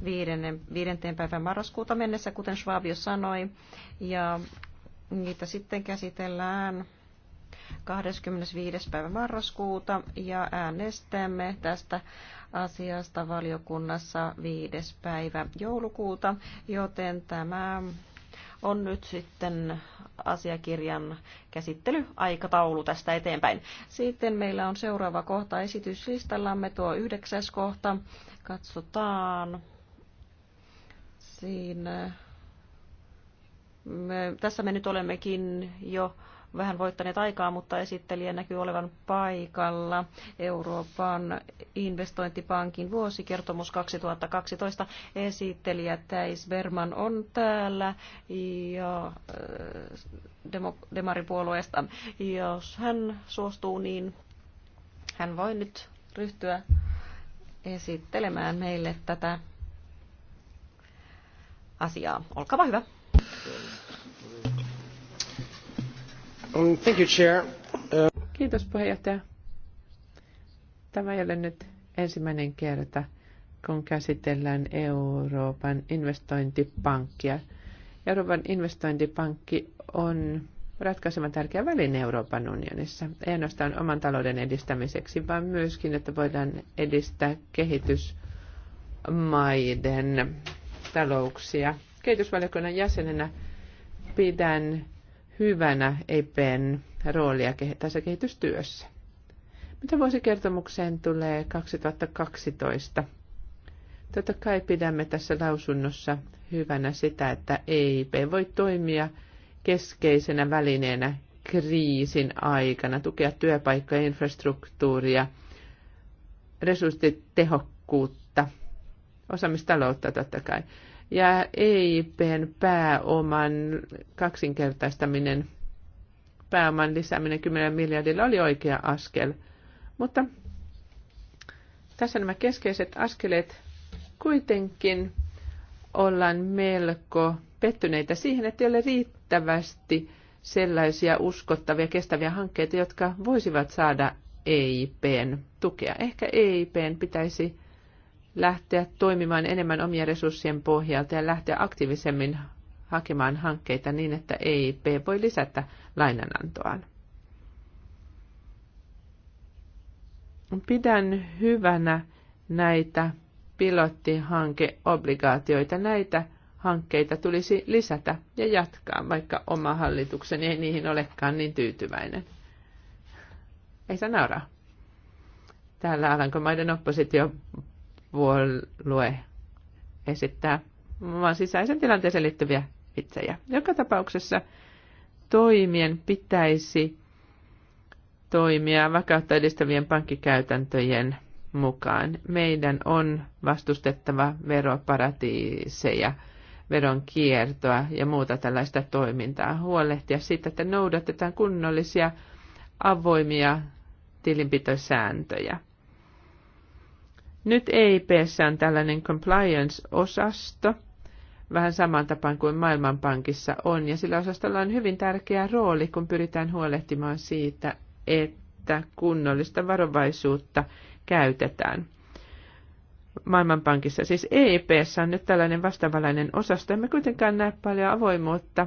viidennen, viidenteen päivän marraskuuta mennessä, kuten Schwab jo sanoi, ja niitä sitten käsitellään 25. päivä marraskuuta ja äänestämme tästä asiasta valiokunnassa 5. päivä joulukuuta, joten tämä on nyt sitten asiakirjan käsittelyaikataulu tästä eteenpäin. Sitten meillä on seuraava kohta esityslistallamme, tuo yhdeksäs kohta. Katsotaan. Siinä me, tässä me nyt olemmekin jo vähän voittaneet aikaa, mutta esittelijä näkyy olevan paikalla. Euroopan investointipankin vuosikertomus 2012. Esittelijä Täis Berman on täällä ja äh, demaripuolueesta. Jos hän suostuu, niin hän voi nyt ryhtyä esittelemään meille tätä asiaa. Olkaa hyvä. Um, thank you, Chair. Uh, Kiitos puheenjohtaja. Tämä ei ole nyt ensimmäinen kerta, kun käsitellään Euroopan investointipankkia. Euroopan investointipankki on ratkaisevan tärkeä väline Euroopan unionissa, ei ainoastaan oman talouden edistämiseksi, vaan myöskin, että voidaan edistää kehitysmaiden talouksia. Kehitysvaliokunnan jäsenenä pidän hyvänä EPn roolia tässä kehitystyössä. Mitä vuosikertomukseen tulee 2012? Totta kai pidämme tässä lausunnossa hyvänä sitä, että EIP voi toimia keskeisenä välineenä kriisin aikana, tukea työpaikkoja, infrastruktuuria, resurssitehokkuutta, osaamistaloutta totta kai ja EIPn pääoman kaksinkertaistaminen, pääoman lisääminen 10 miljardilla oli oikea askel. Mutta tässä nämä keskeiset askeleet kuitenkin ollaan melko pettyneitä siihen, että ei ole riittävästi sellaisia uskottavia, kestäviä hankkeita, jotka voisivat saada EIPn tukea. Ehkä EIPn pitäisi lähteä toimimaan enemmän omien resurssien pohjalta ja lähteä aktiivisemmin hakemaan hankkeita niin, että EIP voi lisätä lainanantoaan. Pidän hyvänä näitä pilottihankeobligaatioita. Näitä hankkeita tulisi lisätä ja jatkaa, vaikka oma hallitukseni ei niihin olekaan niin tyytyväinen. Ei saa nauraa. Täällä Alankomaiden oppositio puolue esittää, vaan sisäisen tilanteeseen liittyviä vitsejä. Joka tapauksessa toimien pitäisi toimia vakautta edistävien pankkikäytäntöjen mukaan. Meidän on vastustettava veroparatiiseja, veronkiertoa ja muuta tällaista toimintaa. Huolehtia siitä, että noudatetaan kunnollisia avoimia tilinpitosääntöjä. Nyt EIPssä on tällainen compliance-osasto, vähän saman tapaan kuin Maailmanpankissa on, ja sillä osastolla on hyvin tärkeä rooli, kun pyritään huolehtimaan siitä, että kunnollista varovaisuutta käytetään. Maailmanpankissa, siis EIPssä on nyt tällainen vastaavalainen osasto, emme kuitenkaan näe paljon avoimuutta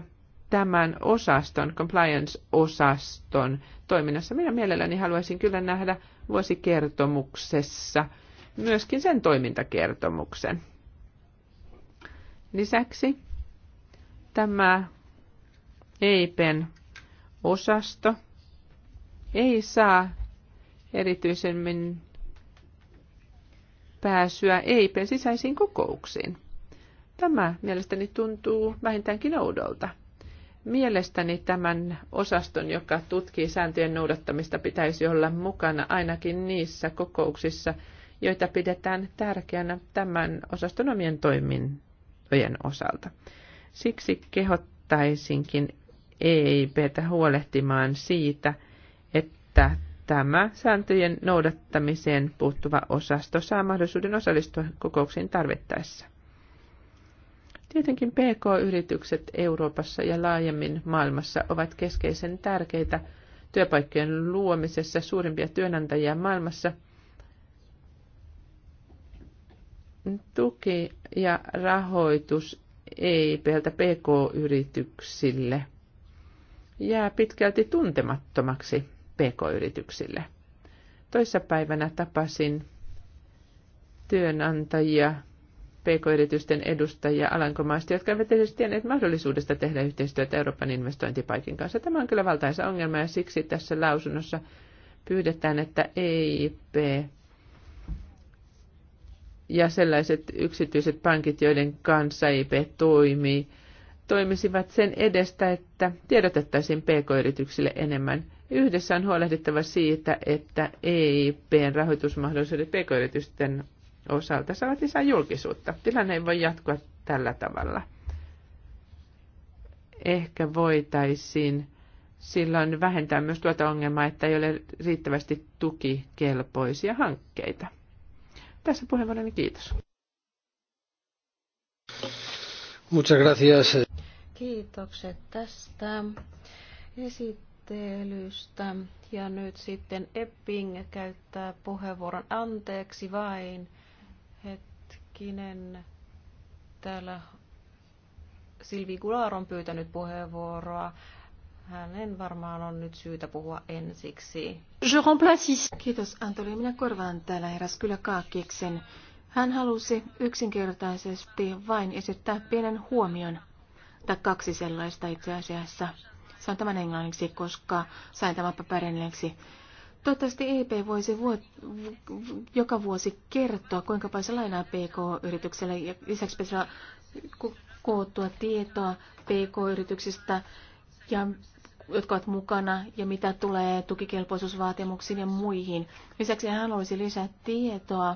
tämän osaston, compliance-osaston toiminnassa. Minä mielelläni haluaisin kyllä nähdä vuosikertomuksessa – myöskin sen toimintakertomuksen. Lisäksi tämä EIPen osasto ei saa erityisemmin pääsyä EIPen sisäisiin kokouksiin. Tämä mielestäni tuntuu vähintäänkin oudolta. Mielestäni tämän osaston, joka tutkii sääntöjen noudattamista, pitäisi olla mukana ainakin niissä kokouksissa, joita pidetään tärkeänä tämän osaston omien toimintojen osalta. Siksi kehottaisinkin EIPtä huolehtimaan siitä, että tämä sääntöjen noudattamiseen puuttuva osasto saa mahdollisuuden osallistua kokouksiin tarvittaessa. Tietenkin PK-yritykset Euroopassa ja laajemmin maailmassa ovat keskeisen tärkeitä työpaikkojen luomisessa suurimpia työnantajia maailmassa – tuki ja rahoitus EIPltä PK-yrityksille jää pitkälti tuntemattomaksi PK-yrityksille. Toissapäivänä tapasin työnantajia, PK-yritysten edustajia Alankomaista, jotka eivät edes tienneet mahdollisuudesta tehdä yhteistyötä Euroopan investointipaikin kanssa. Tämä on kyllä valtaisa ongelma ja siksi tässä lausunnossa pyydetään, että EIP ja sellaiset yksityiset pankit, joiden kanssa IP toimii, toimisivat sen edestä, että tiedotettaisiin pk-yrityksille enemmän. Yhdessä on huolehdittava siitä, että EIPn rahoitusmahdollisuudet pk-yritysten osalta saavat lisää julkisuutta. Tilanne ei voi jatkua tällä tavalla. Ehkä voitaisiin silloin vähentää myös tuota ongelmaa, että ei ole riittävästi tukikelpoisia hankkeita. Tässä puheenvuoroni kiitos. Muchas gracias. Kiitokset tästä esittelystä. Ja nyt sitten Epping käyttää puheenvuoron. Anteeksi vain. Hetkinen. Täällä Silvi Gular on pyytänyt puheenvuoroa. Hänen varmaan on nyt syytä puhua ensiksi. Je remplace. Kiitos Antoli. Minä korvaan täällä heräs kyllä kaakkiksen. Hän halusi yksinkertaisesti vain esittää pienen huomion, tai kaksi sellaista itse asiassa. Sain tämän englanniksi, koska sain tämän paperinneksi. Toivottavasti EP voisi vuot- joka vuosi kertoa, kuinka paljon se lainaa PK-yritykselle ja lisäksi pitäisi koottua tietoa PK-yrityksistä ja jotka ovat mukana ja mitä tulee tukikelpoisuusvaatimuksiin ja muihin. Lisäksi hän haluaisi lisää tietoa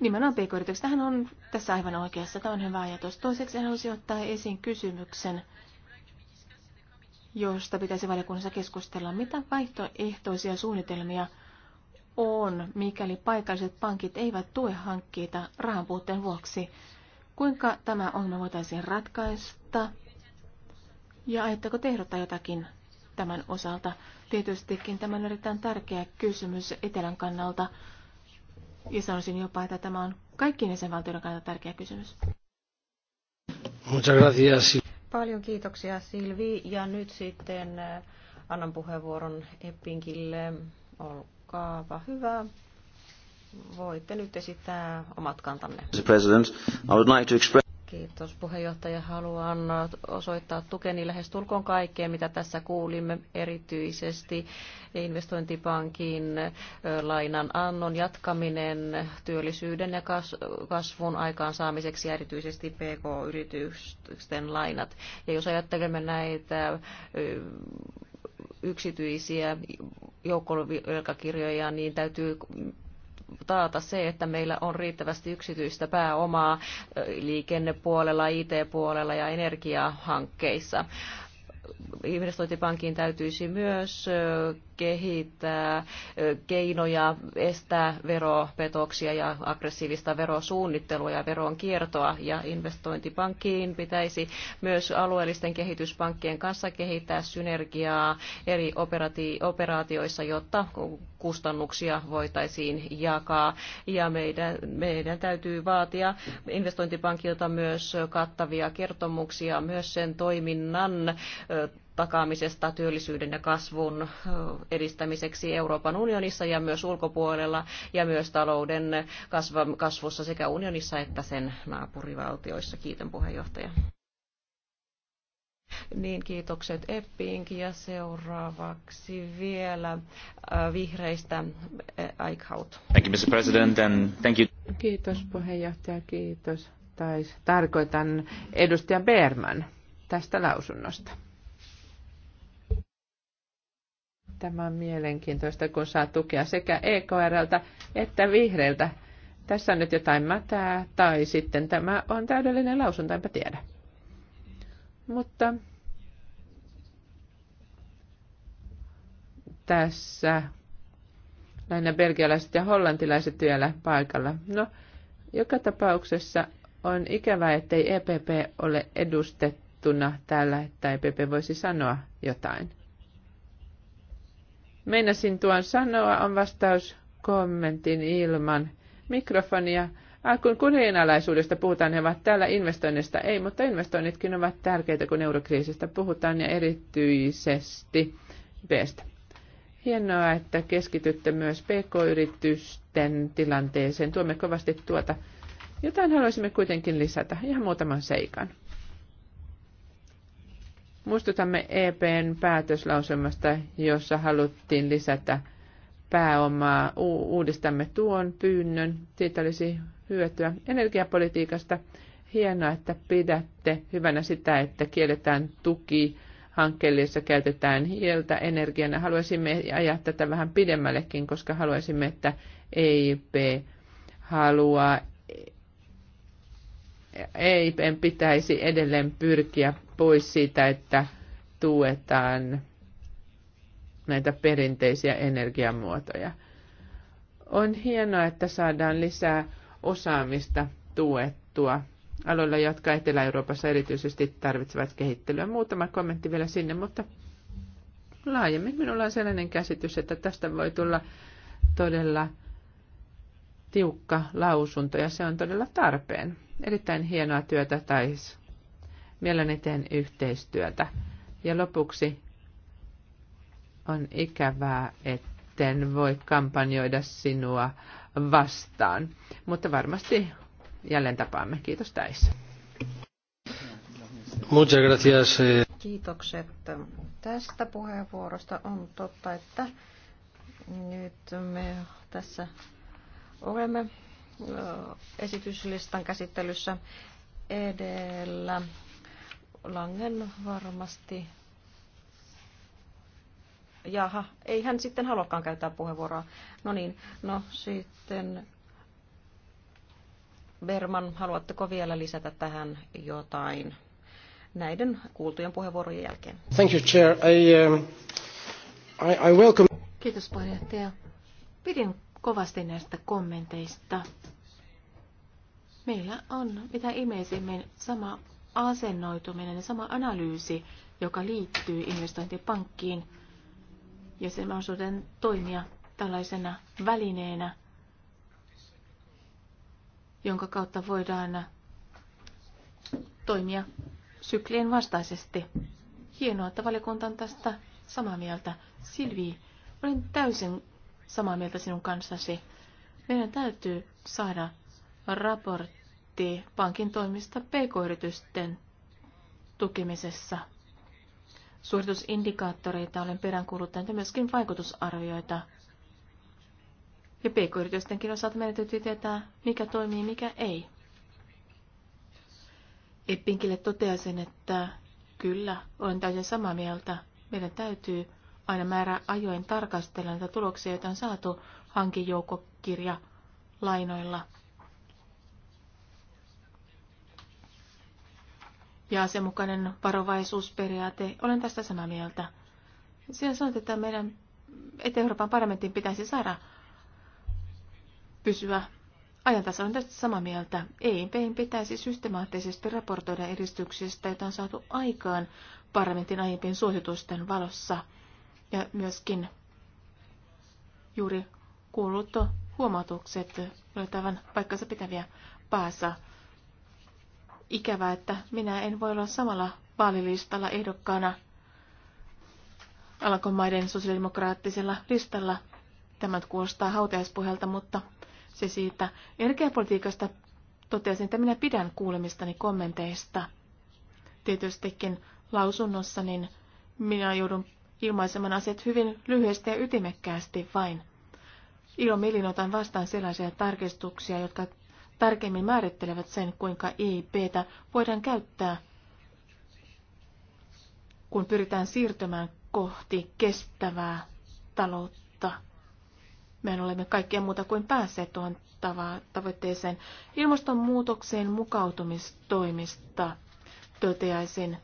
nimenomaan pk Hän on tässä aivan oikeassa. Tämä on hyvä ajatus. Toiseksi hän haluaisi ottaa esiin kysymyksen, josta pitäisi valiokunnassa keskustella. Mitä vaihtoehtoisia suunnitelmia on, mikäli paikalliset pankit eivät tue hankkeita rahanpuutteen vuoksi? Kuinka tämä ongelma voitaisiin ratkaista? Ja ajatteko tehdä jotakin tämän osalta? Tietystikin tämä on erittäin tärkeä kysymys Etelän kannalta. Ja sanoisin jopa, että tämä on kaikkien jäsenvaltioiden kannalta tärkeä kysymys. Paljon kiitoksia Silvi. Ja nyt sitten eh, annan puheenvuoron Eppinkille. Olkaapa hyvä. Voitte nyt esittää omat kantanne. President, I would like to express... Kiitos puheenjohtaja. Haluan osoittaa tukeni tulkoon kaikkeen, mitä tässä kuulimme, erityisesti investointipankin lainan annon jatkaminen työllisyyden ja kasvun aikaansaamiseksi ja erityisesti PK-yritysten lainat. Ja jos ajattelemme näitä yksityisiä joukkovelkakirjoja, niin täytyy taata se, että meillä on riittävästi yksityistä pääomaa liikennepuolella, IT-puolella ja energiahankkeissa. Investointipankin täytyisi myös kehittää keinoja estää veropetoksia ja aggressiivista verosuunnittelua ja veronkiertoa. Ja investointipankkiin pitäisi myös alueellisten kehityspankkien kanssa kehittää synergiaa eri operaatioissa, jotta kustannuksia voitaisiin jakaa. Ja meidän, meidän täytyy vaatia investointipankilta myös kattavia kertomuksia myös sen toiminnan takaamisesta työllisyyden ja kasvun edistämiseksi Euroopan unionissa ja myös ulkopuolella ja myös talouden kasvussa sekä unionissa että sen naapurivaltioissa. Kiitän puheenjohtaja. Niin, kiitokset Eppiinkin ja seuraavaksi vielä vihreistä Eichhout. Thank you, Mr. President, and thank you. Kiitos puheenjohtaja, kiitos. Tais, tarkoitan edustaja Berman tästä lausunnosta. Tämä on mielenkiintoista, kun saa tukea sekä EKRltä että vihreiltä. Tässä on nyt jotain mätää, tai sitten tämä on täydellinen lausunto, enpä tiedä. Mutta tässä lähinnä belgialaiset ja hollantilaiset työllä paikalla. No, joka tapauksessa on ikävää, ettei EPP ole edustettuna täällä, että EPP voisi sanoa jotain. Meinasin tuon sanoa, on vastaus kommentin ilman mikrofonia. Alkuun ah, kurinalaisuudesta puhutaan, he ovat täällä investoinnista ei, mutta investoinnitkin ovat tärkeitä, kun eurokriisistä puhutaan ja erityisesti Bstä. Hienoa, että keskitytte myös pk-yritysten tilanteeseen. Tuomme kovasti tuota. Jotain haluaisimme kuitenkin lisätä, ihan muutaman seikan. Muistutamme EPn päätöslauselmasta, jossa haluttiin lisätä pääomaa. uudistamme tuon pyynnön. Siitä olisi hyötyä energiapolitiikasta. Hienoa, että pidätte hyvänä sitä, että kielletään tuki hankkeellissa käytetään hieltä energiana. Haluaisimme ajaa tätä vähän pidemmällekin, koska haluaisimme, että EIP haluaa en pitäisi edelleen pyrkiä pois siitä, että tuetaan näitä perinteisiä energiamuotoja. On hienoa, että saadaan lisää osaamista tuettua aloilla, jotka Etelä-Euroopassa erityisesti tarvitsevat kehittelyä. Muutama kommentti vielä sinne, mutta laajemmin minulla on sellainen käsitys, että tästä voi tulla todella tiukka lausunto ja se on todella tarpeen. Erittäin hienoa työtä tai mielelläni teen yhteistyötä. Ja lopuksi on ikävää, etten voi kampanjoida sinua vastaan, mutta varmasti jälleen tapaamme. Kiitos Täis. Eh. Kiitokset tästä puheenvuorosta. On totta, että nyt me tässä Olemme esityslistan käsittelyssä edellä. Langen varmasti. Jaha, ei hän sitten haluakaan käyttää puheenvuoroa. No niin, no sitten Berman, haluatteko vielä lisätä tähän jotain näiden kuultujen puheenvuorojen jälkeen? Thank you, Chair. I, um, I, I welcome... Kiitos puheenjohtaja. Pidin kovasti näistä kommenteista. Meillä on mitä ilmeisimmin sama asennoituminen ja sama analyysi, joka liittyy investointipankkiin ja sen mahdollisuuden toimia tällaisena välineenä, jonka kautta voidaan toimia syklien vastaisesti. Hienoa, että valiokunta on tästä samaa mieltä. Silvi, olen täysin samaa mieltä sinun kanssasi. Meidän täytyy saada raportti pankin toimista pk-yritysten tukemisessa. Suoritusindikaattoreita olen peräänkuuluttanut ja myöskin vaikutusarvioita. Ja pk-yritystenkin osalta meidän täytyy tietää, mikä toimii, mikä ei. Eppinkille toteaisin, että kyllä, olen täysin samaa mieltä. Meidän täytyy aina määrä ajoin tarkastella niitä tuloksia, joita on saatu hankijoukokirja lainoilla. Ja asianmukainen varovaisuusperiaate, olen tästä samaa mieltä. Siinä sanotaan, että meidän Etelä-Euroopan parlamentin pitäisi saada pysyä ajan tasalla tästä samaa mieltä. EIPin pitäisi systemaattisesti raportoida edistyksistä, joita on saatu aikaan parlamentin aiempien suositusten valossa – ja myöskin juuri kuulut huomautukset löytävän paikkansa pitäviä päässä. Ikävää, että minä en voi olla samalla vaalilistalla ehdokkaana Alankomaiden sosiaalidemokraattisella listalla. Tämä kuulostaa hautajaispuhelta, mutta se siitä energiapolitiikasta totesin, että minä pidän kuulemistani kommenteista. Tietystikin lausunnossa niin minä joudun ilmaiseman asiat hyvin lyhyesti ja ytimekkäästi vain. Ilomielin otan vastaan sellaisia tarkistuksia, jotka tarkemmin määrittelevät sen, kuinka EIPtä voidaan käyttää, kun pyritään siirtymään kohti kestävää taloutta. Me olemme kaikkea muuta kuin päässeet tuohon tavoitteeseen. Ilmastonmuutokseen mukautumistoimista toteaisin,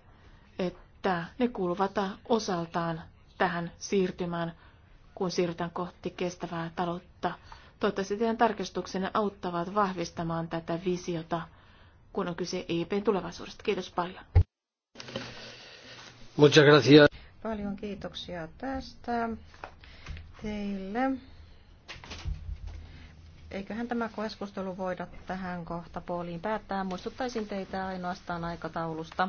että ne kuuluvat osaltaan tähän siirtymään, kun siirrytään kohti kestävää taloutta. Toivottavasti teidän tarkistuksenne auttavat vahvistamaan tätä visiota, kun on kyse EIPn tulevaisuudesta. Kiitos paljon. Paljon kiitoksia tästä teille. Eiköhän tämä keskustelu voida tähän kohta puoliin päättää. Muistuttaisin teitä ainoastaan aikataulusta.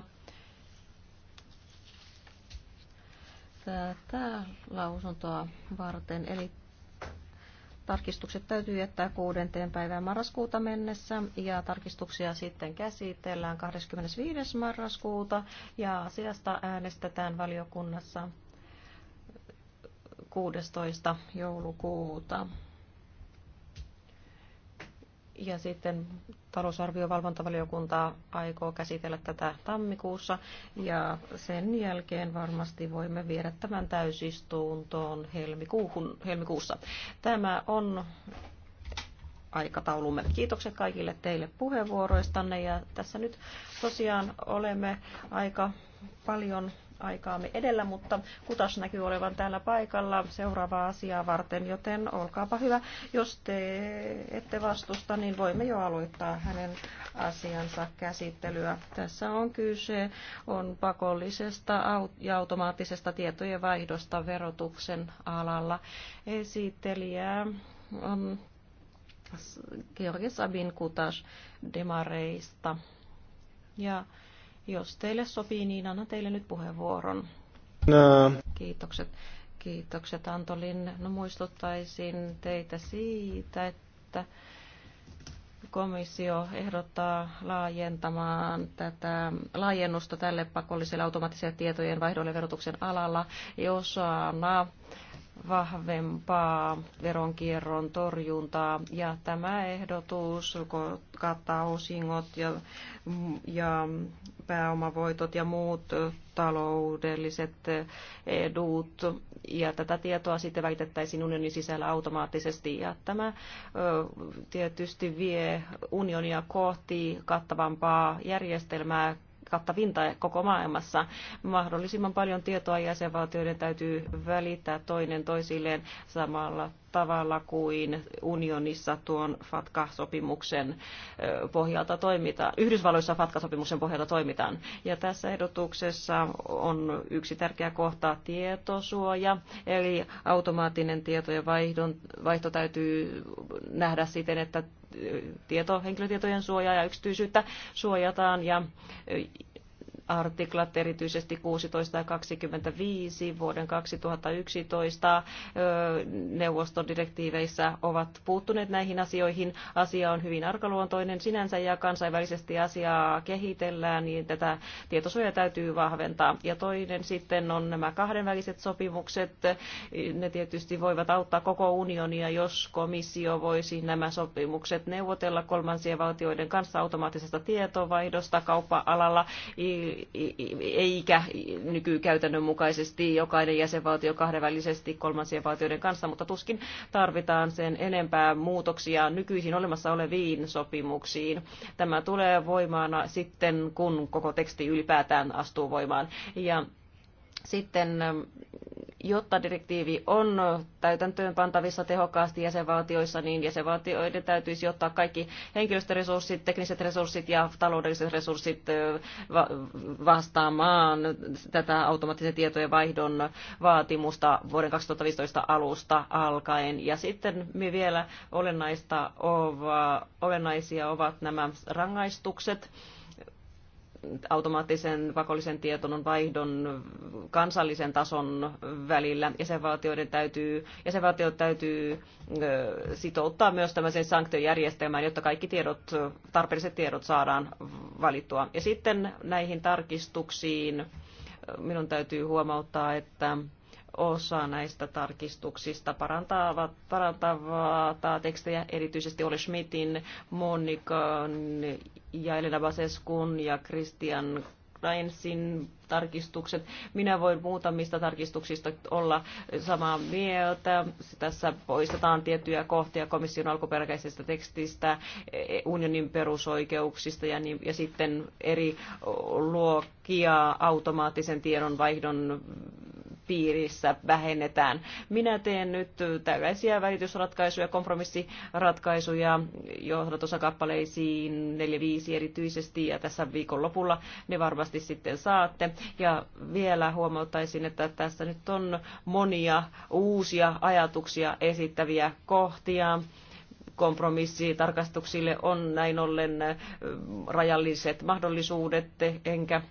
tätä lausuntoa varten. Eli tarkistukset täytyy jättää kuudenteen päivään marraskuuta mennessä ja tarkistuksia sitten käsitellään 25. marraskuuta ja asiasta äänestetään valiokunnassa 16. joulukuuta. Ja sitten talousarviovalvontavaliokunta aikoo käsitellä tätä tammikuussa ja sen jälkeen varmasti voimme viedä tämän täysistuntoon helmikuuhun, helmikuussa. Tämä on aikataulumme. Kiitokset kaikille teille puheenvuoroistanne ja tässä nyt tosiaan olemme aika paljon aikaamme edellä, mutta Kutas näkyy olevan täällä paikalla seuraavaa asiaa varten, joten olkaapa hyvä. Jos te ette vastusta, niin voimme jo aloittaa hänen asiansa käsittelyä. Tässä on kyse on pakollisesta ja automaattisesta tietojen vaihdosta verotuksen alalla. Esittelijä on Georgi Sabin Kutas Demareista. Ja jos teille sopii, niin annan teille nyt puheenvuoron. No. Kiitokset. Kiitokset Antolin. No muistuttaisin teitä siitä, että komissio ehdottaa laajentamaan tätä laajennusta tälle pakolliselle automaattiselle tietojen vaihdolle verotuksen alalla, osana vahvempaa veronkierron torjuntaa. Ja tämä ehdotus kattaa osingot ja, ja pääomavoitot ja muut taloudelliset edut. Ja tätä tietoa sitten väitettäisiin unionin sisällä automaattisesti. Ja tämä tietysti vie unionia kohti kattavampaa järjestelmää kattavinta koko maailmassa. Mahdollisimman paljon tietoa jäsenvaltioiden täytyy välittää toinen toisilleen samalla tavalla kuin unionissa tuon FATCA-sopimuksen pohjalta toimitaan. Yhdysvalloissa FATCA-sopimuksen pohjalta toimitaan. Ja tässä ehdotuksessa on yksi tärkeä kohta tietosuoja, eli automaattinen tietojen vaihdon, vaihto täytyy nähdä siten, että tieto, henkilötietojen suojaa ja yksityisyyttä suojataan ja artiklat, erityisesti 16 ja 25 vuoden 2011 neuvoston direktiiveissä ovat puuttuneet näihin asioihin. Asia on hyvin arkaluontoinen sinänsä ja kansainvälisesti asiaa kehitellään, niin tätä tietosuojaa täytyy vahventaa. Ja toinen sitten on nämä kahdenväliset sopimukset. Ne tietysti voivat auttaa koko unionia, jos komissio voisi nämä sopimukset neuvotella kolmansien valtioiden kanssa automaattisesta tietovaihdosta kauppa-alalla eikä nykykäytännön mukaisesti jokainen jäsenvaltio kahdenvälisesti kolmansien valtioiden kanssa, mutta tuskin tarvitaan sen enempää muutoksia nykyisin olemassa oleviin sopimuksiin. Tämä tulee voimaan sitten, kun koko teksti ylipäätään astuu voimaan. Ja sitten, jotta direktiivi on täytäntöön pantavissa tehokkaasti jäsenvaltioissa, niin jäsenvaltioiden täytyisi ottaa kaikki henkilöstöresurssit, tekniset resurssit ja taloudelliset resurssit vastaamaan tätä automaattisen tietojen vaihdon vaatimusta vuoden 2015 alusta alkaen. Ja sitten me vielä olennaista olennaisia ovat nämä rangaistukset automaattisen pakollisen tietonon vaihdon kansallisen tason välillä. Jäsenvaltioiden täytyy, jäsenvaltiot täytyy sitouttaa myös tämmöiseen sanktiojärjestelmään, jotta kaikki tiedot, tarpeelliset tiedot saadaan valittua. Ja sitten näihin tarkistuksiin minun täytyy huomauttaa, että osa näistä tarkistuksista parantaa parantavaa tekstejä, erityisesti Ole Schmidtin, Monikan ja Elena Baseskun ja Christian Kleinsin tarkistukset. Minä voin muutamista tarkistuksista olla samaa mieltä. Tässä poistetaan tiettyjä kohtia komission alkuperäisestä tekstistä, unionin perusoikeuksista ja, niin, ja sitten eri luokkia automaattisen tiedonvaihdon piirissä vähennetään. Minä teen nyt tällaisia välitysratkaisuja, kompromissiratkaisuja johdatusakappaleisiin 4-5 erityisesti ja tässä viikonlopulla ne varmasti sitten saatte. Ja vielä huomauttaisin, että tässä nyt on monia uusia ajatuksia esittäviä kohtia kompromissitarkastuksille on näin ollen rajalliset mahdollisuudet, enkä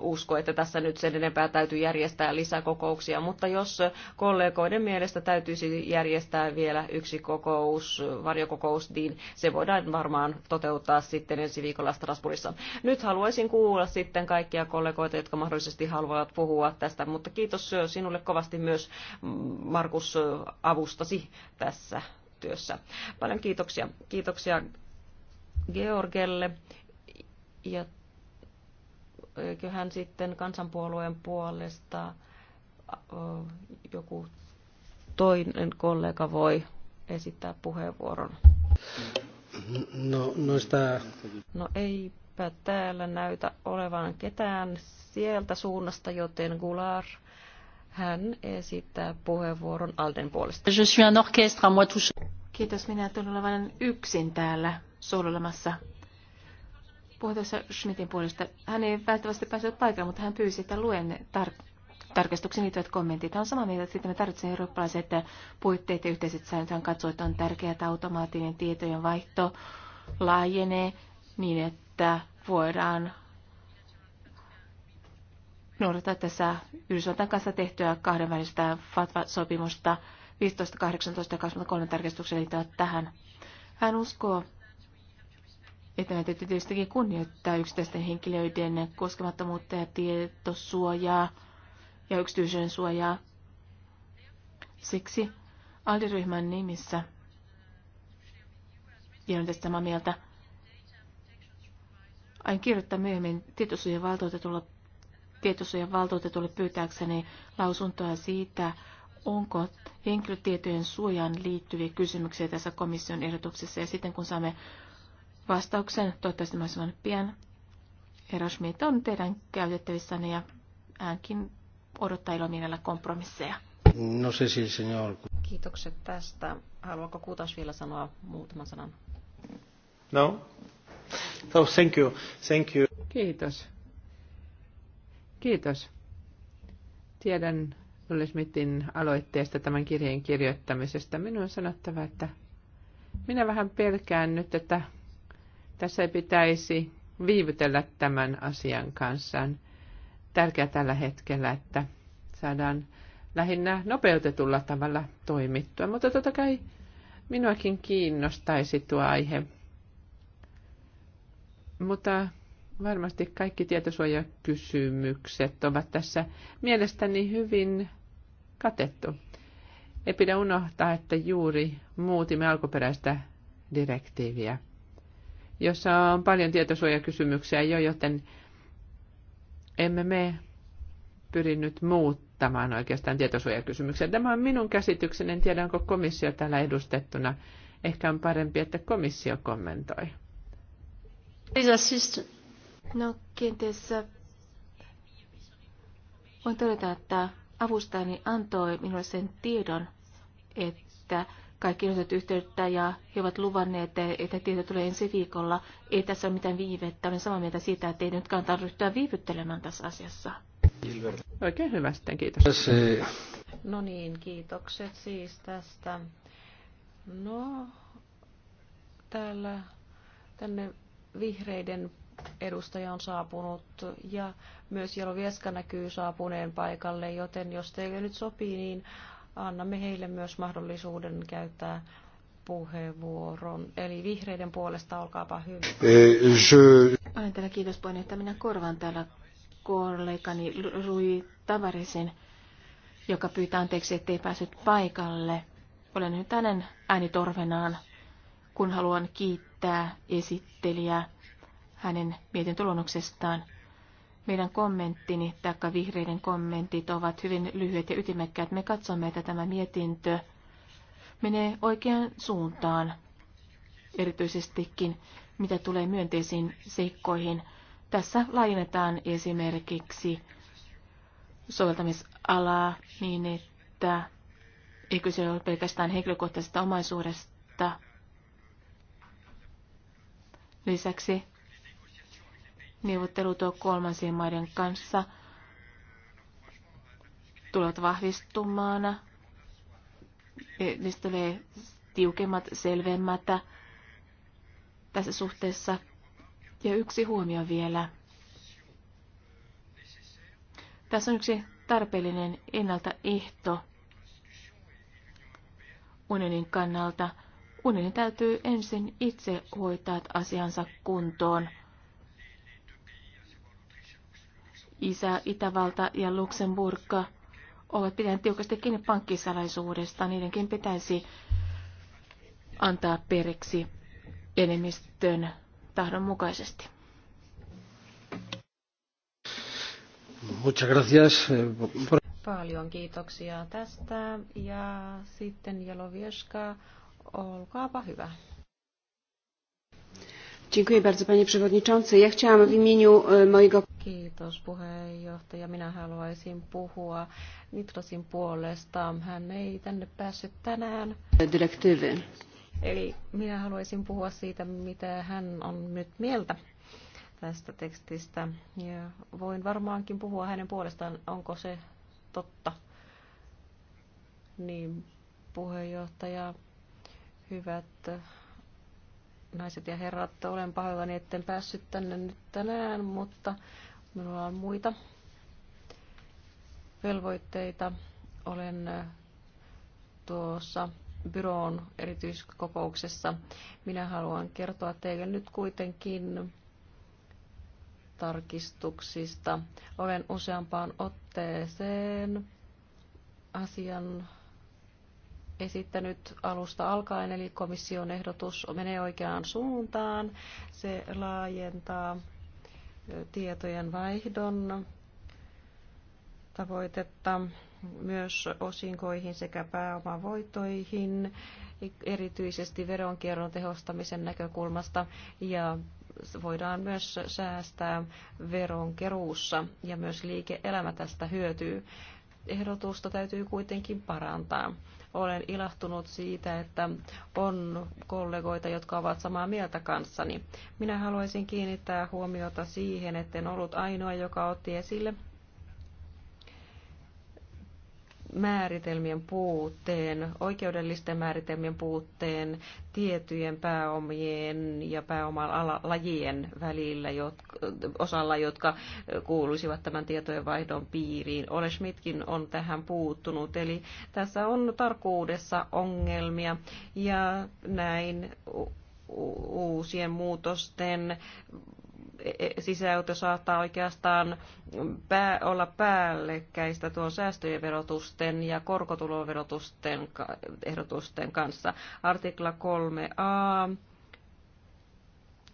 usko, että tässä nyt sen enempää täytyy järjestää lisäkokouksia, mutta jos kollegoiden mielestä täytyisi järjestää vielä yksi kokous, varjokokous, niin se voidaan varmaan toteuttaa sitten ensi viikolla Strasbourgissa. Nyt haluaisin kuulla sitten kaikkia kollegoita, jotka mahdollisesti haluavat puhua tästä, mutta kiitos sinulle kovasti myös Markus avustasi tässä työssä. Paljon kiitoksia. Kiitoksia Georgelle. Ja eiköhän sitten kansanpuolueen puolesta joku toinen kollega voi esittää puheenvuoron. No, noista... no eipä täällä näytä olevan ketään sieltä suunnasta, joten Gular, hän esittää puheenvuoron Alden puolesta. Je suis un orchestre, moi tout... Kiitos, minä olen yksin täällä soolelemassa puhua tässä Schmidtin puolesta. Hän ei välttämättä päässyt paikalle, mutta hän pyysi, että luen tar- tarkastuksen liittyvät kommentit. Hän on samaa mieltä, että sitten me tarvitsemme eurooppalaiset puitteet ja yhteiset säännöt. Hän katsoo, että on tärkeää, että automaattinen tietojen vaihto laajenee niin, että voidaan noudattaa tässä Yhdysvaltain kanssa tehtyä kahdenvälistä FATVA-sopimusta 15.18.23 18 tarkistuksen liittyvät tähän. Hän uskoo, näitä täytyy tietystikin kunnioittaa yksittäisten henkilöiden koskemattomuutta ja tietosuojaa ja yksityisyyden suojaa. Siksi aldiryhmän nimissä, ja olen tästä samaa mieltä, aion kirjoittaa myöhemmin tietosuojan valtuutetulle, tietosuojan valtuutetulle pyytääkseni lausuntoa siitä, onko henkilötietojen suojaan liittyviä kysymyksiä tässä komission ehdotuksessa. Ja sitten kun saamme vastauksen, toivottavasti mahdollisimman pian. Herra Schmidt on teidän käytettävissänne ja hänkin odottaa ilomielellä kompromisseja. No se siis, senior. Kiitokset tästä. Haluanko Kuutas vielä sanoa muutaman sanan? No. So, oh, thank you. Thank you. Kiitos. Kiitos. Tiedän Lulli Smithin aloitteesta tämän kirjeen kirjoittamisesta. Minun on sanottava, että minä vähän pelkään nyt, että tässä ei pitäisi viivytellä tämän asian kanssa. On tärkeää tällä hetkellä, että saadaan lähinnä nopeutetulla tavalla toimittua. Mutta totta kai minuakin kiinnostaisi tuo aihe. Mutta varmasti kaikki tietosuojakysymykset ovat tässä mielestäni hyvin katettu. Ei pidä unohtaa, että juuri muutimme alkuperäistä direktiiviä jossa on paljon tietosuojakysymyksiä jo, joten emme me pyri nyt muuttamaan oikeastaan tietosuojakysymyksiä. Tämä on minun käsitykseni, en tiedä onko komissio täällä edustettuna. Ehkä on parempi, että komissio kommentoi. No kenties äh, voin todeta, että avustajani antoi minulle sen tiedon, että kaikki otat yhteyttä ja he ovat luvanneet, että tieto tulee ensi viikolla. Ei tässä ole mitään viivettä. Olen samaa mieltä siitä, että ei nyt kannata ryhtyä viivyttelemään tässä asiassa. Oikein hyvä sitten, kiitos. Eh. No niin, kiitokset siis tästä. No, täällä tänne vihreiden edustaja on saapunut ja myös Jalo Vieska näkyy saapuneen paikalle, joten jos teille nyt sopii, niin annamme heille myös mahdollisuuden käyttää puheenvuoron. Eli vihreiden puolesta olkaapa hyvä. Olen eh, täällä kiitos että Minä korvaan täällä kollegani Rui Tavarisin, joka pyytää anteeksi, ettei päässyt paikalle. Olen nyt hänen äänitorvenaan, kun haluan kiittää esittelijää hänen mietintöluonnoksestaan. Meidän kommenttini tai vihreiden kommentit ovat hyvin lyhyet ja ytimekkäät. Me katsomme, että tämä mietintö menee oikeaan suuntaan, erityisestikin mitä tulee myönteisiin seikkoihin. Tässä laajennetaan esimerkiksi soveltamisalaa niin, että ei kyse ole pelkästään henkilökohtaisesta omaisuudesta. Lisäksi neuvottelut kolmansien maiden kanssa tulevat vahvistumaan. Niistä tulee tiukemmat, selvemmät tässä suhteessa. Ja yksi huomio vielä. Tässä on yksi tarpeellinen ennaltaehto unionin kannalta. Unionin täytyy ensin itse hoitaa asiansa kuntoon – Isä, Itävalta ja Luxemburg ovat pitäneet tiukasti kiinni pankkisalaisuudesta. Niidenkin pitäisi antaa periksi enemmistön tahdon mukaisesti. Muchas gracias. Eh, Paljon kiitoksia tästä. Ja sitten Jalovieska, olkaapa hyvä. Dziękuję bardzo, panie przewodniczący. Ja chciałam w imieniu e, mojego... Kiitos puheenjohtaja. Minä haluaisin puhua Nitrosin puolesta. Hän ei tänne päässyt tänään. Direktiivi. Eli minä haluaisin puhua siitä, mitä hän on nyt mieltä tästä tekstistä. Ja voin varmaankin puhua hänen puolestaan, onko se totta. Niin puheenjohtaja, hyvät naiset ja herrat, olen pahoillani, etten päässyt tänne nyt tänään, mutta Minulla on muita velvoitteita. Olen tuossa byroon erityiskokouksessa. Minä haluan kertoa teille nyt kuitenkin tarkistuksista. Olen useampaan otteeseen asian esittänyt alusta alkaen, eli komission ehdotus menee oikeaan suuntaan. Se laajentaa tietojen vaihdon tavoitetta myös osinkoihin sekä pääomavoitoihin erityisesti veronkierron tehostamisen näkökulmasta ja voidaan myös säästää veronkeruussa ja myös liike-elämä tästä hyötyy. Ehdotusta täytyy kuitenkin parantaa. Olen ilahtunut siitä, että on kollegoita, jotka ovat samaa mieltä kanssani. Minä haluaisin kiinnittää huomiota siihen, en ollut ainoa, joka otti esille määritelmien puutteen, oikeudellisten määritelmien puutteen tiettyjen pääomien ja pääomalajien välillä, jotka, osalla, jotka kuuluisivat tämän tietojenvaihdon piiriin. Ole Schmidtkin on tähän puuttunut, eli tässä on tarkuudessa ongelmia ja näin uusien muutosten E-, e-, sisältö saattaa oikeastaan pää, olla päällekkäistä tuon säästöjen verotusten ja korkotuloverotusten ehdotusten kanssa. Artikla 3a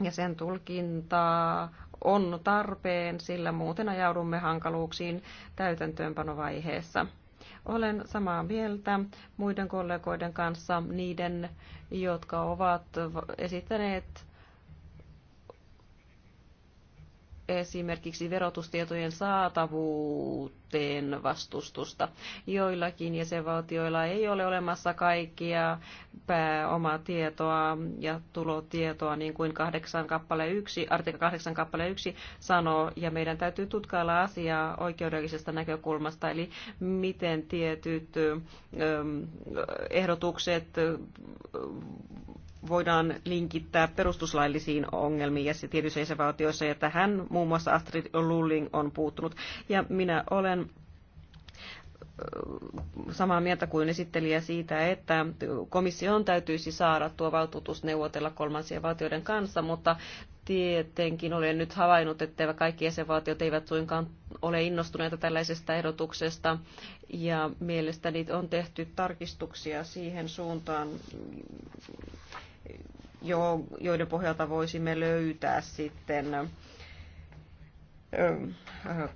ja sen tulkintaa on tarpeen, sillä muuten ajaudumme hankaluuksiin täytäntöönpanovaiheessa. Olen samaa mieltä muiden kollegoiden kanssa, niiden, jotka ovat esittäneet esimerkiksi verotustietojen saatavuutta suhteen vastustusta. Joillakin jäsenvaltioilla ei ole olemassa kaikkia pääomatietoa ja tulotietoa, niin kuin 8 kappale 1, artikla 8 kappale 1 sanoo, ja meidän täytyy tutkailla asiaa oikeudellisesta näkökulmasta, eli miten tietyt ähm, ehdotukset äh, voidaan linkittää perustuslaillisiin ongelmiin ja se tietyissä jäsenvaltioissa, ja tähän muun muassa Astrid Lulling on puuttunut. Ja minä olen samaa mieltä kuin esittelijä siitä, että komission täytyisi saada tuo valtuutus neuvotella kolmansien valtioiden kanssa, mutta tietenkin olen nyt havainnut, että kaikki jäsenvaltiot eivät suinkaan ole innostuneita tällaisesta ehdotuksesta. Ja mielestäni on tehty tarkistuksia siihen suuntaan, joiden pohjalta voisimme löytää sitten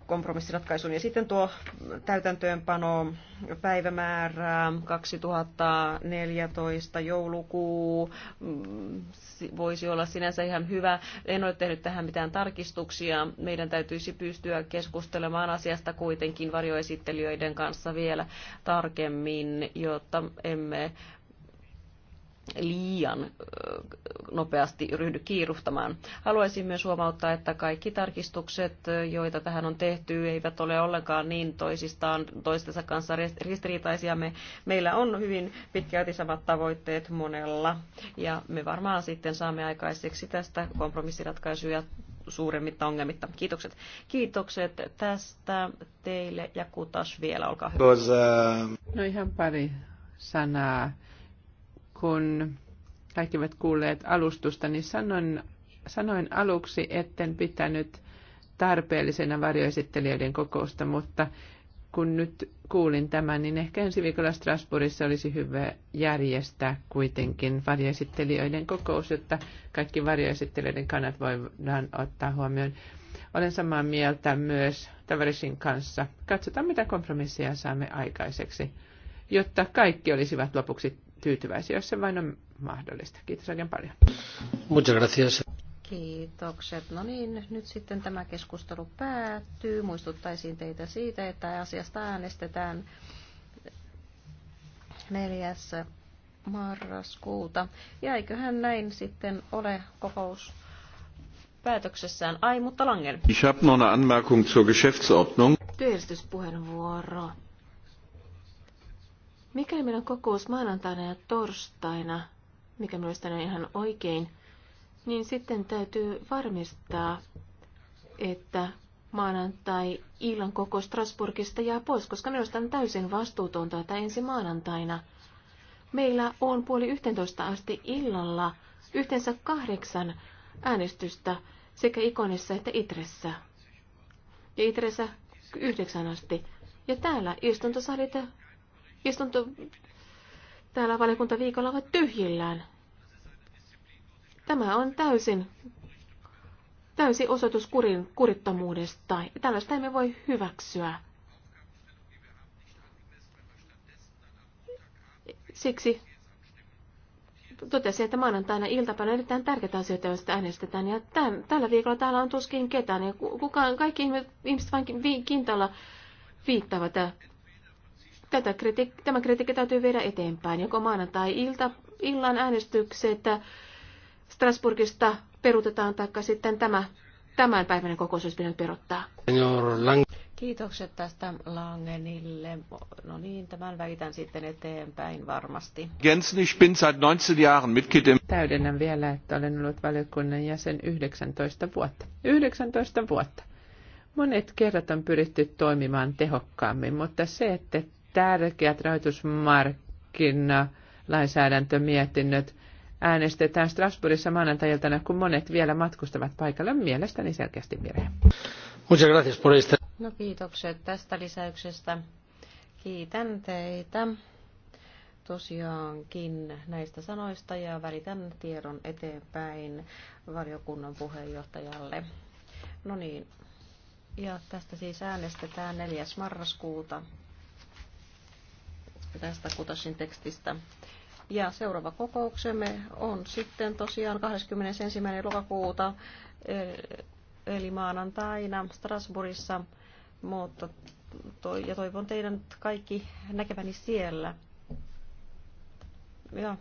kompromissiratkaisun Ja sitten tuo täytäntöönpano päivämäärää 2014 joulukuu mm, voisi olla sinänsä ihan hyvä. En ole tehnyt tähän mitään tarkistuksia. Meidän täytyisi pystyä keskustelemaan asiasta kuitenkin varjoesittelijöiden kanssa vielä tarkemmin, jotta emme liian nopeasti ryhdy kiiruhtamaan. Haluaisin myös huomauttaa, että kaikki tarkistukset, joita tähän on tehty, eivät ole ollenkaan niin toisistaan, toistensa kanssa ristiriitaisia. Me, meillä on hyvin pitkälti samat tavoitteet monella, ja me varmaan sitten saamme aikaiseksi tästä kompromissiratkaisuja suuremmitta ongelmitta. Kiitokset. Kiitokset tästä teille, ja Kutas vielä, olkaa hyvä. Äh, no ihan pari sanaa kun kaikki ovat kuulleet alustusta, niin sanoin, sanoin aluksi, etten pitänyt tarpeellisena varjoesittelijöiden kokousta, mutta kun nyt kuulin tämän, niin ehkä ensi viikolla Strasbourgissa olisi hyvä järjestää kuitenkin varjoesittelijöiden kokous, jotta kaikki varjoesittelijöiden kannat voidaan ottaa huomioon. Olen samaa mieltä myös Tavarisin kanssa. Katsotaan, mitä kompromisseja saamme aikaiseksi, jotta kaikki olisivat lopuksi tyytyväisiä, jos se vain on mahdollista. Kiitos oikein paljon. Muchas gracias. Kiitokset. No niin, nyt sitten tämä keskustelu päättyy. Muistuttaisin teitä siitä, että asiasta äänestetään 4. marraskuuta. Ja eiköhän näin sitten ole kokous päätöksessään. Ai, mutta Langen. Ich habe noch eine Anmerkung zur Geschäftsordnung. Työjärjestyspuheenvuoro. Mikäli meillä on kokous maanantaina ja torstaina, mikä mielestäni on ihan oikein, niin sitten täytyy varmistaa, että maanantai-illan kokous Strasburgista jää pois, koska minusta on täysin vastuutonta, että ensi maanantaina meillä on puoli yhteentoista asti illalla yhteensä kahdeksan äänestystä sekä ikonissa että itressä. Ja itressä yhdeksän asti. Ja täällä istuntosalit istunto täällä valiokuntaviikolla ovat tyhjillään. Tämä on täysin, täysi osoitus kurin, kurittomuudesta. Tällaista emme voi hyväksyä. Siksi totesin, että maanantaina iltapäivänä erittäin tärkeitä asioita, joista äänestetään. Ja tämän, tällä viikolla täällä on tuskin ketään. Ja kukaan, kaikki ihmiset vain kintalla viittavat Tätä kritiik- tämä kritiikki täytyy viedä eteenpäin. Joko maanantai-ilta illan äänestykset Strasburgista perutetaan, taikka sitten tämä tämän päivän kokous olisi pitänyt perottaa. Kiitokset tästä Langenille. No niin, tämän väitän sitten eteenpäin varmasti. Jensen, ich bin seit 19 Jahren Mitglied im Täydennän vielä, että olen ollut valiokunnan jäsen 19 vuotta. 19 vuotta. Monet kerrat on pyritty toimimaan tehokkaammin, mutta se, että tärkeät rahoitusmarkkinalainsäädäntömietinnöt äänestetään Strasbourgissa maanantailtana, kun monet vielä matkustavat paikalle. Mielestäni selkeästi virhe. No kiitokset tästä lisäyksestä. Kiitän teitä tosiaankin näistä sanoista ja välitän tiedon eteenpäin valiokunnan puheenjohtajalle. No niin, ja tästä siis äänestetään 4. marraskuuta tästä Kutasin tekstistä. Ja seuraava kokouksemme on sitten tosiaan 21. lokakuuta eh, eli maanantaina Strasbourgissa, mutta toi, ja toivon teidän kaikki näkeväni siellä. Ja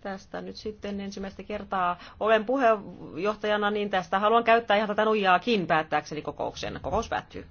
tästä nyt sitten ensimmäistä kertaa olen puheenjohtajana, niin tästä haluan käyttää ihan tätä nuijaakin päättääkseni kokouksen. Kokous päättyy.